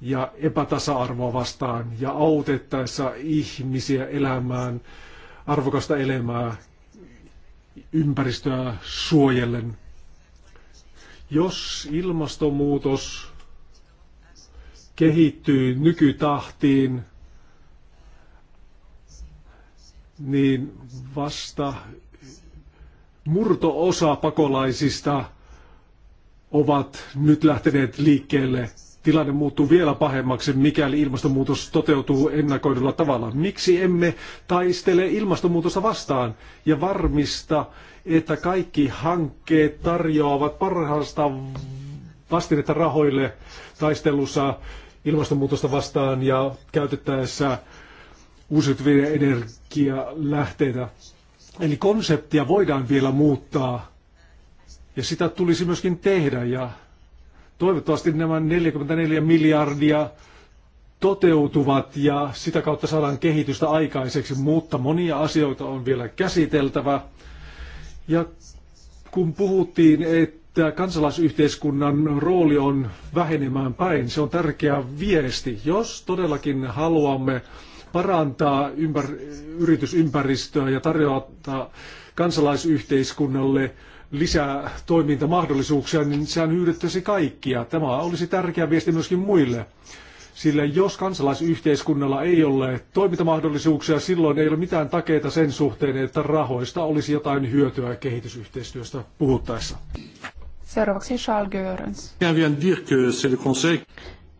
Speaker 3: ja epätasa-arvoa vastaan ja autettaessa ihmisiä elämään arvokasta elämää ympäristöä suojellen. Jos ilmastonmuutos kehittyy nykytahtiin, niin vasta murtoosa pakolaisista ovat nyt lähteneet liikkeelle. Tilanne muuttuu vielä pahemmaksi, mikäli ilmastonmuutos toteutuu ennakoidulla tavalla. Miksi emme taistele ilmastonmuutosta vastaan ja varmista, että kaikki hankkeet tarjoavat parhaasta vastinetta rahoille taistelussa ilmastonmuutosta vastaan ja käytettäessä uusiutuvia energialähteitä. Eli konseptia voidaan vielä muuttaa ja sitä tulisi myöskin tehdä ja toivottavasti nämä 44 miljardia toteutuvat ja sitä kautta saadaan kehitystä aikaiseksi, mutta monia asioita on vielä käsiteltävä. Ja kun puhuttiin, että kansalaisyhteiskunnan rooli on vähenemään päin, se on tärkeä viesti. Jos todellakin haluamme parantaa ympär yritysympäristöä ja tarjota kansalaisyhteiskunnalle lisää toimintamahdollisuuksia, niin sehän hyödyttäisi kaikkia. Tämä olisi tärkeä viesti myöskin muille. Sillä jos kansalaisyhteiskunnalla ei ole toimintamahdollisuuksia, silloin ei ole mitään takeita sen suhteen, että rahoista olisi jotain hyötyä kehitysyhteistyöstä puhuttaessa.
Speaker 4: Seuraavaksi Charles Görens.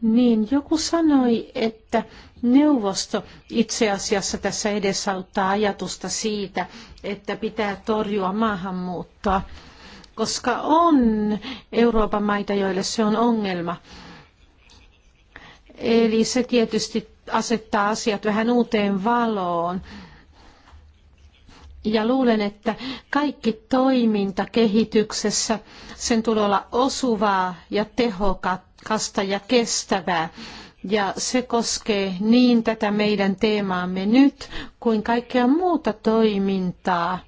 Speaker 4: Niin, joku sanoi, että neuvosto itse asiassa tässä edesauttaa ajatusta siitä, että pitää torjua maahanmuuttoa, koska on Euroopan maita, joille se on ongelma. Eli se tietysti asettaa asiat vähän uuteen valoon. Ja luulen, että kaikki toiminta kehityksessä, sen tulee olla osuvaa ja tehokasta ja kestävää. Ja se koskee niin tätä meidän teemaamme nyt kuin kaikkea muuta toimintaa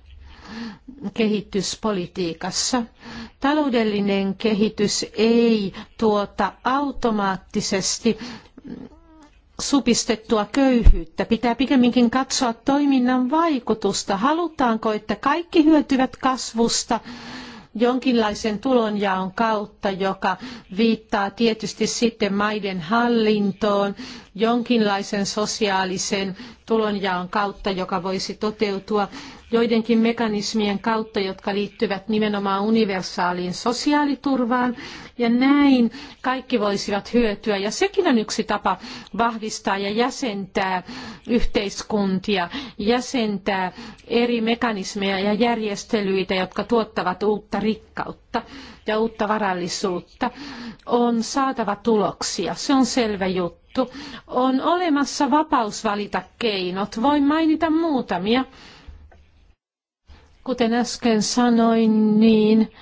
Speaker 4: kehityspolitiikassa. Taloudellinen kehitys ei tuota automaattisesti supistettua köyhyyttä. Pitää pikemminkin katsoa toiminnan vaikutusta. Halutaanko, että kaikki hyötyvät kasvusta jonkinlaisen tulonjaon kautta, joka viittaa tietysti sitten maiden hallintoon, jonkinlaisen sosiaalisen tulonjaon kautta, joka voisi toteutua joidenkin mekanismien kautta, jotka liittyvät nimenomaan universaaliin sosiaaliturvaan. Ja näin kaikki voisivat hyötyä. Ja sekin on yksi tapa vahvistaa ja jäsentää yhteiskuntia, jäsentää eri mekanismeja ja järjestelyitä, jotka tuottavat uutta rikkautta ja uutta varallisuutta. On saatava tuloksia, se on selvä juttu. On olemassa vapaus valita keinot, voin mainita muutamia. Kuten äsken sanoin, niin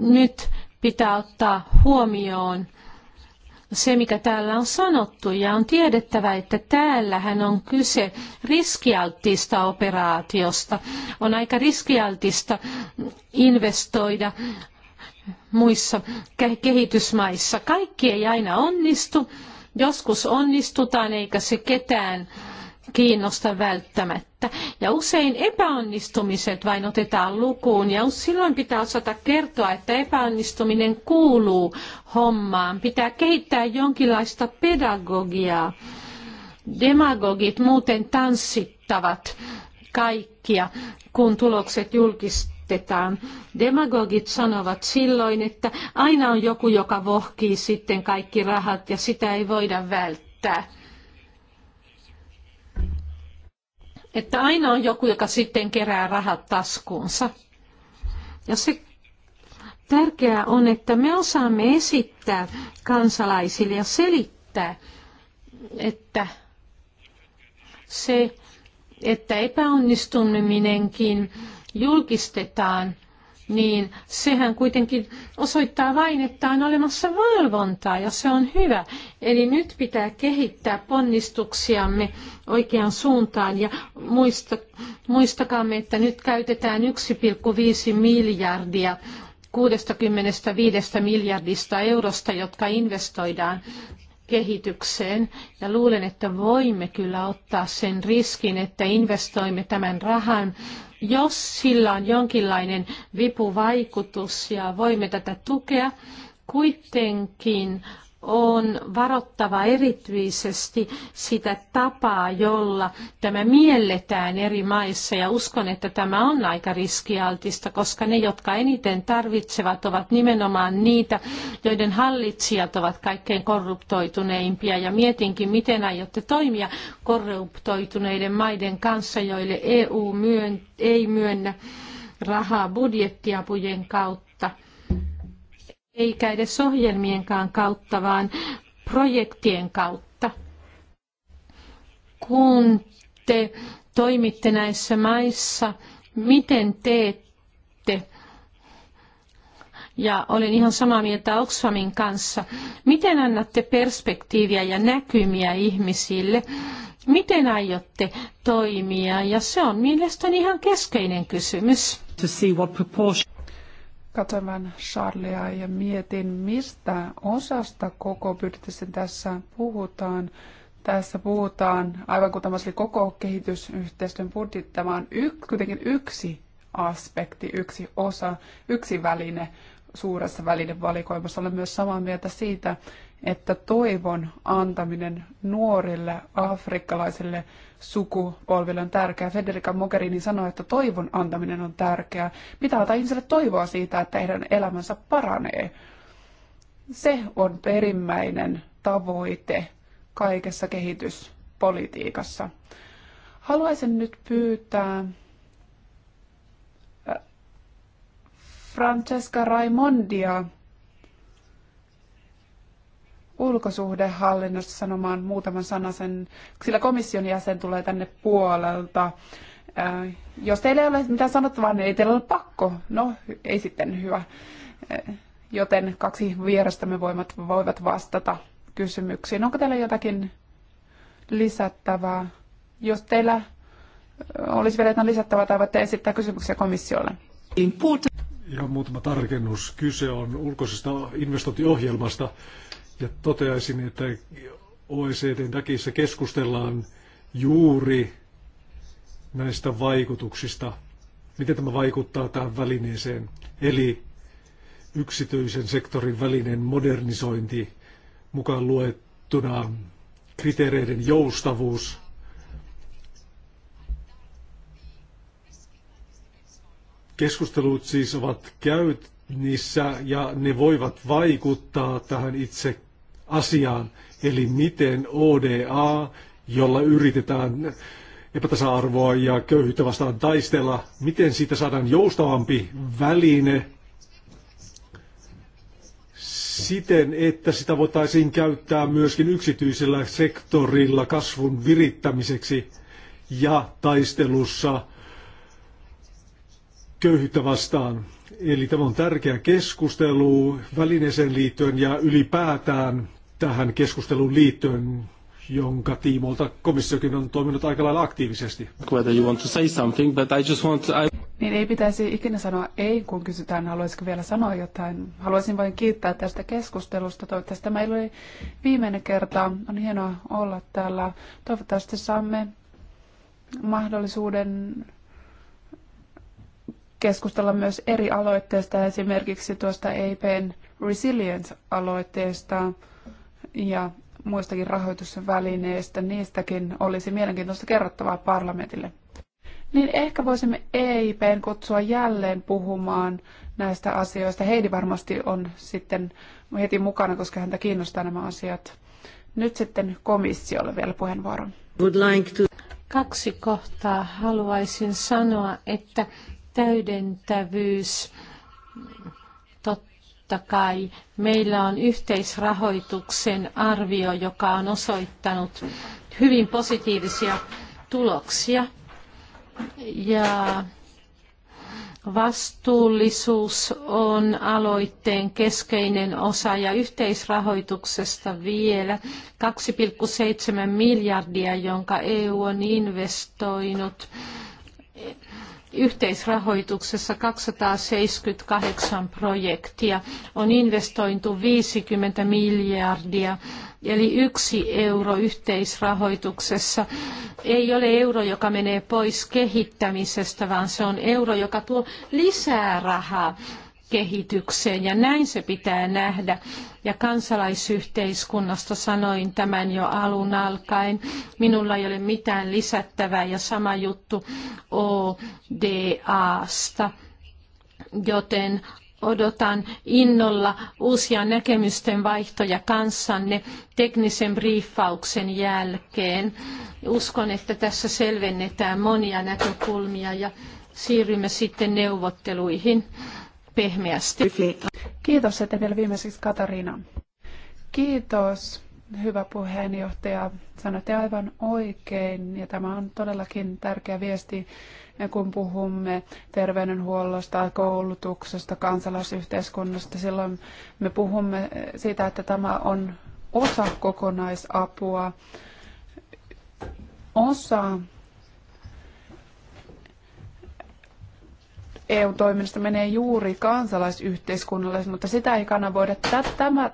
Speaker 4: nyt pitää ottaa huomioon se, mikä täällä on sanottu, ja on tiedettävä, että täällähän on kyse riskialtista operaatiosta. On aika riskialtista investoida muissa kehitysmaissa. Kaikki ei aina onnistu. Joskus onnistutaan eikä se ketään kiinnosta välttämättä. Ja usein epäonnistumiset vain otetaan lukuun ja silloin pitää osata kertoa, että epäonnistuminen kuuluu hommaan. Pitää kehittää jonkinlaista pedagogiaa. Demagogit muuten tanssittavat kaikkia, kun tulokset julkistetaan. Demagogit sanovat silloin, että aina on joku, joka vohkii sitten kaikki rahat ja sitä ei voida välttää että aina on joku, joka sitten kerää rahat taskuunsa. Ja se tärkeää on, että me osaamme esittää kansalaisille ja selittää, että se, että epäonnistuminenkin julkistetaan, niin sehän kuitenkin osoittaa vain, että on olemassa valvontaa ja se on hyvä. Eli nyt pitää kehittää ponnistuksiamme oikeaan suuntaan ja muista, muistakaamme, että nyt käytetään 1,5 miljardia 65 miljardista eurosta, jotka investoidaan kehitykseen. Ja luulen, että voimme kyllä ottaa sen riskin, että investoimme tämän rahan jos sillä on jonkinlainen vipuvaikutus ja voimme tätä tukea, kuitenkin on varottava erityisesti sitä tapaa, jolla tämä mielletään eri maissa. Ja uskon, että tämä on aika riskialtista, koska ne, jotka eniten tarvitsevat, ovat nimenomaan niitä, joiden hallitsijat ovat kaikkein korruptoituneimpia. Ja mietinkin, miten aiotte toimia korruptoituneiden maiden kanssa, joille EU myön, ei myönnä rahaa budjettiapujen kautta eikä edes ohjelmienkaan kautta, vaan projektien kautta. Kun te toimitte näissä maissa, miten teette? Ja olen ihan samaa mieltä Oxfamin kanssa. Miten annatte perspektiiviä ja näkymiä ihmisille? Miten aiotte toimia? Ja se on mielestäni ihan keskeinen kysymys.
Speaker 1: Katsoin Charlia ja mietin, mistä osasta koko budjetissa tässä puhutaan. Tässä puhutaan, aivan kuin tämä oli koko kehitysyhteistyön budjetti, tämä on y- kuitenkin yksi aspekti, yksi osa, yksi väline suuressa välinevalikoimassa. Olen myös samaa mieltä siitä, että toivon antaminen nuorille afrikkalaisille sukupolville on tärkeää. Federica Mogherini sanoi, että toivon antaminen on tärkeää. Pitää antaa ihmiselle toivoa siitä, että heidän elämänsä paranee. Se on perimmäinen tavoite kaikessa kehityspolitiikassa. Haluaisin nyt pyytää äh, Francesca Raimondia ulkosuhdehallinnosta sanomaan muutaman sanan sen, sillä komission jäsen tulee tänne puolelta. Äh, jos teillä ei ole mitään sanottavaa, niin ei teillä ole pakko. No, ei sitten hyvä. Äh, joten kaksi vierastamme voimat, voivat vastata kysymyksiin. Onko teillä jotakin lisättävää? Jos teillä äh, olisi vielä jotain lisättävää tai voitte esittää kysymyksiä komissiolle.
Speaker 3: Ihan muutama tarkennus. Kyse on ulkoisesta investointiohjelmasta. Ja toteaisin, että OECDn takissa keskustellaan juuri näistä vaikutuksista, miten tämä vaikuttaa tähän välineeseen, eli yksityisen sektorin välinen modernisointi, mukaan luettuna kriteereiden joustavuus, Keskustelut siis ovat käynnissä ja ne voivat vaikuttaa tähän itse asiaan, eli miten ODA, jolla yritetään epätasa-arvoa ja köyhyyttä vastaan taistella, miten siitä saadaan joustavampi väline siten, että sitä voitaisiin käyttää myöskin yksityisellä sektorilla kasvun virittämiseksi ja taistelussa köyhyyttä vastaan. Eli tämä on tärkeä keskustelu välineeseen liittyen ja ylipäätään tähän keskusteluun liittyen, jonka tiimolta komissiokin on toiminut aika lailla aktiivisesti. Whether you want to say something, but I just want to...
Speaker 1: Niin ei pitäisi ikinä sanoa ei, kun kysytään, haluaisiko vielä sanoa jotain. Haluaisin vain kiittää tästä keskustelusta. Toivottavasti tämä ei ole viimeinen kerta. On hienoa olla täällä. Toivottavasti saamme mahdollisuuden keskustella myös eri aloitteista, esimerkiksi tuosta EIPn Resilience-aloitteesta ja muistakin rahoitusvälineistä, niistäkin olisi mielenkiintoista kerrottavaa parlamentille. Niin ehkä voisimme EIPn kutsua jälleen puhumaan näistä asioista. Heidi varmasti on sitten heti mukana, koska häntä
Speaker 4: kiinnostaa nämä asiat. Nyt sitten komissiolle vielä puheenvuoron. Would like to... Kaksi kohtaa haluaisin sanoa, että täydentävyys totta kai meillä on yhteisrahoituksen arvio, joka on osoittanut hyvin positiivisia tuloksia. Ja vastuullisuus on aloitteen keskeinen osa ja yhteisrahoituksesta vielä 2,7 miljardia, jonka EU on investoinut Yhteisrahoituksessa 278 projektia on investointu 50 miljardia, eli yksi euro yhteisrahoituksessa ei ole euro, joka menee pois kehittämisestä, vaan se on euro, joka tuo lisää rahaa kehitykseen ja näin se pitää nähdä. Ja kansalaisyhteiskunnasta sanoin tämän jo alun alkaen. Minulla ei ole mitään lisättävää ja sama juttu ODAsta. Joten odotan innolla uusia näkemysten vaihtoja kanssanne teknisen briefauksen jälkeen. Uskon, että tässä selvennetään monia näkökulmia ja siirrymme sitten neuvotteluihin pehmeästi.
Speaker 1: Kiitos, että vielä viimeiseksi Katariina. Kiitos, hyvä puheenjohtaja. Sanoitte aivan oikein, ja tämä on todellakin tärkeä viesti, kun puhumme terveydenhuollosta, koulutuksesta, kansalaisyhteiskunnasta. Silloin me puhumme siitä, että tämä on osa kokonaisapua, osa EU-toiminnasta menee juuri kansalaisyhteiskunnalle, mutta sitä ei kanavoida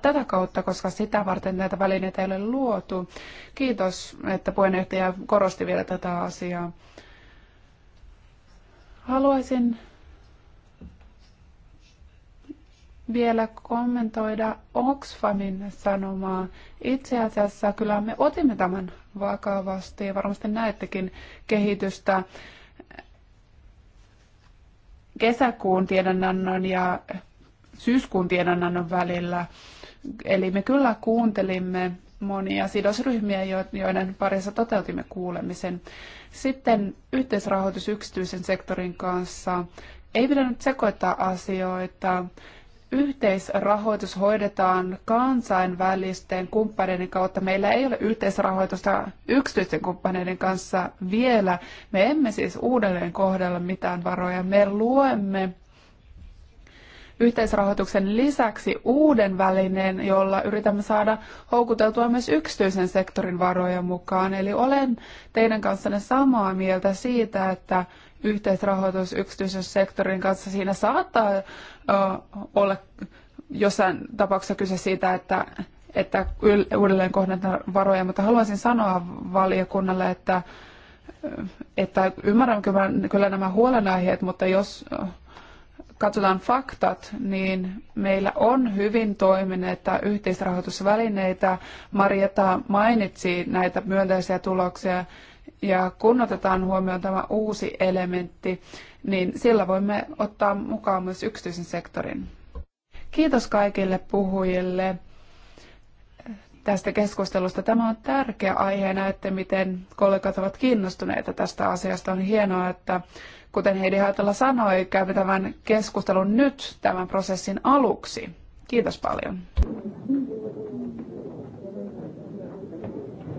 Speaker 1: tätä kautta, koska sitä varten näitä välineitä ei ole luotu. Kiitos, että puheenjohtaja korosti vielä tätä asiaa. Haluaisin vielä kommentoida Oxfamin sanomaa. Itse asiassa kyllä me otimme tämän vakavasti ja varmasti näettekin kehitystä kesäkuun tiedonannon ja syyskuun tiedonannon välillä. Eli me kyllä kuuntelimme monia sidosryhmiä, joiden parissa toteutimme kuulemisen. Sitten yhteisrahoitus yksityisen sektorin kanssa. Ei pidä nyt sekoittaa asioita yhteisrahoitus hoidetaan kansainvälisten kumppaneiden kautta. Meillä ei ole yhteisrahoitusta yksityisten kumppaneiden kanssa vielä. Me emme siis uudelleen kohdella mitään varoja. Me luemme yhteisrahoituksen lisäksi uuden välineen, jolla yritämme saada houkuteltua myös yksityisen sektorin varoja mukaan. Eli olen teidän kanssanne samaa mieltä siitä, että yhteisrahoitus yksityisen sektorin kanssa, siinä saattaa olla jossain tapauksessa kyse siitä, että, että uudelleen kohdennetaan varoja, mutta haluaisin sanoa valiokunnalle, että, että ymmärrän kyllä, nämä huolenaiheet, mutta jos katsotaan faktat, niin meillä on hyvin toimineita yhteisrahoitusvälineitä. Marietta mainitsi näitä myönteisiä tuloksia ja kun otetaan huomioon tämä uusi elementti, niin sillä voimme ottaa mukaan myös yksityisen sektorin. Kiitos kaikille puhujille tästä keskustelusta. Tämä on tärkeä aihe. Näette, miten kollegat ovat kiinnostuneita tästä asiasta. On hienoa, että kuten Heidi Haitala sanoi, käymme tämän keskustelun nyt tämän prosessin aluksi. Kiitos paljon.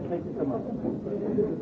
Speaker 5: Thank you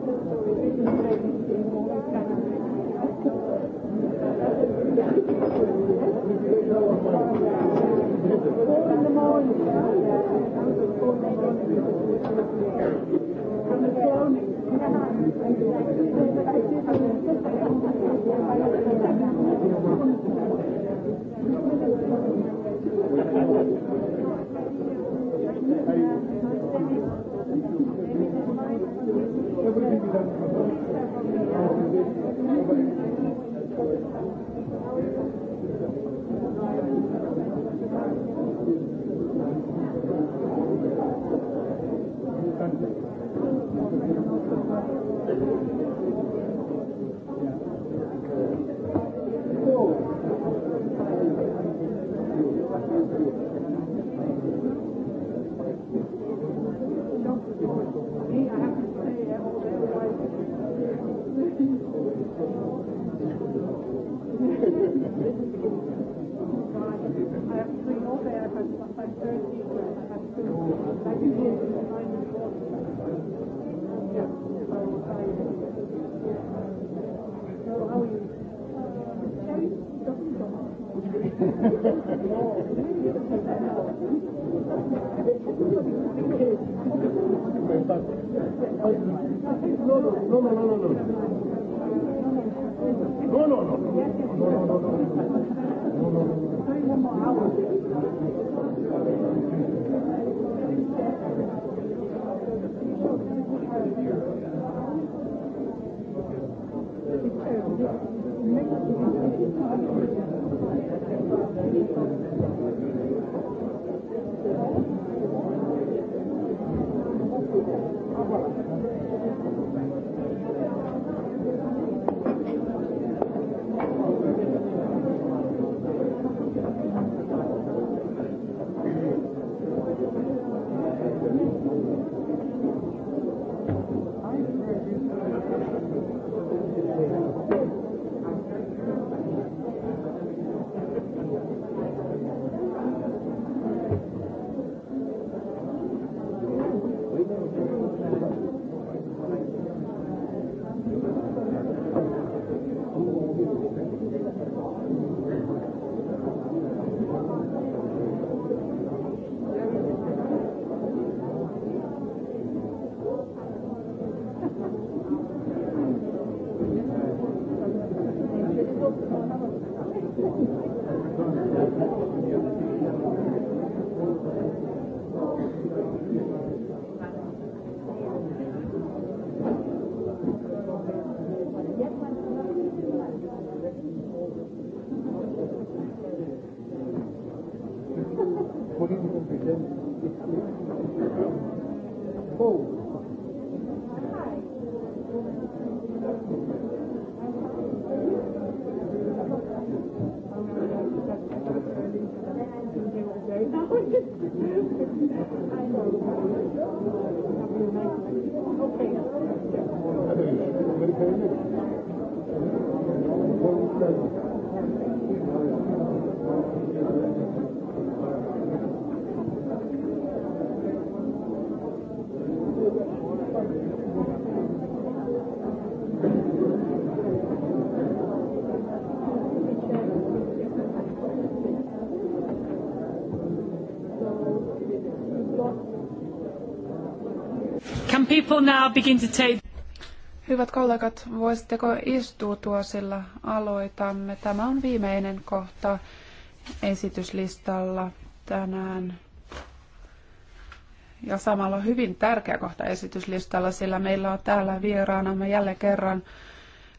Speaker 5: Thank you.
Speaker 1: Hyvät kollegat, voisitteko istua sillä aloitamme. Tämä on viimeinen kohta esityslistalla tänään. Ja samalla hyvin tärkeä kohta esityslistalla, sillä meillä on täällä vieraanamme jälleen kerran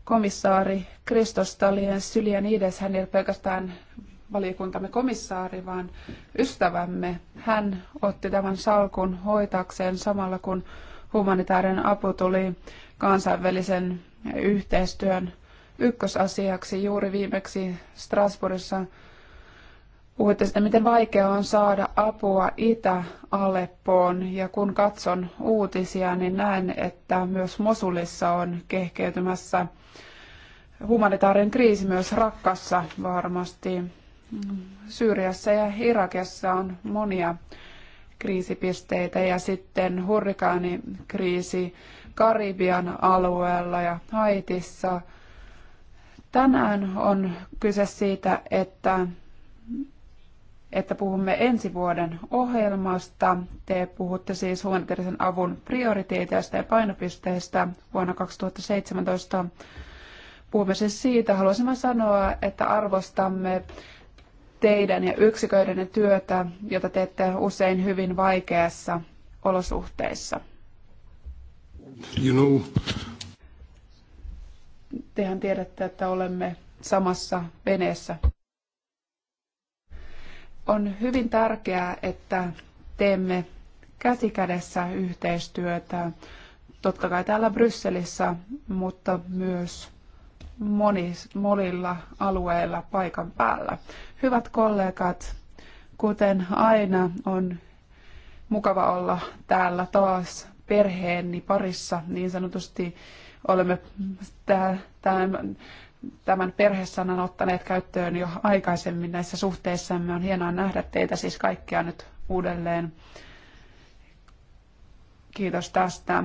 Speaker 1: komissaari Kristos Sylien Ides. Hän ei ole pelkästään valiokuntamme komissaari, vaan ystävämme. Hän otti tämän salkun hoitakseen samalla kun humanitaarinen apu tuli kansainvälisen yhteistyön ykkösasiaksi juuri viimeksi Strasbourgissa. Puhuitte sitä, miten vaikeaa on saada apua Itä-Aleppoon ja kun katson uutisia, niin näen, että myös Mosulissa on kehkeytymässä humanitaarinen kriisi myös Rakkassa varmasti.
Speaker 2: Mm,
Speaker 1: Syyriassa ja Irakissa on monia kriisipisteitä ja sitten hurrikaanikriisi Karibian alueella ja Haitissa. Tänään on kyse siitä, että, että puhumme ensi vuoden ohjelmasta. Te puhutte siis humanitaarisen avun prioriteeteista ja painopisteistä vuonna 2017. Puhumme siis siitä, Haluaisin sanoa, että arvostamme teidän ja yksiköidenne työtä, jota teette usein hyvin vaikeassa olosuhteissa? You know. Tehän tiedätte, että olemme samassa veneessä. On hyvin tärkeää, että teemme käsikädessä yhteistyötä, totta kai täällä Brysselissä, mutta myös monilla alueilla paikan päällä. Hyvät kollegat, kuten aina on mukava olla täällä taas perheeni parissa, niin sanotusti olemme tämän, tämän perhesanan ottaneet käyttöön jo aikaisemmin näissä suhteissamme. On hienoa nähdä teitä siis kaikkia nyt uudelleen. Kiitos tästä.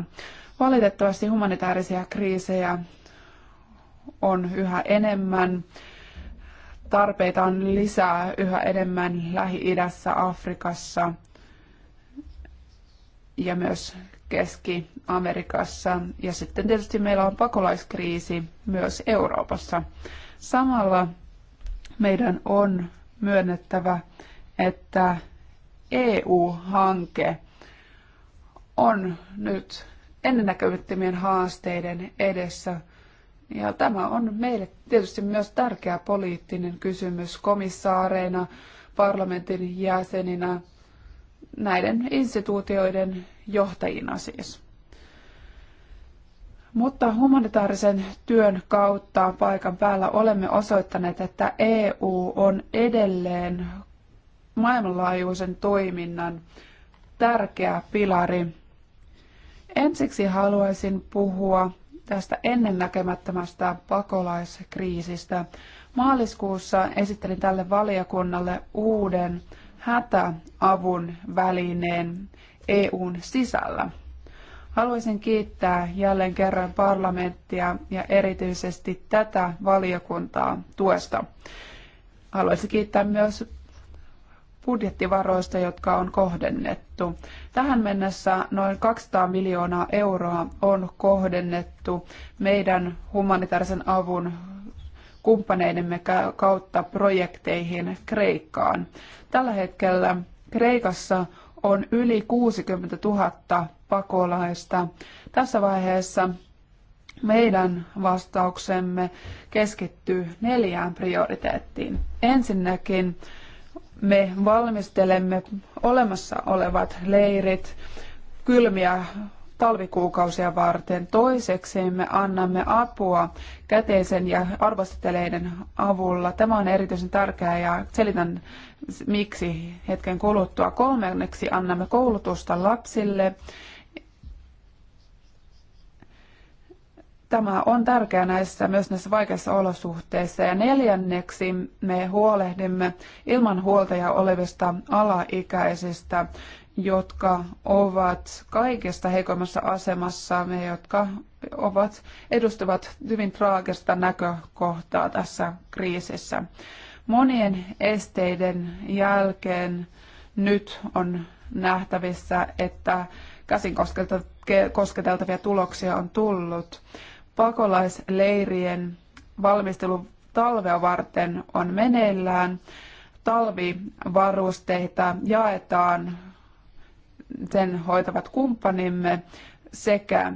Speaker 1: Valitettavasti humanitaarisia kriisejä on yhä enemmän tarpeita on lisää yhä enemmän Lähi-idässä, Afrikassa ja myös Keski-Amerikassa. Ja sitten tietysti meillä on pakolaiskriisi myös Euroopassa. Samalla meidän on myönnettävä, että EU-hanke on nyt ennennäkemättömien haasteiden edessä – ja tämä on meille tietysti myös tärkeä poliittinen kysymys komissaareina, parlamentin jäseninä, näiden instituutioiden johtajina siis. Mutta humanitaarisen työn kautta paikan päällä olemme osoittaneet, että EU on edelleen maailmanlaajuisen toiminnan tärkeä pilari. Ensiksi haluaisin puhua tästä ennennäkemättömästä pakolaiskriisistä. Maaliskuussa esittelin tälle valiokunnalle uuden hätäavun välineen EUn sisällä. Haluaisin kiittää jälleen kerran parlamenttia ja erityisesti tätä valiokuntaa tuesta. Haluaisin kiittää myös budjettivaroista, jotka on kohdennettu. Tähän mennessä noin 200 miljoonaa euroa on kohdennettu meidän humanitaarisen avun kumppaneidemme kautta projekteihin Kreikkaan. Tällä hetkellä Kreikassa on yli 60 000 pakolaista. Tässä vaiheessa meidän vastauksemme keskittyy neljään prioriteettiin. Ensinnäkin me valmistelemme olemassa olevat leirit kylmiä talvikuukausia varten. Toiseksi me annamme apua käteisen ja arvosteleiden avulla. Tämä on erityisen tärkeää ja selitän miksi hetken kuluttua. Kolmanneksi annamme koulutusta lapsille Tämä on tärkeää näissä, myös näissä vaikeissa olosuhteissa. Ja neljänneksi me huolehdimme ilman huoltajaa olevista alaikäisistä, jotka ovat kaikista heikoimmassa asemassa, me, jotka ovat, edustavat hyvin traagista näkökohtaa tässä kriisissä. Monien esteiden jälkeen nyt on nähtävissä, että käsin kosketeltavia tuloksia on tullut pakolaisleirien valmistelu talvea varten on meneillään. Talvivarusteita jaetaan, sen hoitavat kumppanimme sekä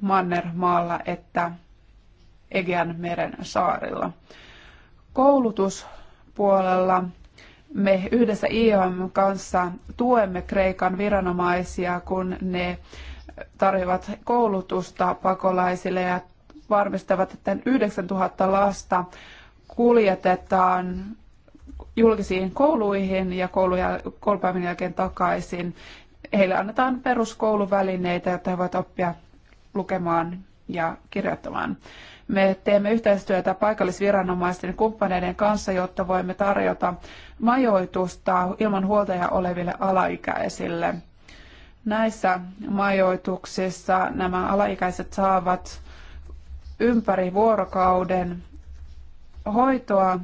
Speaker 1: Mannermaalla että Egean meren saarilla. Koulutuspuolella me yhdessä IOM kanssa tuemme Kreikan viranomaisia, kun ne tarjoavat koulutusta pakolaisille ja varmistavat, että 9000 lasta kuljetetaan julkisiin kouluihin ja koulupäivän jälkeen takaisin. Heille annetaan peruskouluvälineitä, jotta he voivat oppia lukemaan ja kirjoittamaan. Me teemme yhteistyötä paikallisviranomaisten kumppaneiden kanssa, jotta voimme tarjota majoitusta ilman huoltajaa oleville alaikäisille. Näissä majoituksissa nämä alaikäiset saavat ympäri vuorokauden hoitoa.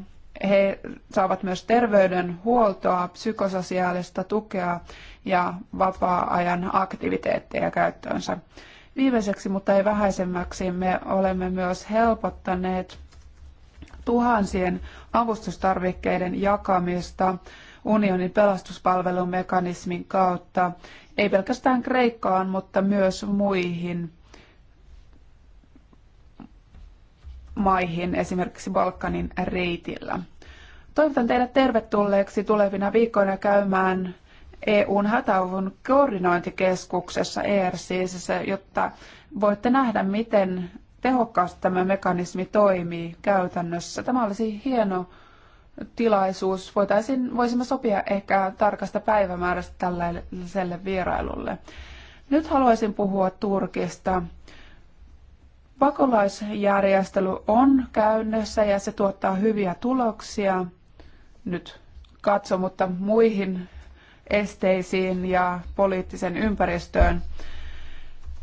Speaker 1: He saavat myös terveydenhuoltoa, psykososiaalista tukea ja vapaa-ajan aktiviteetteja käyttöönsä. Viimeiseksi, mutta ei vähäisemmäksi, me olemme myös helpottaneet tuhansien avustustarvikkeiden jakamista unionin pelastuspalvelumekanismin kautta, ei pelkästään Kreikkaan, mutta myös muihin maihin, esimerkiksi Balkanin reitillä. Toivotan teidät tervetulleeksi tulevina viikkoina käymään EUn hätäavun koordinointikeskuksessa ERCissä, jotta voitte nähdä, miten tehokkaasti tämä mekanismi toimii käytännössä. Tämä olisi hieno tilaisuus. voitaisin voisimme sopia ehkä tarkasta päivämäärästä tällaiselle vierailulle. Nyt haluaisin puhua Turkista. Pakolaisjärjestely on käynnissä ja se tuottaa hyviä tuloksia. Nyt katso, mutta muihin esteisiin ja poliittiseen ympäristöön.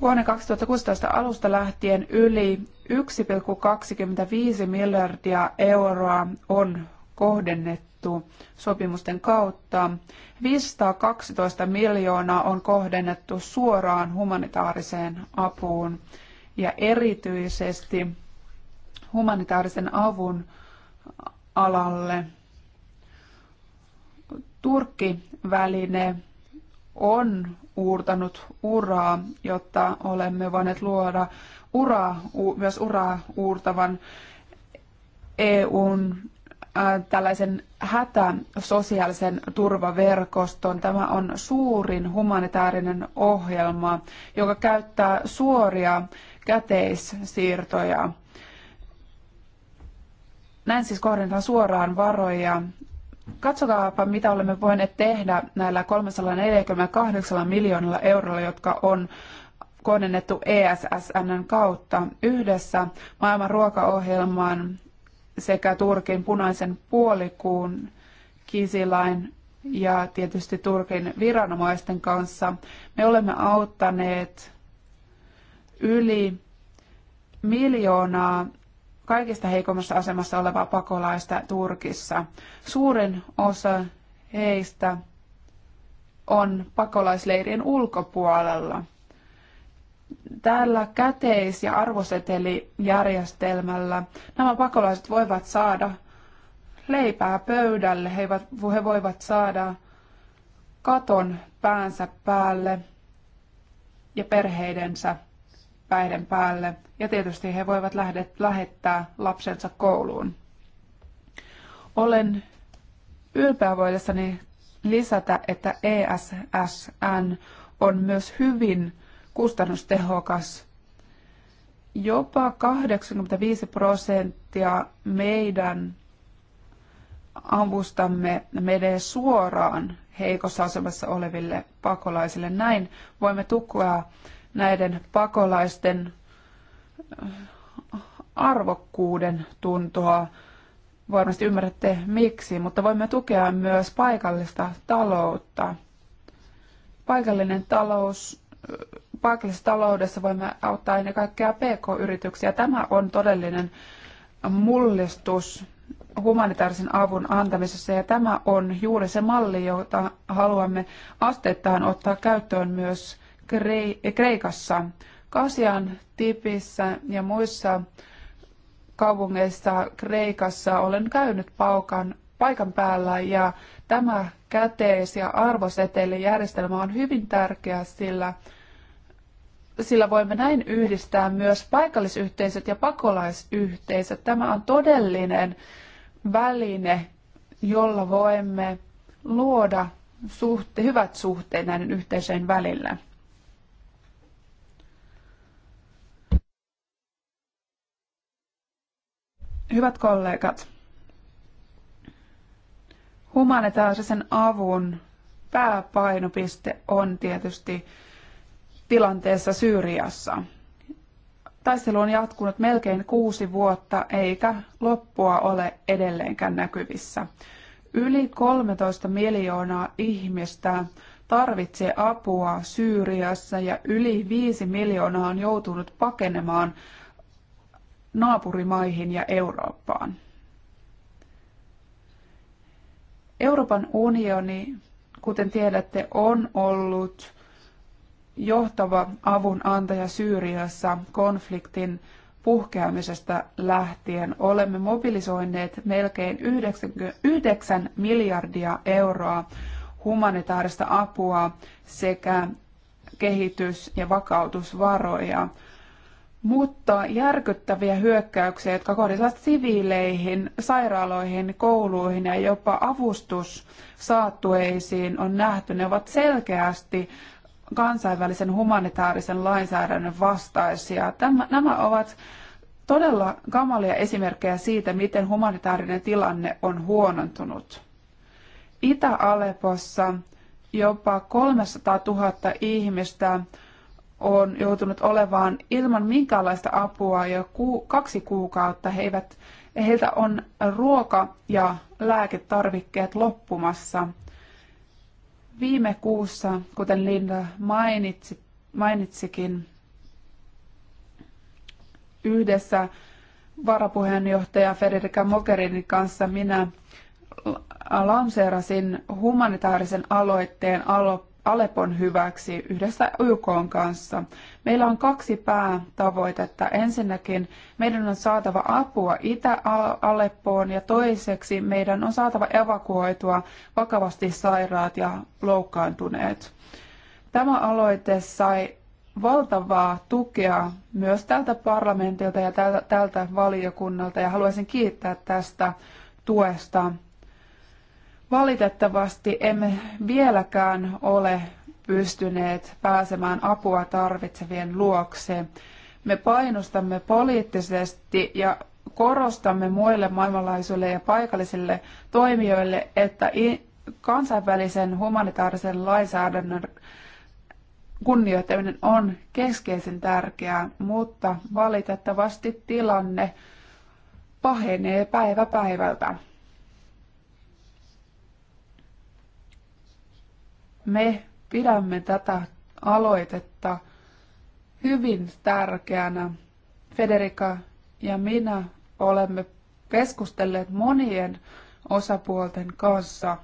Speaker 1: Vuonna 2016 alusta lähtien yli 1,25 miljardia euroa on kohdennettu sopimusten kautta. 512 miljoonaa on kohdennettu suoraan humanitaariseen apuun ja erityisesti humanitaarisen avun alalle. Turkki-väline on uurtanut uraa, jotta olemme voineet luoda uraa, myös uraa uurtavan EUn tällaisen hätä sosiaalisen turvaverkoston. Tämä on suurin humanitaarinen ohjelma, joka käyttää suoria käteissiirtoja. Näin siis kohdennetaan suoraan varoja. Katsokaapa, mitä olemme voineet tehdä näillä 348 miljoonalla eurolla, jotka on kohdennettu ESSNn kautta yhdessä maailman ruokaohjelman sekä Turkin punaisen puolikuun kisilain ja tietysti Turkin viranomaisten kanssa. Me olemme auttaneet yli miljoonaa kaikista heikommassa asemassa olevaa pakolaista Turkissa. Suurin osa heistä on pakolaisleirien ulkopuolella. Tällä käteis- ja arvosetelijärjestelmällä nämä pakolaiset voivat saada leipää pöydälle, he, he voivat saada katon päänsä päälle ja perheidensä päiden päälle ja tietysti he voivat lähdet, lähettää lapsensa kouluun. Olen ylpeä voidessani lisätä, että ESSN on myös hyvin kustannustehokas. Jopa 85 prosenttia meidän avustamme menee suoraan heikossa asemassa oleville pakolaisille. Näin voimme tukea näiden pakolaisten äh, arvokkuuden tuntoa. Varmasti ymmärrätte miksi, mutta voimme tukea myös paikallista taloutta. Paikallinen talous, äh, paikallisessa taloudessa voimme auttaa ennen kaikkea pk-yrityksiä. Tämä on todellinen mullistus humanitaarisen avun antamisessa ja tämä on juuri se malli, jota haluamme asteittain ottaa käyttöön myös Kreikassa. Kasian Tipissä ja muissa kaupungeissa Kreikassa olen käynyt paukan, paikan päällä ja tämä käteis- ja arvosetelijärjestelmä on hyvin tärkeä, sillä, sillä voimme näin yhdistää myös paikallisyhteisöt ja pakolaisyhteisöt. Tämä on todellinen väline, jolla voimme luoda suhte, hyvät suhteet näiden yhteisöjen välillä. Hyvät kollegat, humanitaarisen avun pääpainopiste on tietysti tilanteessa Syyriassa. Taistelu on jatkunut melkein kuusi vuotta, eikä loppua ole edelleenkään näkyvissä. Yli 13 miljoonaa ihmistä tarvitsee apua Syyriassa ja yli 5 miljoonaa on joutunut pakenemaan naapurimaihin ja Eurooppaan. Euroopan unioni, kuten tiedätte, on ollut johtava avunantaja Syyriassa konfliktin puhkeamisesta lähtien. Olemme mobilisoineet melkein 9 miljardia euroa humanitaarista apua sekä kehitys- ja vakautusvaroja – mutta järkyttäviä hyökkäyksiä, jotka kohdistuvat siviileihin, sairaaloihin, kouluihin ja jopa avustussaattueisiin on nähty. Ne ovat selkeästi kansainvälisen humanitaarisen lainsäädännön vastaisia. Tämä, nämä ovat todella kamalia esimerkkejä siitä, miten humanitaarinen tilanne on huonontunut. Itä-Alepossa jopa 300 000 ihmistä on joutunut olevaan ilman minkäänlaista apua jo ku, kaksi kuukautta. He eivät, heiltä on ruoka ja lääketarvikkeet loppumassa. Viime kuussa, kuten Linda mainitsi, mainitsikin, yhdessä varapuheenjohtaja Federica Mogherinin kanssa minä lanseerasin humanitaarisen aloitteen alo- Alepon hyväksi yhdessä YK kanssa. Meillä on kaksi päätavoitetta. Ensinnäkin meidän on saatava apua Itä-Aleppoon ja toiseksi meidän on saatava evakuoitua vakavasti sairaat ja loukkaantuneet. Tämä aloite sai valtavaa tukea myös tältä parlamentilta ja tältä, tältä valiokunnalta ja haluaisin kiittää tästä tuesta. Valitettavasti emme vieläkään ole pystyneet pääsemään apua tarvitsevien luokse. Me painostamme poliittisesti ja korostamme muille maailmanlaajuisille ja paikallisille toimijoille, että kansainvälisen humanitaarisen lainsäädännön kunnioittaminen on keskeisen tärkeää, mutta valitettavasti tilanne pahenee päivä päivältä. Me pidämme tätä aloitetta hyvin tärkeänä. Federica ja minä olemme keskustelleet monien osapuolten kanssa.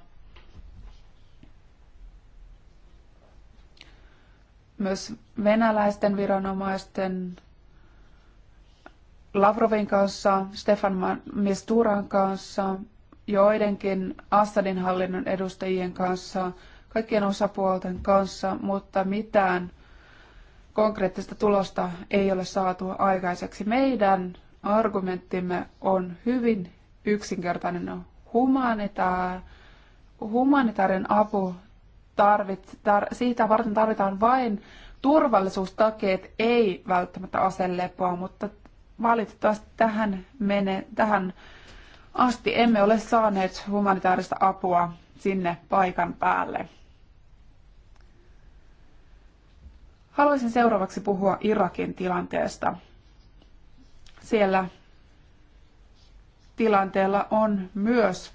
Speaker 1: Myös venäläisten viranomaisten Lavrovin kanssa, Stefan Misturan kanssa, joidenkin Assadin hallinnon edustajien kanssa, kaikkien osapuolten kanssa, mutta mitään konkreettista tulosta ei ole saatu aikaiseksi. Meidän argumenttimme on hyvin yksinkertainen. Humanitaar, humanitaarinen apu tarvit, tar, siitä varten tarvitaan vain turvallisuustakeet, ei välttämättä aselepoa, mutta valitettavasti tähän, mene, tähän asti emme ole saaneet humanitaarista apua sinne paikan päälle. Haluaisin seuraavaksi puhua Irakin tilanteesta. Siellä tilanteella on myös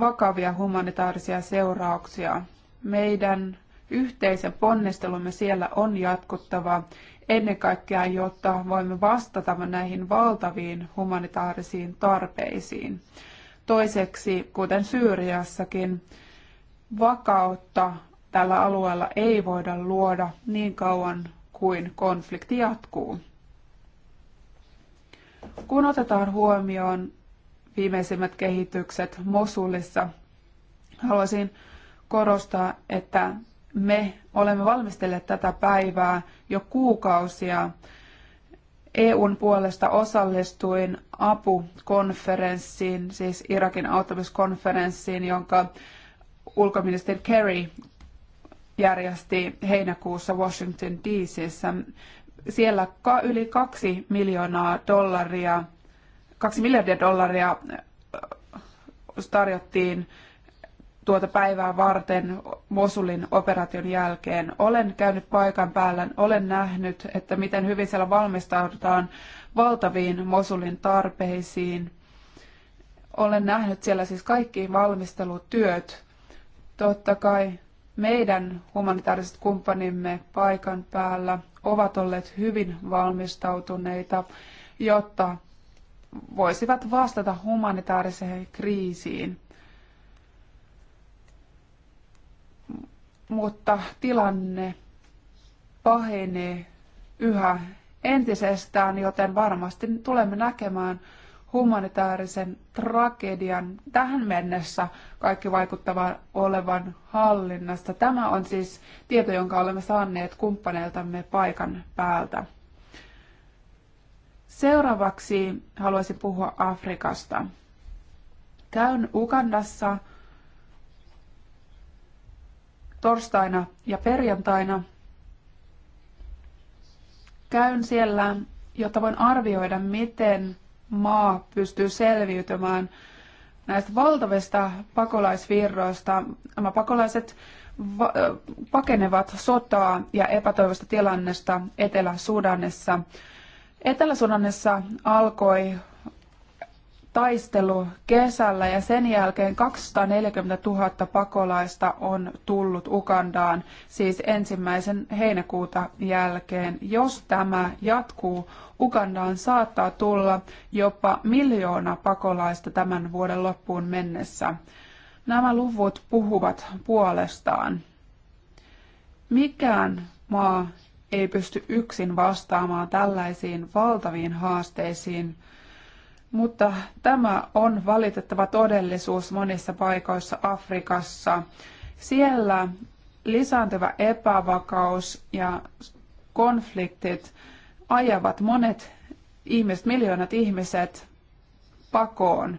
Speaker 1: vakavia humanitaarisia seurauksia. Meidän yhteisen ponnistelumme siellä on jatkuttava ennen kaikkea, jotta voimme vastata näihin valtaviin humanitaarisiin tarpeisiin. Toiseksi, kuten Syyriassakin, vakautta tällä alueella ei voida luoda niin kauan kuin konflikti jatkuu. Kun otetaan huomioon viimeisimmät kehitykset Mosulissa, haluaisin korostaa, että me olemme valmistelleet tätä päivää jo kuukausia. EUn puolesta osallistuin apukonferenssiin, siis Irakin auttamiskonferenssiin, jonka ulkoministeri Kerry järjesti heinäkuussa Washington D.C:ssä. Siellä yli kaksi miljoonaa dollaria, kaksi miljardia dollaria äh, tarjottiin tuota päivää varten Mosulin operaation jälkeen. Olen käynyt paikan päällä, olen nähnyt, että miten hyvin siellä valmistaudutaan valtaviin Mosulin tarpeisiin. Olen nähnyt siellä siis kaikki valmistelutyöt. Totta kai meidän humanitaariset kumppanimme paikan päällä ovat olleet hyvin valmistautuneita, jotta voisivat vastata humanitaariseen kriisiin. Mutta tilanne pahenee yhä entisestään, joten varmasti tulemme näkemään humanitaarisen tragedian tähän mennessä kaikki vaikuttava olevan hallinnasta. Tämä on siis tieto, jonka olemme saaneet kumppaneiltamme paikan päältä. Seuraavaksi haluaisin puhua Afrikasta. Käyn Ugandassa torstaina ja perjantaina. Käyn siellä, jotta voin arvioida, miten maa pystyy selviytymään näistä valtavista pakolaisvirroista. Nämä pakolaiset pakenevat sotaa ja epätoivoista tilannesta Etelä-Sudanissa. Etelä-Sudanissa alkoi taistelu kesällä ja sen jälkeen 240 000 pakolaista on tullut Ukandaan siis ensimmäisen heinäkuuta jälkeen. Jos tämä jatkuu, Ukandaan saattaa tulla jopa miljoona pakolaista tämän vuoden loppuun mennessä. Nämä luvut puhuvat puolestaan. Mikään maa ei pysty yksin vastaamaan tällaisiin valtaviin haasteisiin – mutta tämä on valitettava todellisuus monissa paikoissa Afrikassa. Siellä lisääntyvä epävakaus ja konfliktit ajavat monet ihmiset, miljoonat ihmiset pakoon.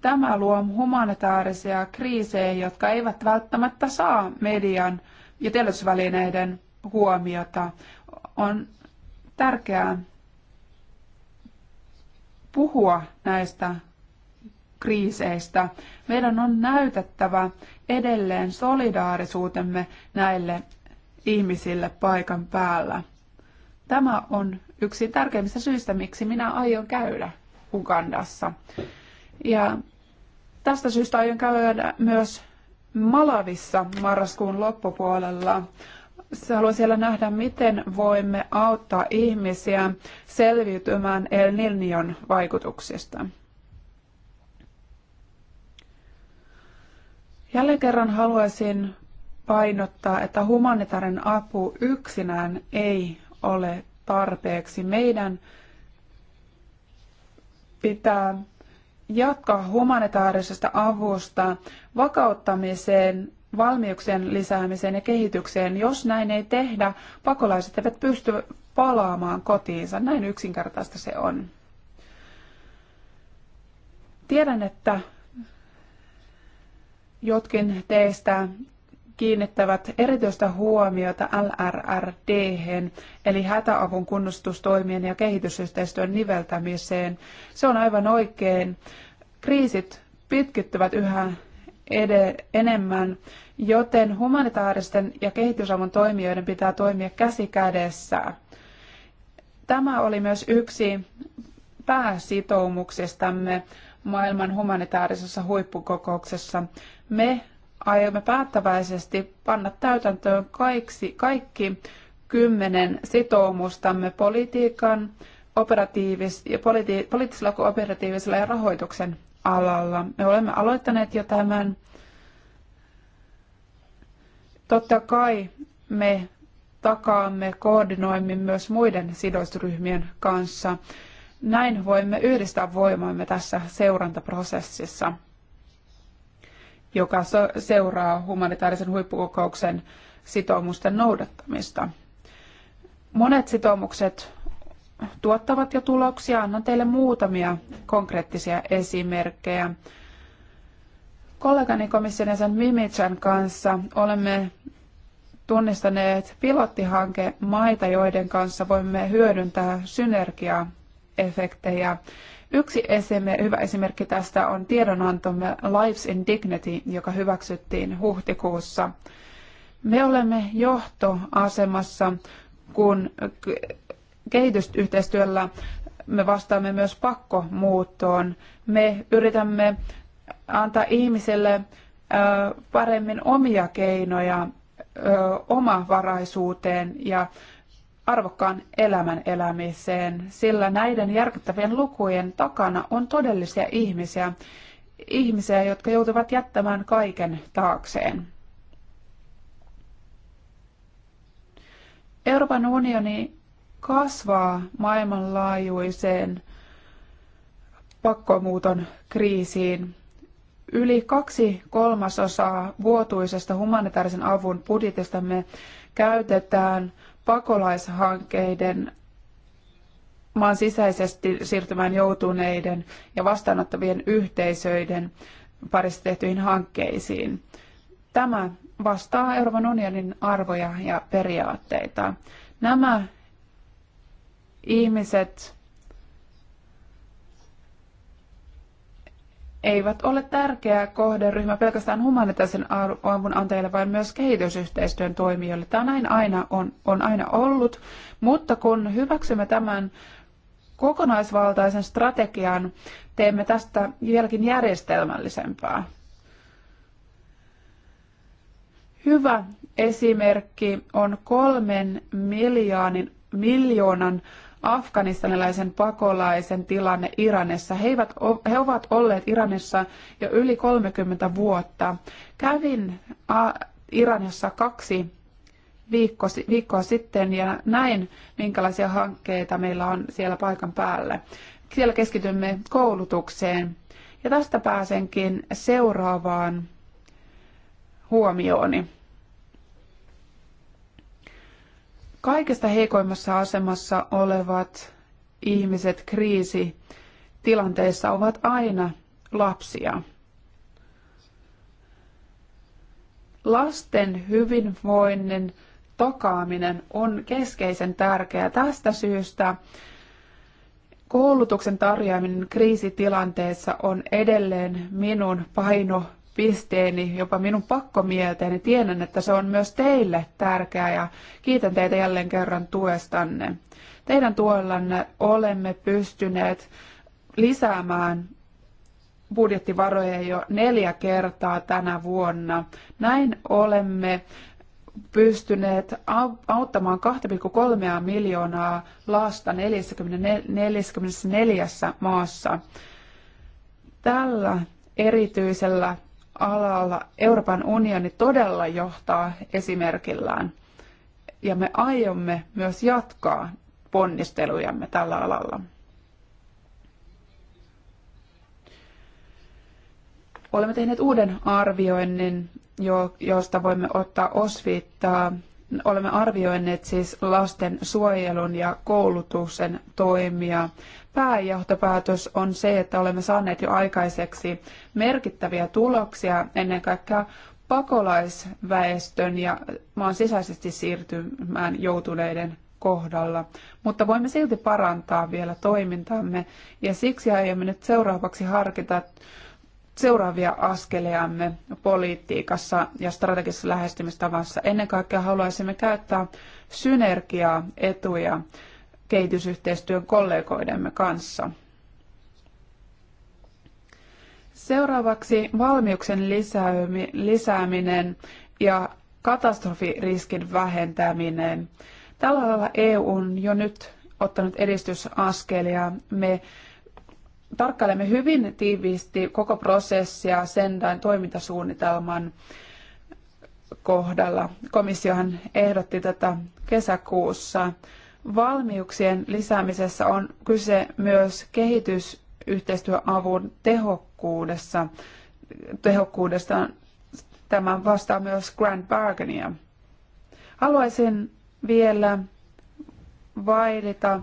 Speaker 1: Tämä luo humanitaarisia kriisejä, jotka eivät välttämättä saa median ja tiedotusvälineiden huomiota. On tärkeää puhua näistä kriiseistä. Meidän on näytettävä edelleen solidaarisuutemme näille ihmisille paikan päällä. Tämä on yksi tärkeimmistä syistä, miksi minä aion käydä Ugandassa. Ja tästä syystä aion käydä myös Malavissa marraskuun loppupuolella haluan siellä nähdä, miten voimme auttaa ihmisiä selviytymään El Niñon vaikutuksista. Jälleen kerran haluaisin painottaa, että humanitaarinen apu yksinään ei ole tarpeeksi. Meidän pitää jatkaa humanitaarisesta avusta vakauttamiseen valmiuksien lisäämiseen ja kehitykseen. Jos näin ei tehdä, pakolaiset eivät pysty palaamaan kotiinsa. Näin yksinkertaista se on. Tiedän, että jotkin teistä kiinnittävät erityistä huomiota LRRD, eli hätäavun kunnostustoimien ja kehitysyhteistyön niveltämiseen. Se on aivan oikein. Kriisit pitkittyvät yhä ed- enemmän, joten humanitaaristen ja kehitysavun toimijoiden pitää toimia käsi kädessä. Tämä oli myös yksi pääsitoumuksistamme maailman humanitaarisessa huippukokouksessa. Me aiomme päättäväisesti panna täytäntöön kaikki, kaikki kymmenen sitoumustamme politiikan, operatiivis, politi, poliittisella, operatiivisella ja rahoituksen alalla. Me olemme aloittaneet jo tämän. Totta kai me takaamme, koordinoimme myös muiden sidosryhmien kanssa. Näin voimme yhdistää voimamme tässä seurantaprosessissa, joka seuraa humanitaarisen huippukokouksen sitoumusten noudattamista. Monet sitoumukset tuottavat jo tuloksia. Annan teille muutamia konkreettisia esimerkkejä. Kollegani komission jäsen Mimichan kanssa olemme tunnistaneet pilottihanke maita, joiden kanssa voimme hyödyntää synergiaefektejä. Yksi esim- hyvä esimerkki tästä on tiedonantomme Lives in Dignity, joka hyväksyttiin huhtikuussa. Me olemme johtoasemassa, kun kehitysyhteistyöllä me vastaamme myös pakkomuuttoon. Me yritämme antaa ihmisille paremmin omia keinoja omavaraisuuteen ja arvokkaan elämän elämiseen, sillä näiden järkyttävien lukujen takana on todellisia ihmisiä, ihmisiä, jotka joutuvat jättämään kaiken taakseen. Euroopan unioni kasvaa maailmanlaajuiseen pakkomuuton kriisiin. Yli kaksi kolmasosaa vuotuisesta humanitaarisen avun budjetistamme käytetään pakolaishankkeiden maan sisäisesti siirtymään joutuneiden ja vastaanottavien yhteisöiden parissa tehtyihin hankkeisiin. Tämä vastaa Euroopan unionin arvoja ja periaatteita. Nämä ihmiset eivät ole tärkeä kohderyhmä pelkästään humanitaarisen avun antajille, vaan myös kehitysyhteistyön toimijoille. Tämä näin aina on, on aina ollut, mutta kun hyväksymme tämän kokonaisvaltaisen strategian, teemme tästä vieläkin järjestelmällisempää. Hyvä esimerkki on kolmen miljoonan, miljoonan afganistanilaisen pakolaisen tilanne Iranissa. He, eivät, he ovat olleet Iranissa jo yli 30 vuotta. Kävin Iranissa kaksi viikko, viikkoa sitten ja näin, minkälaisia hankkeita meillä on siellä paikan päällä. Siellä keskitymme koulutukseen. Ja tästä pääsenkin seuraavaan huomiooni. kaikista heikoimmassa asemassa olevat ihmiset kriisitilanteissa ovat aina lapsia. Lasten hyvinvoinnin takaaminen on keskeisen tärkeää. Tästä syystä koulutuksen tarjoaminen kriisitilanteessa on edelleen minun paino pisteeni, jopa minun pakkomielteeni. Tiedän, että se on myös teille tärkeää ja kiitän teitä jälleen kerran tuestanne. Teidän tuollanne olemme pystyneet lisäämään budjettivaroja jo neljä kertaa tänä vuonna. Näin olemme pystyneet auttamaan 2,3 miljoonaa lasta 44 maassa. Tällä erityisellä alalla Euroopan unioni todella johtaa esimerkillään. Ja me aiomme myös jatkaa ponnistelujamme tällä alalla. Olemme tehneet uuden arvioinnin, josta voimme ottaa osviittaa olemme arvioineet siis lasten suojelun ja koulutuksen toimia. Pääjohtopäätös on se, että olemme saaneet jo aikaiseksi merkittäviä tuloksia ennen kaikkea pakolaisväestön ja maan sisäisesti siirtymään joutuneiden kohdalla, mutta voimme silti parantaa vielä toimintamme ja siksi aiomme nyt seuraavaksi harkita seuraavia askeleamme politiikassa ja strategisessa lähestymistavassa. Ennen kaikkea haluaisimme käyttää synergiaa etuja kehitysyhteistyön kollegoidemme kanssa. Seuraavaksi valmiuksen lisääminen ja katastrofiriskin vähentäminen. Tällä alalla EU on jo nyt ottanut edistysaskelia. Me tarkkailemme hyvin tiiviisti koko prosessia Sendain toimintasuunnitelman kohdalla. Komissiohan ehdotti tätä kesäkuussa. Valmiuksien lisäämisessä on kyse myös kehitysyhteistyöavun tehokkuudessa. tehokkuudesta. Tämä vastaa myös Grand Bargainia. Haluaisin vielä vailita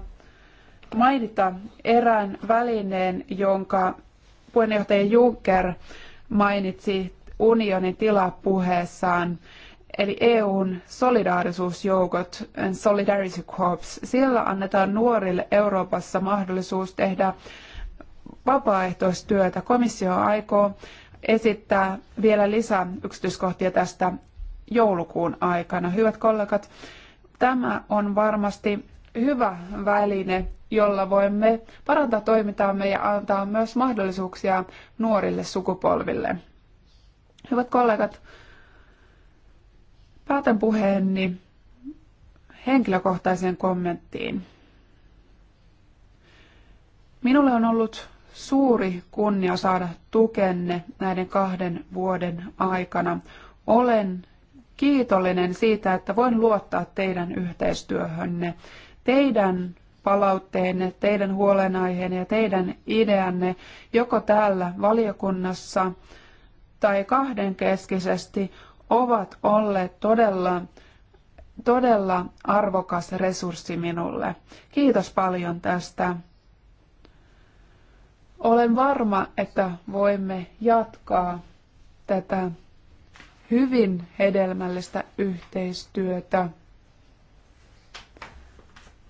Speaker 1: mainita erään välineen, jonka puheenjohtaja Juncker mainitsi unionin tilapuheessaan, eli EUn solidaarisuusjoukot, Solidarity Corps. Sillä annetaan nuorille Euroopassa mahdollisuus tehdä vapaaehtoistyötä. Komissio aikoo esittää vielä lisää yksityiskohtia tästä joulukuun aikana. Hyvät kollegat, tämä on varmasti hyvä väline jolla voimme parantaa toimintaamme ja antaa myös mahdollisuuksia nuorille sukupolville. Hyvät kollegat, päätän puheeni henkilökohtaiseen kommenttiin. Minulle on ollut suuri kunnia saada tukenne näiden kahden vuoden aikana. Olen kiitollinen siitä, että voin luottaa teidän yhteistyöhönne. Teidän palautteenne, teidän huolenaiheenne ja teidän ideanne joko täällä valiokunnassa tai kahdenkeskisesti ovat olleet todella, todella arvokas resurssi minulle. Kiitos paljon tästä. Olen varma, että voimme jatkaa tätä hyvin hedelmällistä yhteistyötä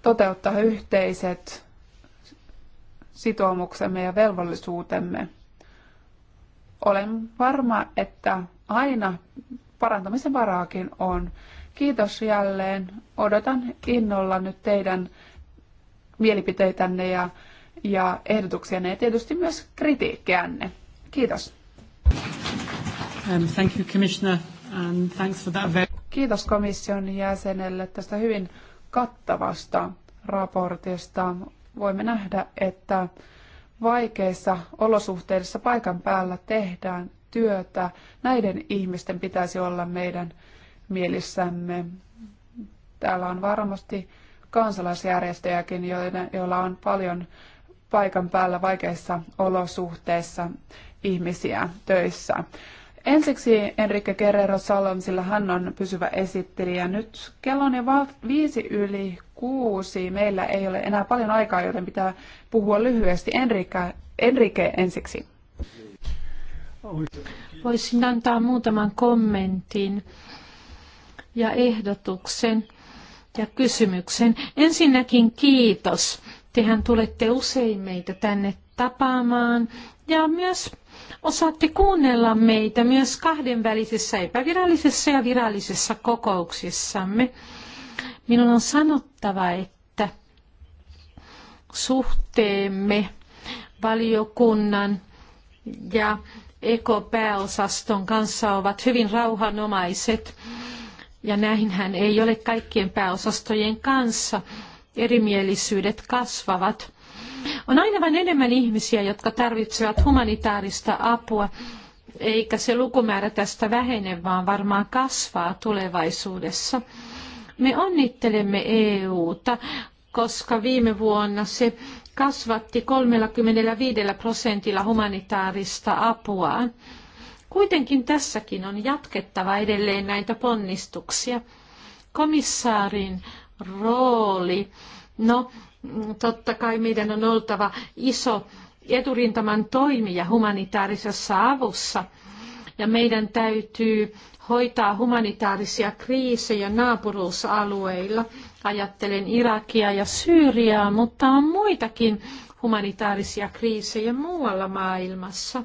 Speaker 1: toteuttaa yhteiset sitoumuksemme ja velvollisuutemme. Olen varma, että aina parantamisen varaakin on. Kiitos jälleen. Odotan innolla nyt teidän mielipiteitänne ja, ja ehdotuksianne ja tietysti myös kritiikkiänne. Kiitos. Um, thank you, Commissioner, and thanks for that very... Kiitos komission jäsenelle tästä hyvin kattavasta raportista. Voimme nähdä, että vaikeissa olosuhteissa paikan päällä tehdään työtä. Näiden ihmisten pitäisi olla meidän mielissämme. Täällä on varmasti kansalaisjärjestöjäkin, joilla on paljon paikan päällä vaikeissa olosuhteissa ihmisiä töissä. Ensiksi Enrique Guerrero Salom, sillä hän on pysyvä esittelijä. Nyt kello on jo viisi yli kuusi. Meillä ei ole enää paljon aikaa, joten pitää puhua lyhyesti. Enrique,
Speaker 4: Enrique ensiksi. Voisin antaa muutaman kommentin ja ehdotuksen ja kysymyksen. Ensinnäkin kiitos Tehän tulette usein meitä tänne tapaamaan ja myös osaatte kuunnella meitä myös kahdenvälisissä, epävirallisissa ja virallisissa kokouksissamme. Minun on sanottava, että suhteemme valiokunnan ja ekopääosaston kanssa ovat hyvin rauhanomaiset. Ja näinhän ei ole kaikkien pääosastojen kanssa erimielisyydet kasvavat. On aina vain enemmän ihmisiä, jotka tarvitsevat humanitaarista apua, eikä se lukumäärä tästä vähene, vaan varmaan kasvaa tulevaisuudessa. Me onnittelemme EUta, koska viime vuonna se kasvatti 35 prosentilla humanitaarista apuaan. Kuitenkin tässäkin on jatkettava edelleen näitä ponnistuksia. Komissaarin rooli? No, totta kai meidän on oltava iso eturintaman toimija humanitaarisessa avussa. Ja meidän täytyy hoitaa humanitaarisia kriisejä naapuruusalueilla. Ajattelen Irakia ja Syyriaa, mutta on muitakin humanitaarisia kriisejä muualla maailmassa.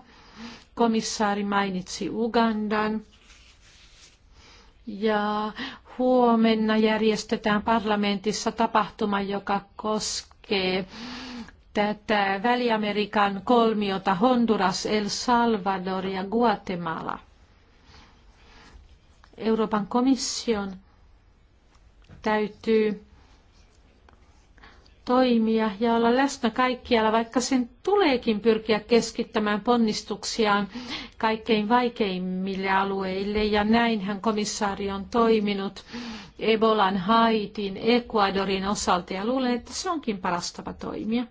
Speaker 4: Komissaari mainitsi Ugandan ja Huomenna järjestetään parlamentissa tapahtuma, joka koskee tätä Väli-Amerikan kolmiota Honduras, El Salvador ja Guatemala. Euroopan komission täytyy toimia ja olla läsnä kaikkialla, vaikka sen tuleekin pyrkiä keskittämään ponnistuksiaan kaikkein vaikeimmille alueille. Ja näinhän komissaari on toiminut Ebolan, Haitin, Ecuadorin osalta ja luulen, että se onkin paras tapa toimia.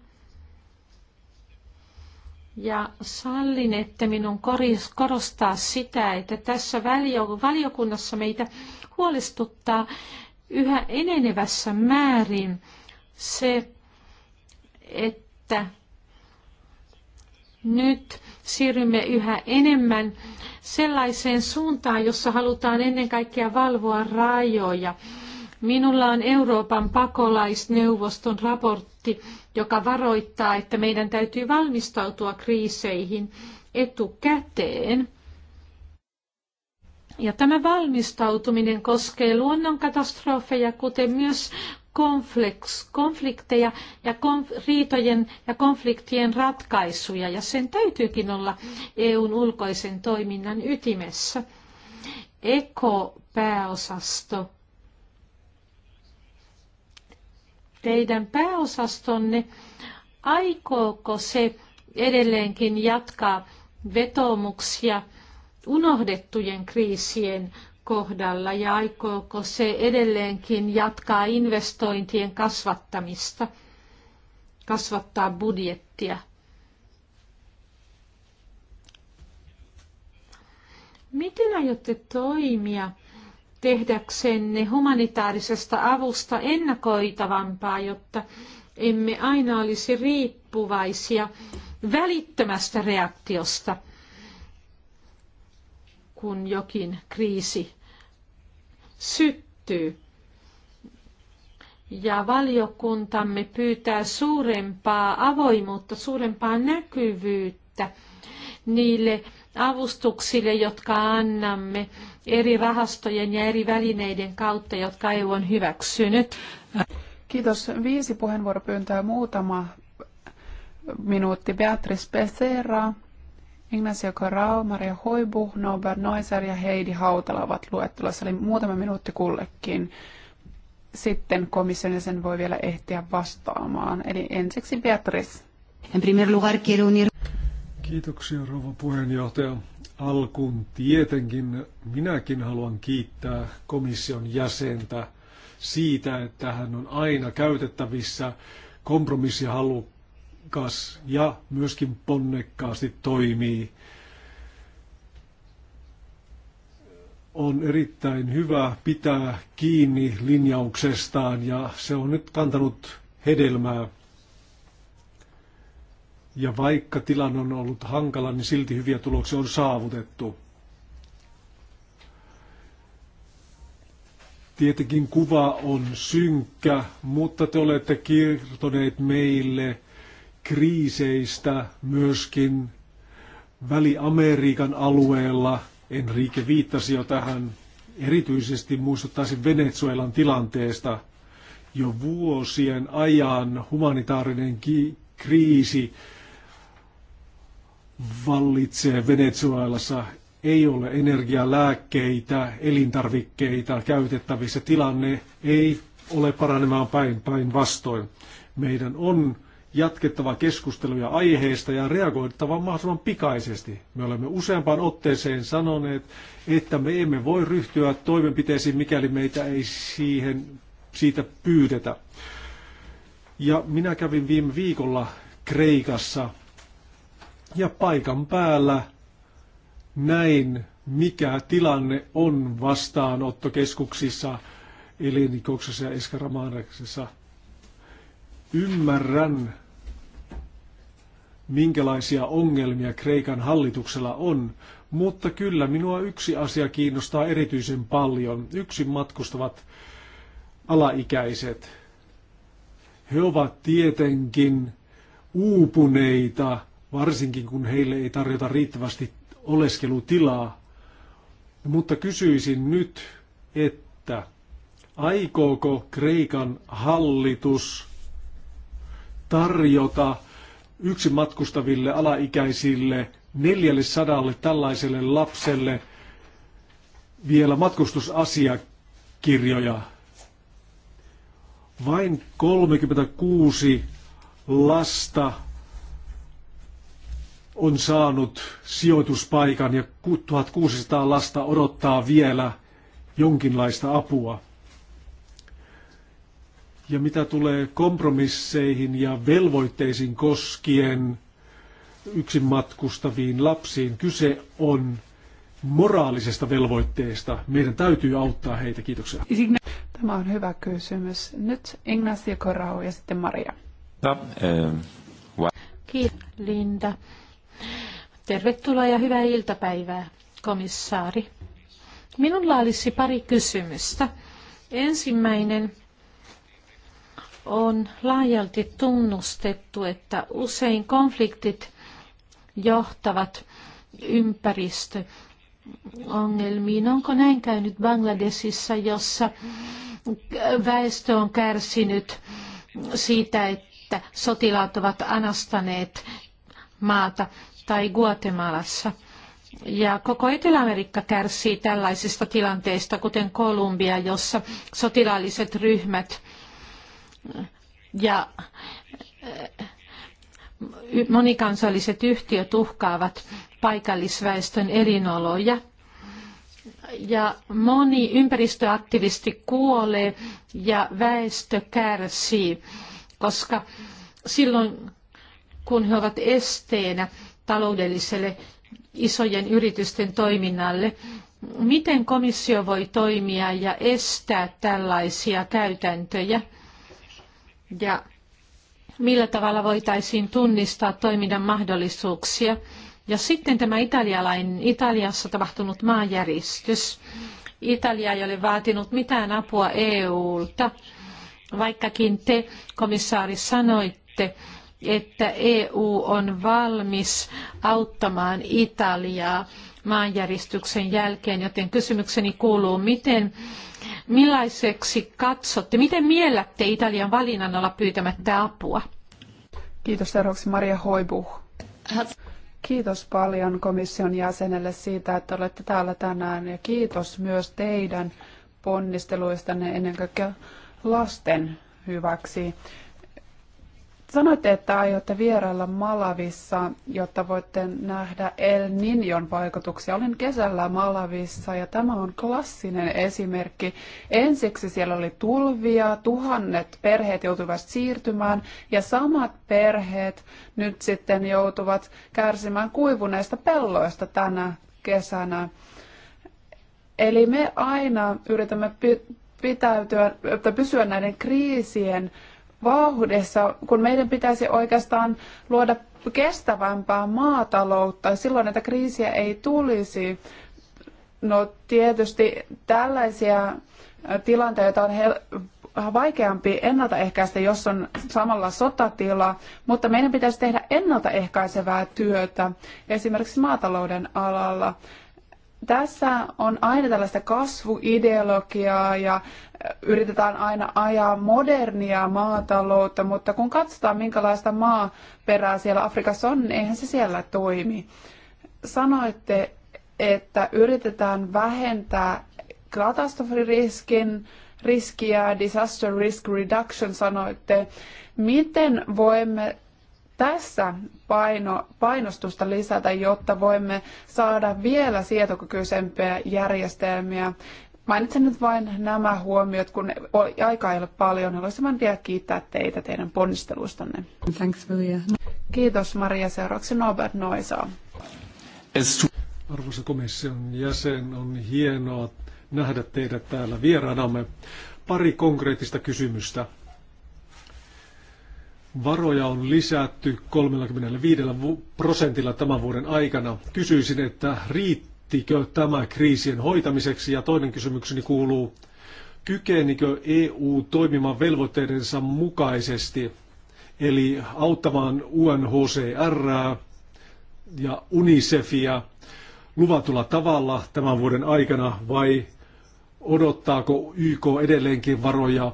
Speaker 4: Ja sallin, että minun korostaa sitä, että tässä valiokunnassa meitä huolestuttaa yhä enenevässä määrin se, että nyt siirrymme yhä enemmän sellaiseen suuntaan, jossa halutaan ennen kaikkea valvoa rajoja. Minulla on Euroopan pakolaisneuvoston raportti, joka varoittaa, että meidän täytyy valmistautua kriiseihin etukäteen. Ja tämä valmistautuminen koskee luonnonkatastrofeja, kuten myös konfliks, konflikteja ja konf- riitojen ja konfliktien ratkaisuja, ja sen täytyykin olla EUn ulkoisen toiminnan ytimessä. Eko-pääosasto. Teidän pääosastonne, aikooko se edelleenkin jatkaa vetoomuksia unohdettujen kriisien kohdalla ja aikooko se edelleenkin jatkaa investointien kasvattamista, kasvattaa budjettia? Miten aiotte toimia tehdäksenne humanitaarisesta avusta ennakoitavampaa, jotta emme aina olisi riippuvaisia välittömästä reaktiosta, kun jokin kriisi syttyy. Ja valiokuntamme pyytää suurempaa avoimuutta, suurempaa näkyvyyttä niille avustuksille, jotka annamme eri rahastojen ja eri välineiden kautta, jotka EU on hyväksynyt.
Speaker 1: Kiitos. Viisi puheenvuoropyyntöä muutama minuutti. Beatrice Becerra, Ignacio Corrao, Maria Hoibu, Norbert Noiser ja Heidi Hautala ovat luettelossa, eli muutama minuutti kullekin. Sitten komission sen voi vielä ehtiä vastaamaan. Eli ensiksi Beatrice.
Speaker 3: En primer lugar quiero unir... Kiitoksia rouva puheenjohtaja. Alkuun tietenkin minäkin haluan kiittää komission jäsentä siitä, että hän on aina käytettävissä kompromissihalukkuus voimakas ja myöskin ponnekkaasti toimii. On erittäin hyvä pitää kiinni linjauksestaan ja se on nyt kantanut hedelmää. Ja vaikka tilanne on ollut hankala, niin silti hyviä tuloksia on saavutettu. Tietenkin kuva on synkkä, mutta te olette kertoneet meille kriiseistä myöskin Väli-Amerikan alueella. Enrique viittasi jo tähän. Erityisesti muistuttaisin Venezuelan tilanteesta. Jo vuosien ajan humanitaarinen kriisi vallitsee Venezuelassa. Ei ole energialääkkeitä, elintarvikkeita käytettävissä. Tilanne ei ole paranemaan päin, päin vastoin. Meidän on jatkettava keskusteluja aiheesta ja reagoittava mahdollisimman pikaisesti. Me olemme useampaan otteeseen sanoneet, että me emme voi ryhtyä toimenpiteisiin, mikäli meitä ei siihen, siitä pyydetä. Ja minä kävin viime viikolla Kreikassa ja paikan päällä näin, mikä tilanne on vastaanottokeskuksissa Elinikoksessa ja Eskaramaanaksessa. Ymmärrän minkälaisia ongelmia Kreikan hallituksella on, mutta kyllä minua yksi asia kiinnostaa erityisen paljon. Yksin matkustavat alaikäiset. He ovat tietenkin uupuneita, varsinkin kun heille ei tarjota riittävästi oleskelutilaa. Mutta kysyisin nyt, että aikooko Kreikan hallitus tarjota yksin matkustaville alaikäisille 400 tällaiselle lapselle vielä matkustusasiakirjoja. Vain 36 lasta on saanut sijoituspaikan ja 1600 lasta odottaa vielä jonkinlaista apua. Ja mitä tulee kompromisseihin ja velvoitteisiin koskien yksin matkustaviin lapsiin, kyse on moraalisesta velvoitteesta. Meidän täytyy auttaa heitä. Kiitoksia.
Speaker 1: Tämä on hyvä kysymys. Nyt Ignacio
Speaker 4: Corau ja sitten Maria.
Speaker 3: No, eh,
Speaker 4: Kiitos Linda. Tervetuloa ja hyvää iltapäivää, komissaari. Minulla olisi pari kysymystä. Ensimmäinen on laajalti tunnustettu, että usein konfliktit johtavat ympäristöongelmiin. Onko näin käynyt Bangladesissa, jossa väestö on kärsinyt siitä, että sotilaat ovat anastaneet maata tai Guatemalassa? Ja koko Etelä-Amerikka kärsii tällaisista tilanteista, kuten Kolumbia, jossa sotilaalliset ryhmät ja eh, monikansalliset yhtiöt uhkaavat paikallisväestön elinoloja. Ja moni ympäristöaktivisti kuolee ja väestö kärsii, koska silloin kun he ovat esteenä taloudelliselle isojen yritysten toiminnalle, miten komissio voi toimia ja estää tällaisia käytäntöjä? ja millä tavalla voitaisiin tunnistaa toiminnan mahdollisuuksia. Ja sitten tämä italialainen, Italiassa tapahtunut maanjäristys. Italia ei ole vaatinut mitään apua EUlta, vaikkakin te, komissaari, sanoitte, että EU on valmis auttamaan Italiaa maanjäristyksen jälkeen, joten kysymykseni kuuluu, miten Millaiseksi katsotte, miten miellätte Italian valinnan olla pyytämättä apua?
Speaker 1: Kiitos seuraavaksi Maria Hoibuh. Kiitos paljon komission jäsenelle siitä, että olette täällä tänään ja kiitos myös teidän ponnisteluistanne ennen kaikkea lasten hyväksi. Sanoitte, että aiotte vierailla Malavissa, jotta voitte nähdä El Ninjon vaikutuksia. Olin kesällä Malavissa ja tämä on klassinen esimerkki. Ensiksi siellä oli tulvia, tuhannet perheet joutuivat siirtymään ja samat perheet nyt sitten joutuvat kärsimään kuivuneista pelloista tänä kesänä. Eli me aina yritämme pitäytyä, pysyä näiden kriisien vauhdissa, kun meidän pitäisi oikeastaan luoda kestävämpää maataloutta. Silloin näitä kriisiä ei tulisi. No tietysti tällaisia tilanteita on vaikeampi ennaltaehkäistä, jos on samalla sotatila, mutta meidän pitäisi tehdä ennaltaehkäisevää työtä esimerkiksi maatalouden alalla tässä on aina tällaista kasvuideologiaa ja yritetään aina ajaa modernia maataloutta, mutta kun katsotaan minkälaista maaperää siellä Afrikassa on, niin eihän se siellä toimi. Sanoitte, että yritetään vähentää katastrofiriskin riskiä, disaster risk reduction sanoitte. Miten voimme tässä paino, painostusta lisätä, jotta voimme saada vielä sietokykyisempiä järjestelmiä. Mainitsen nyt vain nämä huomiot, kun aika ei ole paljon. Haluaisin niin vain vielä kiittää teitä teidän ponnistelustanne. Thanks, Maria. Kiitos Maria. Seuraavaksi Norbert Noisaa.
Speaker 3: Arvoisa komission jäsen, on hienoa nähdä teidät täällä vieraanamme. Pari konkreettista kysymystä. Varoja on lisätty 35 prosentilla tämän vuoden aikana. Kysyisin, että riittikö tämä kriisien hoitamiseksi? Ja toinen kysymykseni kuuluu, kykenikö EU toimimaan velvoitteidensa mukaisesti, eli auttamaan UNHCR ja UNICEFia luvatulla tavalla tämän vuoden aikana, vai odottaako YK edelleenkin varoja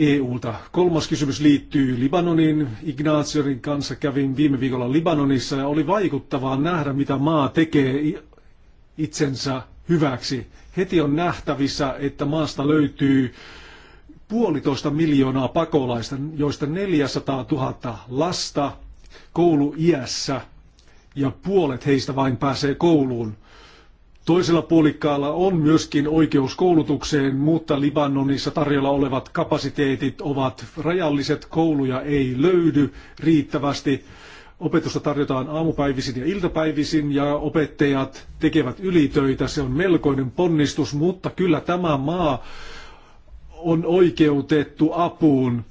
Speaker 3: EUlta. Kolmas kysymys liittyy Libanoniin. Ignaziorin kanssa kävin viime viikolla Libanonissa ja oli vaikuttavaa nähdä, mitä maa tekee itsensä hyväksi. Heti on nähtävissä, että maasta löytyy puolitoista miljoonaa pakolaista, joista 400 000 lasta kouluiässä ja puolet heistä vain pääsee kouluun. Toisella puolikkaalla on myöskin oikeus koulutukseen, mutta Libanonissa tarjolla olevat kapasiteetit ovat rajalliset, kouluja ei löydy riittävästi. Opetusta tarjotaan aamupäivisin ja iltapäivisin ja opettajat tekevät ylitöitä. Se on melkoinen ponnistus, mutta kyllä tämä maa on oikeutettu apuun,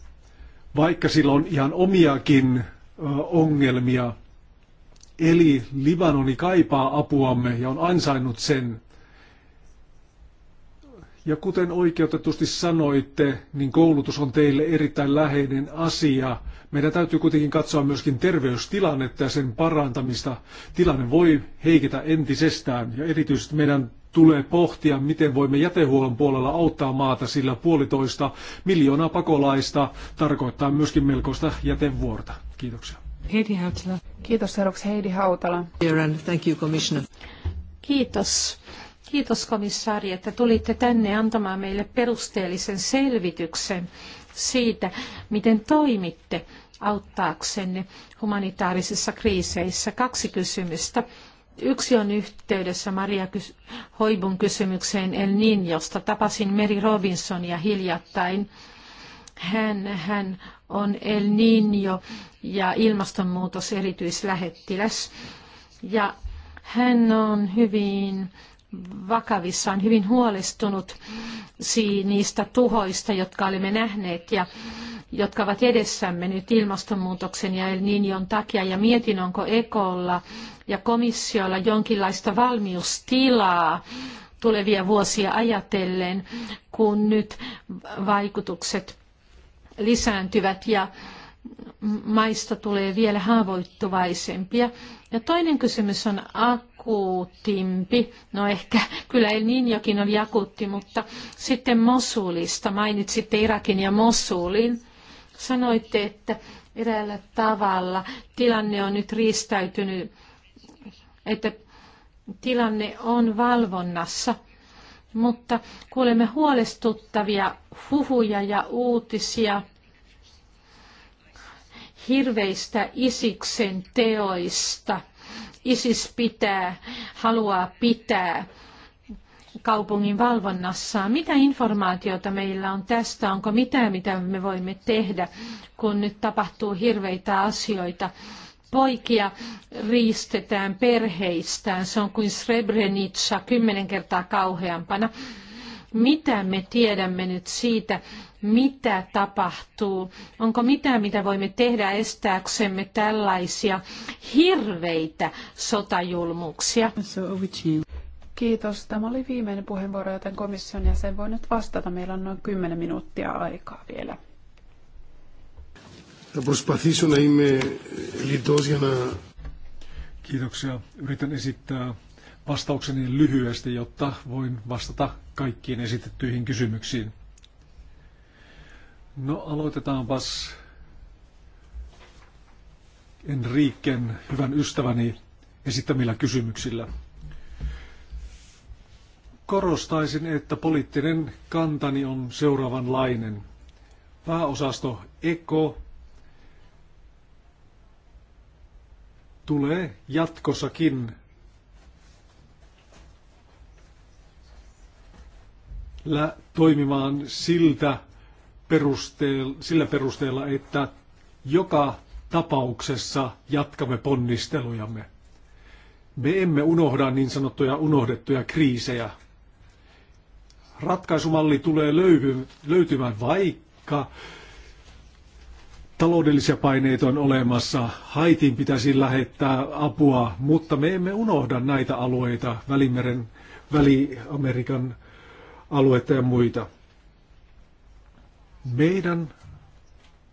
Speaker 3: vaikka sillä on ihan omiakin ongelmia. Eli Libanoni kaipaa apuamme ja on ansainnut sen. Ja kuten oikeutetusti sanoitte, niin koulutus on teille erittäin läheinen asia. Meidän täytyy kuitenkin katsoa myöskin terveystilannetta ja sen parantamista. Tilanne voi heiketä entisestään ja erityisesti meidän tulee pohtia, miten voimme jätehuollon puolella auttaa maata, sillä puolitoista miljoonaa pakolaista tarkoittaa myöskin melkoista jätevuorta. Kiitoksia.
Speaker 1: Heidi Hautala. Kiitos seuraavaksi Heidi
Speaker 4: Hautala.
Speaker 3: Thank you, Commissioner.
Speaker 4: Kiitos. Kiitos komissaari, että tulitte tänne antamaan meille perusteellisen selvityksen siitä, miten toimitte auttaaksenne humanitaarisissa kriiseissä. Kaksi kysymystä. Yksi on yhteydessä Maria Hoibun kysymykseen El Ninjosta. Tapasin Robinson Robinsonia hiljattain. Hän, hän on El Niño ja ilmastonmuutos erityislähettiläs. Ja hän on hyvin vakavissaan, hyvin huolestunut niistä tuhoista, jotka olemme nähneet ja jotka ovat edessämme nyt ilmastonmuutoksen ja El Niñon takia. Ja mietin, onko Ekolla ja komissiolla jonkinlaista valmiustilaa tulevia vuosia ajatellen, kun nyt vaikutukset lisääntyvät ja maista tulee vielä haavoittuvaisempia. Ja toinen kysymys on akuutimpi. No ehkä kyllä El jokin oli akuutti, mutta sitten Mosulista. Mainitsitte Irakin ja Mosulin. Sanoitte, että eräällä tavalla tilanne on nyt riistäytynyt, että tilanne on valvonnassa – mutta kuulemme huolestuttavia huhuja ja uutisia hirveistä Isiksen teoista. ISIS pitää, haluaa pitää kaupungin valvonnassa. Mitä informaatiota meillä on tästä? Onko mitään, mitä me voimme tehdä, kun nyt tapahtuu hirveitä asioita poikia riistetään perheistään. Se on kuin Srebrenica kymmenen kertaa kauheampana. Mitä me tiedämme nyt siitä, mitä tapahtuu? Onko mitään, mitä voimme tehdä estääksemme tällaisia hirveitä sotajulmuuksia? Kiitos. Tämä oli viimeinen puheenvuoro,
Speaker 1: joten komission jäsen voi nyt vastata. Meillä on noin 10 minuuttia aikaa vielä.
Speaker 3: Θα προσπαθήσω να είμαι λιτός για να... Kiitoksia. Yritän esittää vastaukseni lyhyesti, jotta voin vastata kaikkiin esitettyihin kysymyksiin. No aloitetaanpas Enriken hyvän ystäväni esittämillä kysymyksillä. Korostaisin, että poliittinen kantani on seuraavanlainen. Pääosasto ECO tulee jatkossakin toimimaan siltä perusteella, sillä perusteella, että joka tapauksessa jatkamme ponnistelujamme. Me emme unohda niin sanottuja unohdettuja kriisejä. Ratkaisumalli tulee löytymään, vaikka taloudellisia paineita on olemassa. Haitiin pitäisi lähettää apua, mutta me emme unohda näitä alueita, Välimeren, Väli-Amerikan aluetta ja muita. Meidän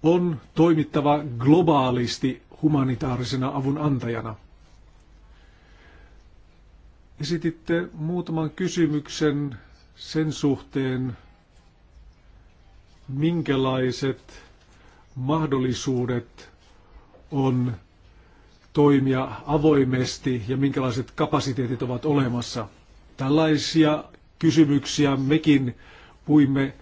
Speaker 3: on toimittava globaalisti humanitaarisena avun antajana. Esititte muutaman kysymyksen sen suhteen, minkälaiset mahdollisuudet on toimia avoimesti ja minkälaiset kapasiteetit ovat olemassa. Tällaisia kysymyksiä mekin puimme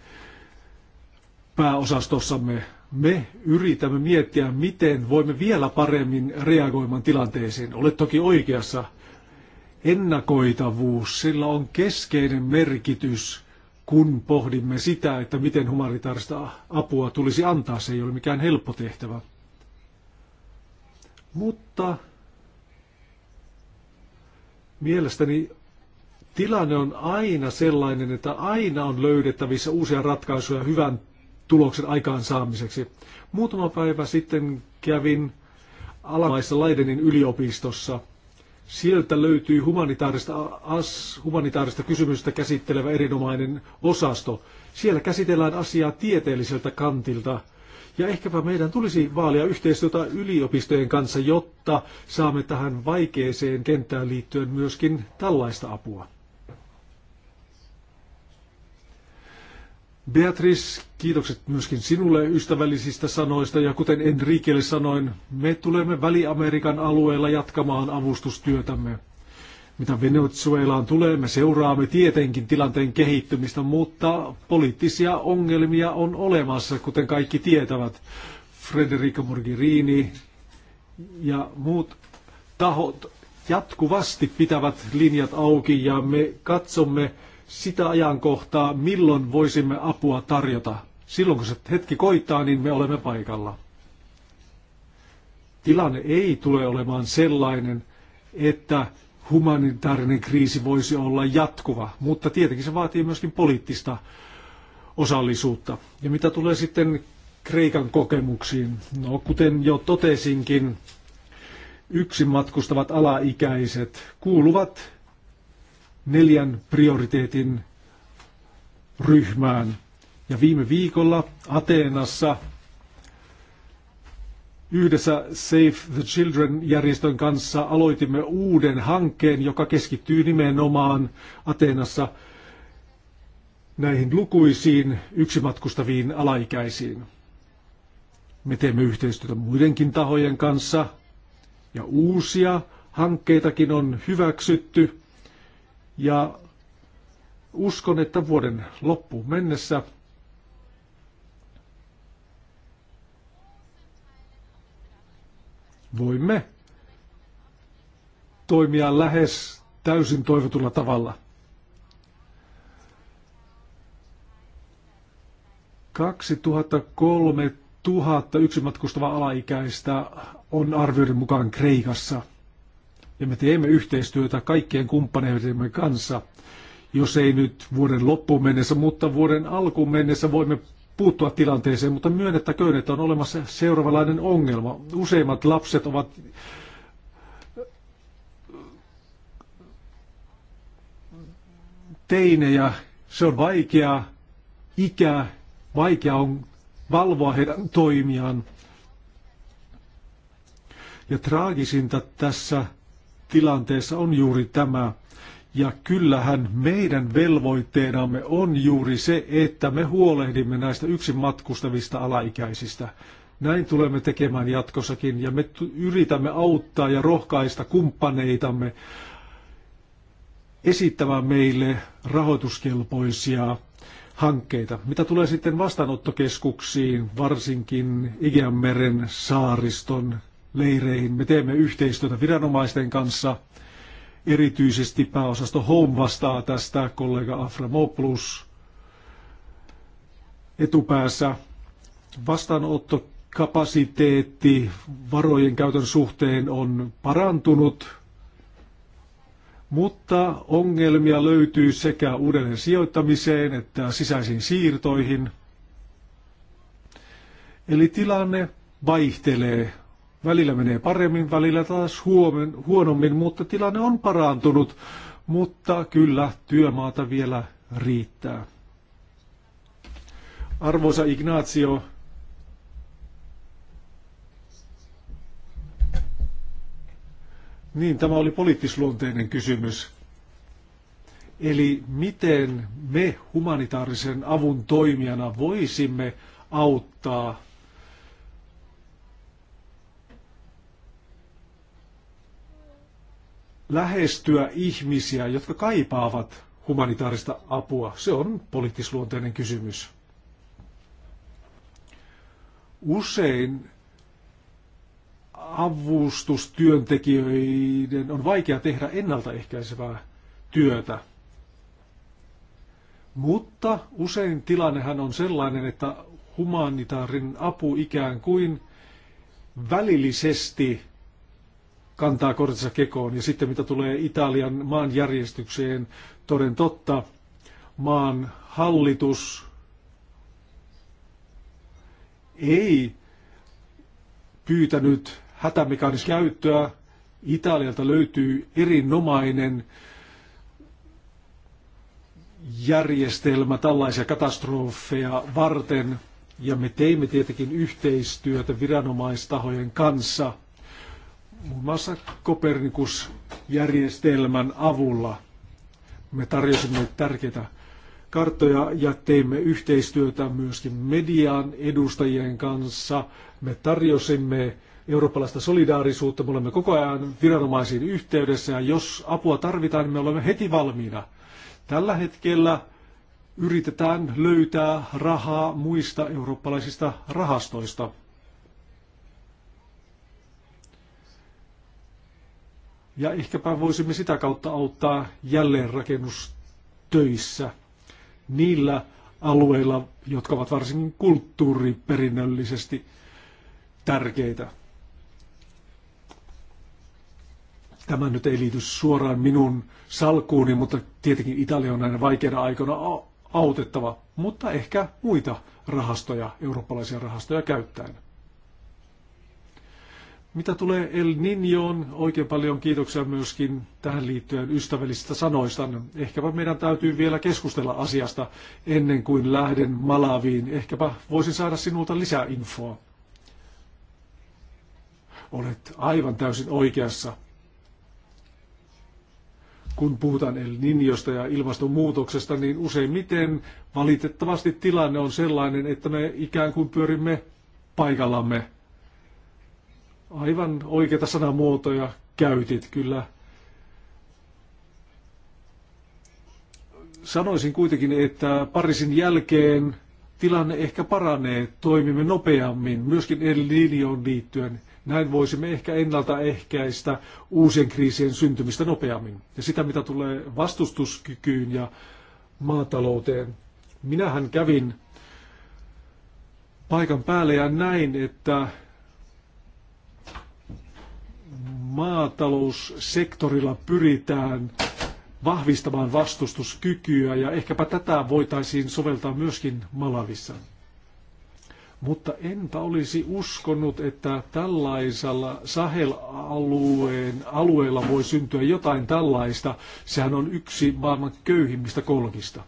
Speaker 3: pääosastossamme. Me yritämme miettiä, miten voimme vielä paremmin reagoimaan tilanteeseen. Olet toki oikeassa. Ennakoitavuus, sillä on keskeinen merkitys kun pohdimme sitä, että miten humanitaarista apua tulisi antaa. Se ei ole mikään helppo tehtävä. Mutta mielestäni tilanne on aina sellainen, että aina on löydettävissä uusia ratkaisuja hyvän tuloksen aikaansaamiseksi. Muutama päivä sitten kävin alamaissa Leidenin yliopistossa – Sieltä löytyy humanitaarista, as, humanitaarista kysymystä käsittelevä erinomainen osasto. Siellä käsitellään asiaa tieteelliseltä kantilta. Ja ehkäpä meidän tulisi vaalia yhteistyötä yliopistojen kanssa, jotta saamme tähän vaikeeseen kenttään liittyen myöskin tällaista apua. Beatrice, kiitokset myöskin sinulle ystävällisistä sanoista ja kuten Enriquelle sanoin, me tulemme Väli-Amerikan alueella jatkamaan avustustyötämme. Mitä Venezuelaan tulee, me seuraamme tietenkin tilanteen kehittymistä, mutta poliittisia ongelmia on olemassa, kuten kaikki tietävät. Federica Morgirini ja muut tahot jatkuvasti pitävät linjat auki ja me katsomme, sitä ajankohtaa, milloin voisimme apua tarjota. Silloin kun se hetki koittaa, niin me olemme paikalla. Tilanne ei tule olemaan sellainen, että humanitaarinen kriisi voisi olla jatkuva, mutta tietenkin se vaatii myöskin poliittista osallisuutta. Ja mitä tulee sitten Kreikan kokemuksiin? No, kuten jo totesinkin, yksin matkustavat alaikäiset kuuluvat neljän prioriteetin ryhmään. Ja viime viikolla Ateenassa yhdessä Save the Children-järjestön kanssa aloitimme uuden hankkeen, joka keskittyy nimenomaan Ateenassa näihin lukuisiin yksimatkustaviin alaikäisiin. Me teemme yhteistyötä muidenkin tahojen kanssa ja uusia hankkeitakin on hyväksytty ja uskon, että vuoden loppuun mennessä voimme toimia lähes täysin toivotulla tavalla. 2003 000 yksin alaikäistä on arvioiden mukaan Kreikassa – ja me teemme yhteistyötä kaikkien kumppaneidemme kanssa, jos ei nyt vuoden loppuun mennessä, mutta vuoden alkuun mennessä voimme puuttua tilanteeseen, mutta myönnettäköön, että on olemassa seuraavanlainen ongelma. Useimmat lapset ovat teinejä, se on vaikea ikä, vaikea on valvoa heidän toimiaan. Ja traagisinta tässä tilanteessa on juuri tämä. Ja kyllähän meidän velvoitteenamme on juuri se, että me huolehdimme näistä yksin matkustavista alaikäisistä. Näin tulemme tekemään jatkossakin ja me yritämme auttaa ja rohkaista kumppaneitamme esittämään meille rahoituskelpoisia hankkeita. Mitä tulee sitten vastaanottokeskuksiin, varsinkin Igeanmeren saariston leireihin. Me teemme yhteistyötä viranomaisten kanssa. Erityisesti pääosasto Home vastaa tästä, kollega Aframopoulos etupäässä. Vastaanottokapasiteetti varojen käytön suhteen on parantunut, mutta ongelmia löytyy sekä uudelleen sijoittamiseen että sisäisiin siirtoihin. Eli tilanne vaihtelee Välillä menee paremmin, välillä taas huomen, huonommin, mutta tilanne on parantunut. Mutta kyllä työmaata vielä riittää. Arvoisa Ignacio, Niin, tämä oli poliittisluonteinen kysymys. Eli miten me humanitaarisen avun toimijana voisimme auttaa lähestyä ihmisiä, jotka kaipaavat humanitaarista apua. Se on poliittisluonteinen kysymys. Usein avustustyöntekijöiden on vaikea tehdä ennaltaehkäisevää työtä. Mutta usein tilannehan on sellainen, että humanitaarinen apu ikään kuin välillisesti kantaa kortensa kekoon. Ja sitten mitä tulee Italian maanjärjestykseen, toden totta, maan hallitus ei pyytänyt hätämekanismin käyttöä. Italialta löytyy erinomainen järjestelmä tällaisia katastrofeja varten, ja me teimme tietenkin yhteistyötä viranomaistahojen kanssa – muun muassa Kopernikus-järjestelmän avulla. Me tarjosimme tärkeitä karttoja ja teimme yhteistyötä myöskin median edustajien kanssa. Me tarjosimme eurooppalaista solidaarisuutta, me olemme koko ajan viranomaisiin yhteydessä ja jos apua tarvitaan, niin me olemme heti valmiina. Tällä hetkellä yritetään löytää rahaa muista eurooppalaisista rahastoista. Ja ehkäpä voisimme sitä kautta auttaa jälleenrakennustöissä niillä alueilla, jotka ovat varsinkin kulttuuriperinnöllisesti tärkeitä. Tämä nyt ei liity suoraan minun salkuuni, mutta tietenkin Italia on näinä vaikeina aikoina autettava, mutta ehkä muita rahastoja, eurooppalaisia rahastoja käyttäen. Mitä tulee El Ninjoon, oikein paljon kiitoksia myöskin tähän liittyen ystävällisistä sanoista. Ehkäpä meidän täytyy vielä keskustella asiasta ennen kuin lähden Malaviin. Ehkäpä voisin saada sinulta lisää infoa. Olet aivan täysin oikeassa. Kun puhutaan El Ninjosta ja ilmastonmuutoksesta, niin useimmiten valitettavasti tilanne on sellainen, että me ikään kuin pyörimme paikallamme – Aivan oikeita sanamuotoja käytit kyllä. Sanoisin kuitenkin, että parisin jälkeen tilanne ehkä paranee, toimimme nopeammin, myöskin eri linjoon liittyen. Näin voisimme ehkä ennaltaehkäistä uusien kriisien syntymistä nopeammin. Ja sitä, mitä tulee vastustuskykyyn ja maatalouteen. Minähän kävin paikan päälle ja näin, että maataloussektorilla pyritään vahvistamaan vastustuskykyä ja ehkäpä tätä voitaisiin soveltaa myöskin Malavissa. Mutta enpä olisi uskonut, että tällaisella Sahel-alueen alueella voi syntyä jotain tällaista. Sehän on yksi maailman köyhimmistä kolkista.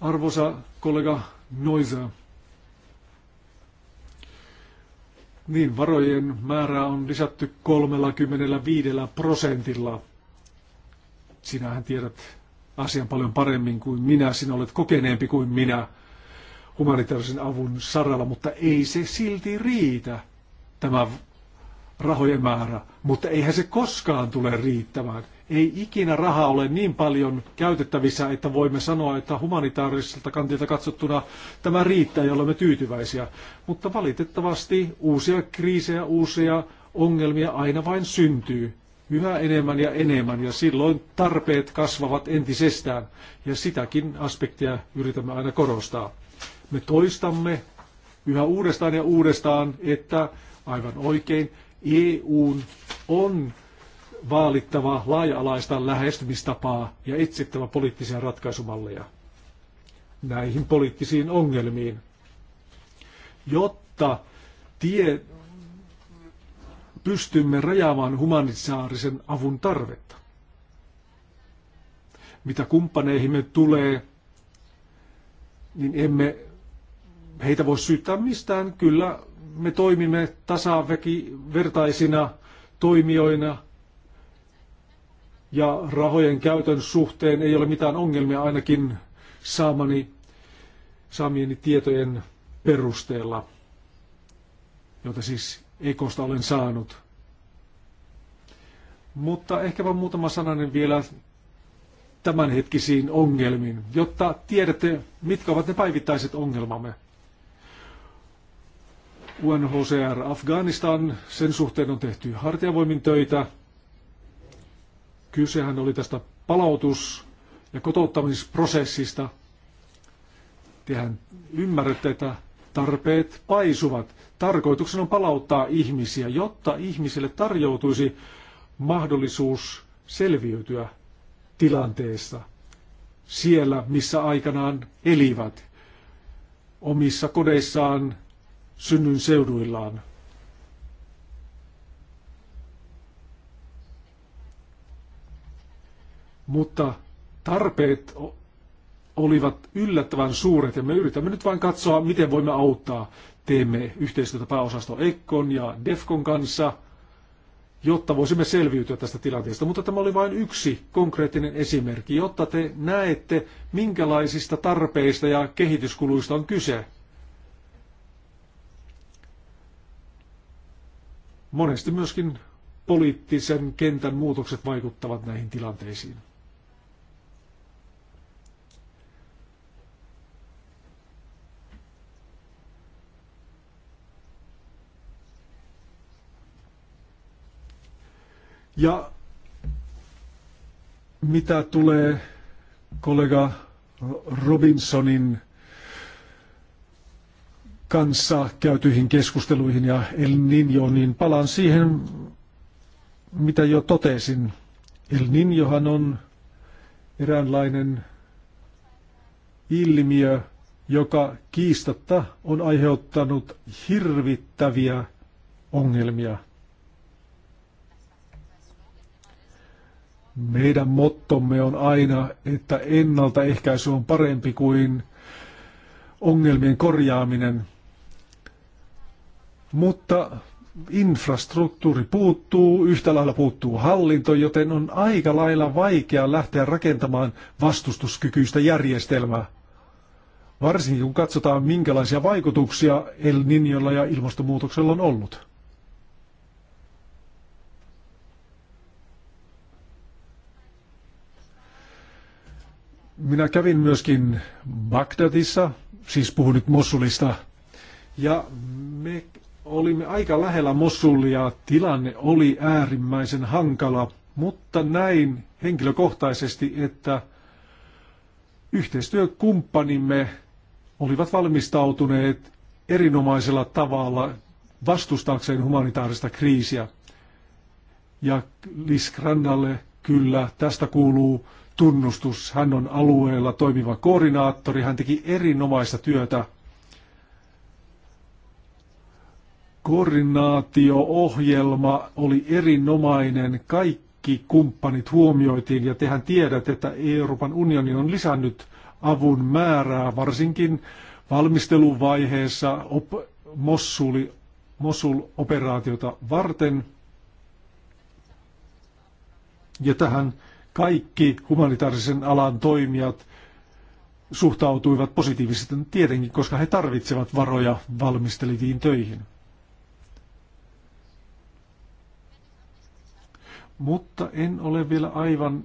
Speaker 3: Arvoisa kollega Noisa, niin varojen määrää on lisätty 35 prosentilla. Sinähän tiedät asian paljon paremmin kuin minä, sinä olet kokeneempi kuin minä humanitaarisen avun saralla, mutta ei se silti riitä, tämä rahojen määrä. Mutta eihän se koskaan tule riittämään. Ei ikinä raha ole niin paljon käytettävissä, että voimme sanoa, että humanitaariselta kantilta katsottuna tämä riittää ja olemme tyytyväisiä. Mutta valitettavasti uusia kriisejä, uusia ongelmia aina vain syntyy yhä enemmän ja enemmän ja silloin tarpeet kasvavat entisestään ja sitäkin aspektia yritämme aina korostaa. Me toistamme yhä uudestaan ja uudestaan, että aivan oikein EUn on vaalittava laaja-alaista lähestymistapaa ja etsittävä poliittisia ratkaisumalleja näihin poliittisiin ongelmiin, jotta tie pystymme rajaamaan humanitaarisen avun tarvetta. Mitä kumppaneihimme tulee, niin emme heitä voi syyttää mistään. Kyllä me toimimme tasavertaisina toimijoina ja rahojen käytön suhteen ei ole mitään ongelmia ainakin saamani, saamieni tietojen perusteella, jota siis Ekosta olen saanut. Mutta ehkä vain muutama sananen vielä tämänhetkisiin ongelmiin, jotta tiedätte, mitkä ovat ne päivittäiset ongelmamme. UNHCR Afganistan, sen suhteen on tehty hartiavoimin töitä – Kysehän oli tästä palautus- ja kotouttamisprosessista. Tehän ymmärrätte, että tarpeet paisuvat. Tarkoituksena on palauttaa ihmisiä, jotta ihmisille tarjoutuisi mahdollisuus selviytyä tilanteesta siellä, missä aikanaan elivät, omissa kodeissaan, synnyn seuduillaan. mutta tarpeet olivat yllättävän suuret ja me yritämme nyt vain katsoa, miten voimme auttaa. Teemme yhteistyötä pääosasto Ekkon ja Defkon kanssa, jotta voisimme selviytyä tästä tilanteesta. Mutta tämä oli vain yksi konkreettinen esimerkki, jotta te näette, minkälaisista tarpeista ja kehityskuluista on kyse. Monesti myöskin poliittisen kentän muutokset vaikuttavat näihin tilanteisiin. Ja mitä tulee kollega Robinsonin kanssa käytyihin keskusteluihin ja El Niño, niin palaan siihen, mitä jo totesin. El Niñohan on eräänlainen ilmiö, joka kiistatta on aiheuttanut hirvittäviä ongelmia Meidän mottomme on aina, että ennaltaehkäisy on parempi kuin ongelmien korjaaminen. Mutta infrastruktuuri puuttuu, yhtä lailla puuttuu hallinto, joten on aika lailla vaikea lähteä rakentamaan vastustuskykyistä järjestelmää. Varsinkin kun katsotaan, minkälaisia vaikutuksia El Ninjolla ja ilmastonmuutoksella on ollut. Minä kävin myöskin Bagdadissa, siis puhun nyt Mosulista, ja me olimme aika lähellä Mosulia. Tilanne oli äärimmäisen hankala, mutta näin henkilökohtaisesti, että yhteistyökumppanimme olivat valmistautuneet erinomaisella tavalla vastustaakseen humanitaarista kriisiä. Ja Liskrannalle kyllä tästä kuuluu tunnustus. Hän on alueella toimiva koordinaattori. Hän teki erinomaista työtä. Koordinaatio-ohjelma oli erinomainen. Kaikki kumppanit huomioitiin ja tehän tiedät, että Euroopan unioni on lisännyt avun määrää, varsinkin valmisteluvaiheessa op- Mossuli, Mosul-operaatiota varten. Ja tähän kaikki humanitaarisen alan toimijat suhtautuivat positiivisesti tietenkin, koska he tarvitsevat varoja valmisteliviin töihin. Mutta en ole vielä aivan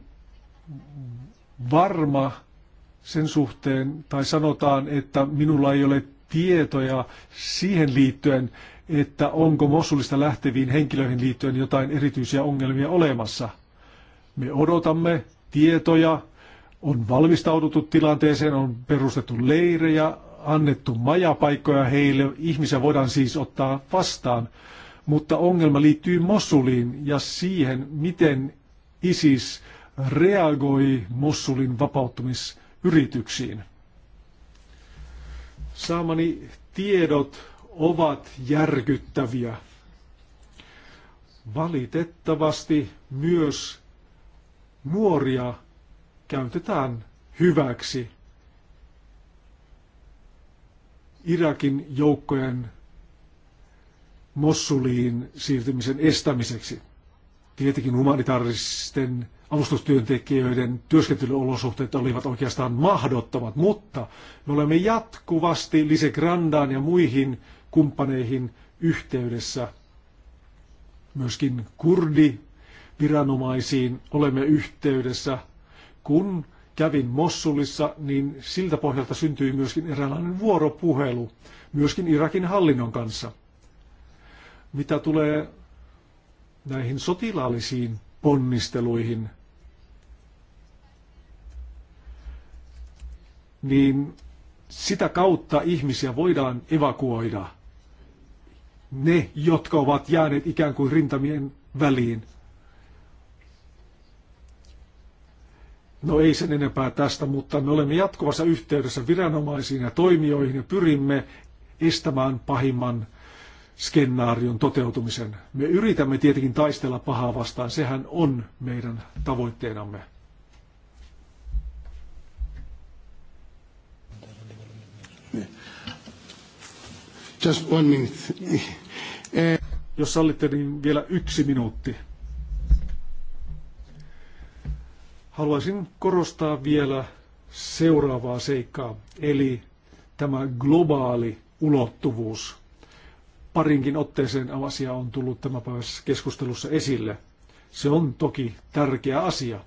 Speaker 3: varma sen suhteen, tai sanotaan, että minulla ei ole tietoja siihen liittyen, että onko Mosulista lähteviin henkilöihin liittyen jotain erityisiä ongelmia olemassa – me odotamme tietoja, on valmistauduttu tilanteeseen, on perustettu leirejä, annettu majapaikkoja heille, ihmisiä voidaan siis ottaa vastaan, mutta ongelma liittyy Mossuliin ja siihen, miten ISIS reagoi Mossulin vapauttamisyrityksiin. Saamani tiedot ovat järkyttäviä. Valitettavasti myös nuoria käytetään hyväksi Irakin joukkojen Mossuliin siirtymisen estämiseksi. Tietenkin humanitaaristen avustustyöntekijöiden työskentelyolosuhteet olivat oikeastaan mahdottomat, mutta me olemme jatkuvasti Lise Grandaan ja muihin kumppaneihin yhteydessä. Myöskin kurdi viranomaisiin olemme yhteydessä. Kun kävin Mossulissa, niin siltä pohjalta syntyi myöskin eräänlainen vuoropuhelu, myöskin Irakin hallinnon kanssa. Mitä tulee näihin sotilaallisiin ponnisteluihin, niin sitä kautta ihmisiä voidaan evakuoida. Ne, jotka ovat jääneet ikään kuin rintamien väliin, No ei sen enempää tästä, mutta me olemme jatkuvassa yhteydessä viranomaisiin ja toimijoihin ja pyrimme estämään pahimman skenaarion toteutumisen. Me yritämme tietenkin taistella pahaa vastaan, sehän on meidän tavoitteenamme. Just one minute. Jos sallitte, niin vielä yksi minuutti. Haluaisin korostaa vielä seuraavaa seikkaa, eli tämä globaali ulottuvuus. Parinkin otteeseen asia on tullut tämä päivässä keskustelussa esille. Se on toki tärkeä asia.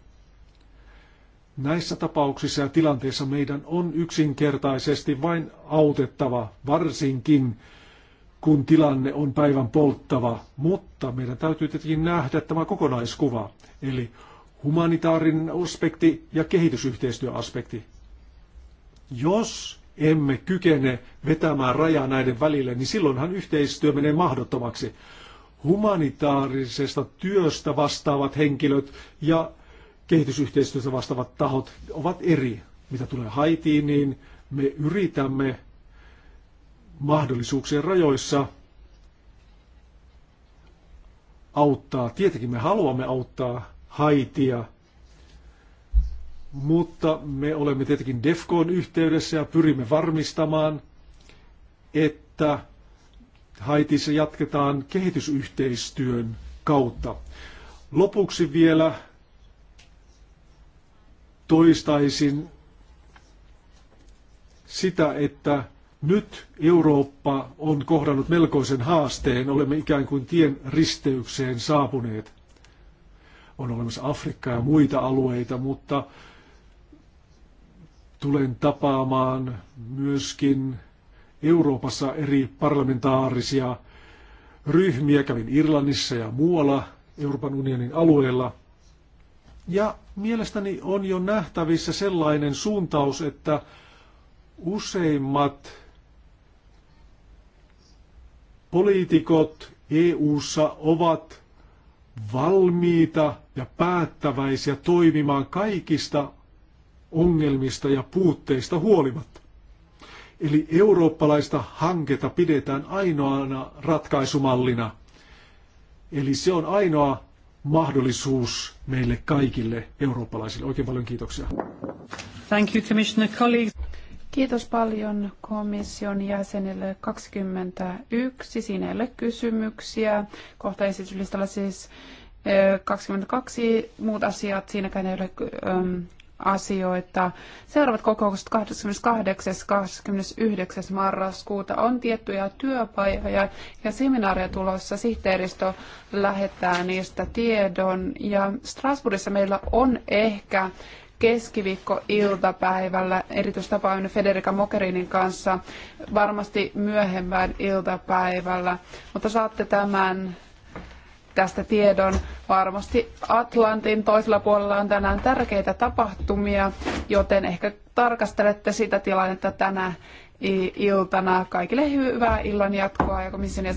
Speaker 3: Näissä tapauksissa ja tilanteissa meidän on yksinkertaisesti vain autettava, varsinkin kun tilanne on päivän polttava, mutta meidän täytyy tietenkin nähdä tämä kokonaiskuva. Eli humanitaarinen aspekti ja kehitysyhteistyöaspekti. Jos emme kykene vetämään rajaa näiden välille, niin silloinhan yhteistyö menee mahdottomaksi. Humanitaarisesta työstä vastaavat henkilöt ja kehitysyhteistyöstä vastaavat tahot ovat eri. Mitä tulee Haitiin, niin me yritämme mahdollisuuksien rajoissa auttaa. Tietenkin me haluamme auttaa Haitia. Mutta me olemme tietenkin DEFCON yhteydessä ja pyrimme varmistamaan, että Haitissa jatketaan kehitysyhteistyön kautta. Lopuksi vielä toistaisin sitä, että nyt Eurooppa on kohdannut melkoisen haasteen, olemme ikään kuin tien risteykseen saapuneet. On olemassa Afrikkaa ja muita alueita, mutta tulen tapaamaan myöskin Euroopassa eri parlamentaarisia ryhmiä. Kävin Irlannissa ja muualla Euroopan unionin alueella. Ja mielestäni on jo nähtävissä sellainen suuntaus, että useimmat poliitikot EU:ssa ovat valmiita ja päättäväisiä toimimaan kaikista ongelmista ja puutteista huolimatta. Eli eurooppalaista hanketta pidetään ainoana ratkaisumallina. Eli se on ainoa mahdollisuus meille kaikille eurooppalaisille. Oikein paljon kiitoksia.
Speaker 1: Thank you, Commissioner colleagues. Kiitos paljon komission jäsenille 21. Siinä ei ole kysymyksiä. Kohta esityslistalla siis 22 muut asiat. Siinäkään ei ole asioita. Seuraavat kokoukset 28. 29. marraskuuta on tiettyjä työpajoja ja seminaareja tulossa. Sihteeristö lähettää niistä tiedon. Ja Strasbourgissa meillä on ehkä keskiviikko-iltapäivällä erityistapaaminen Federica Mogherinin kanssa varmasti myöhemmän iltapäivällä, mutta saatte tämän tästä tiedon. Varmasti Atlantin toisella puolella on tänään tärkeitä tapahtumia, joten ehkä tarkastelette sitä tilannetta tänä iltana. Kaikille hyvää illan jatkoa ja komission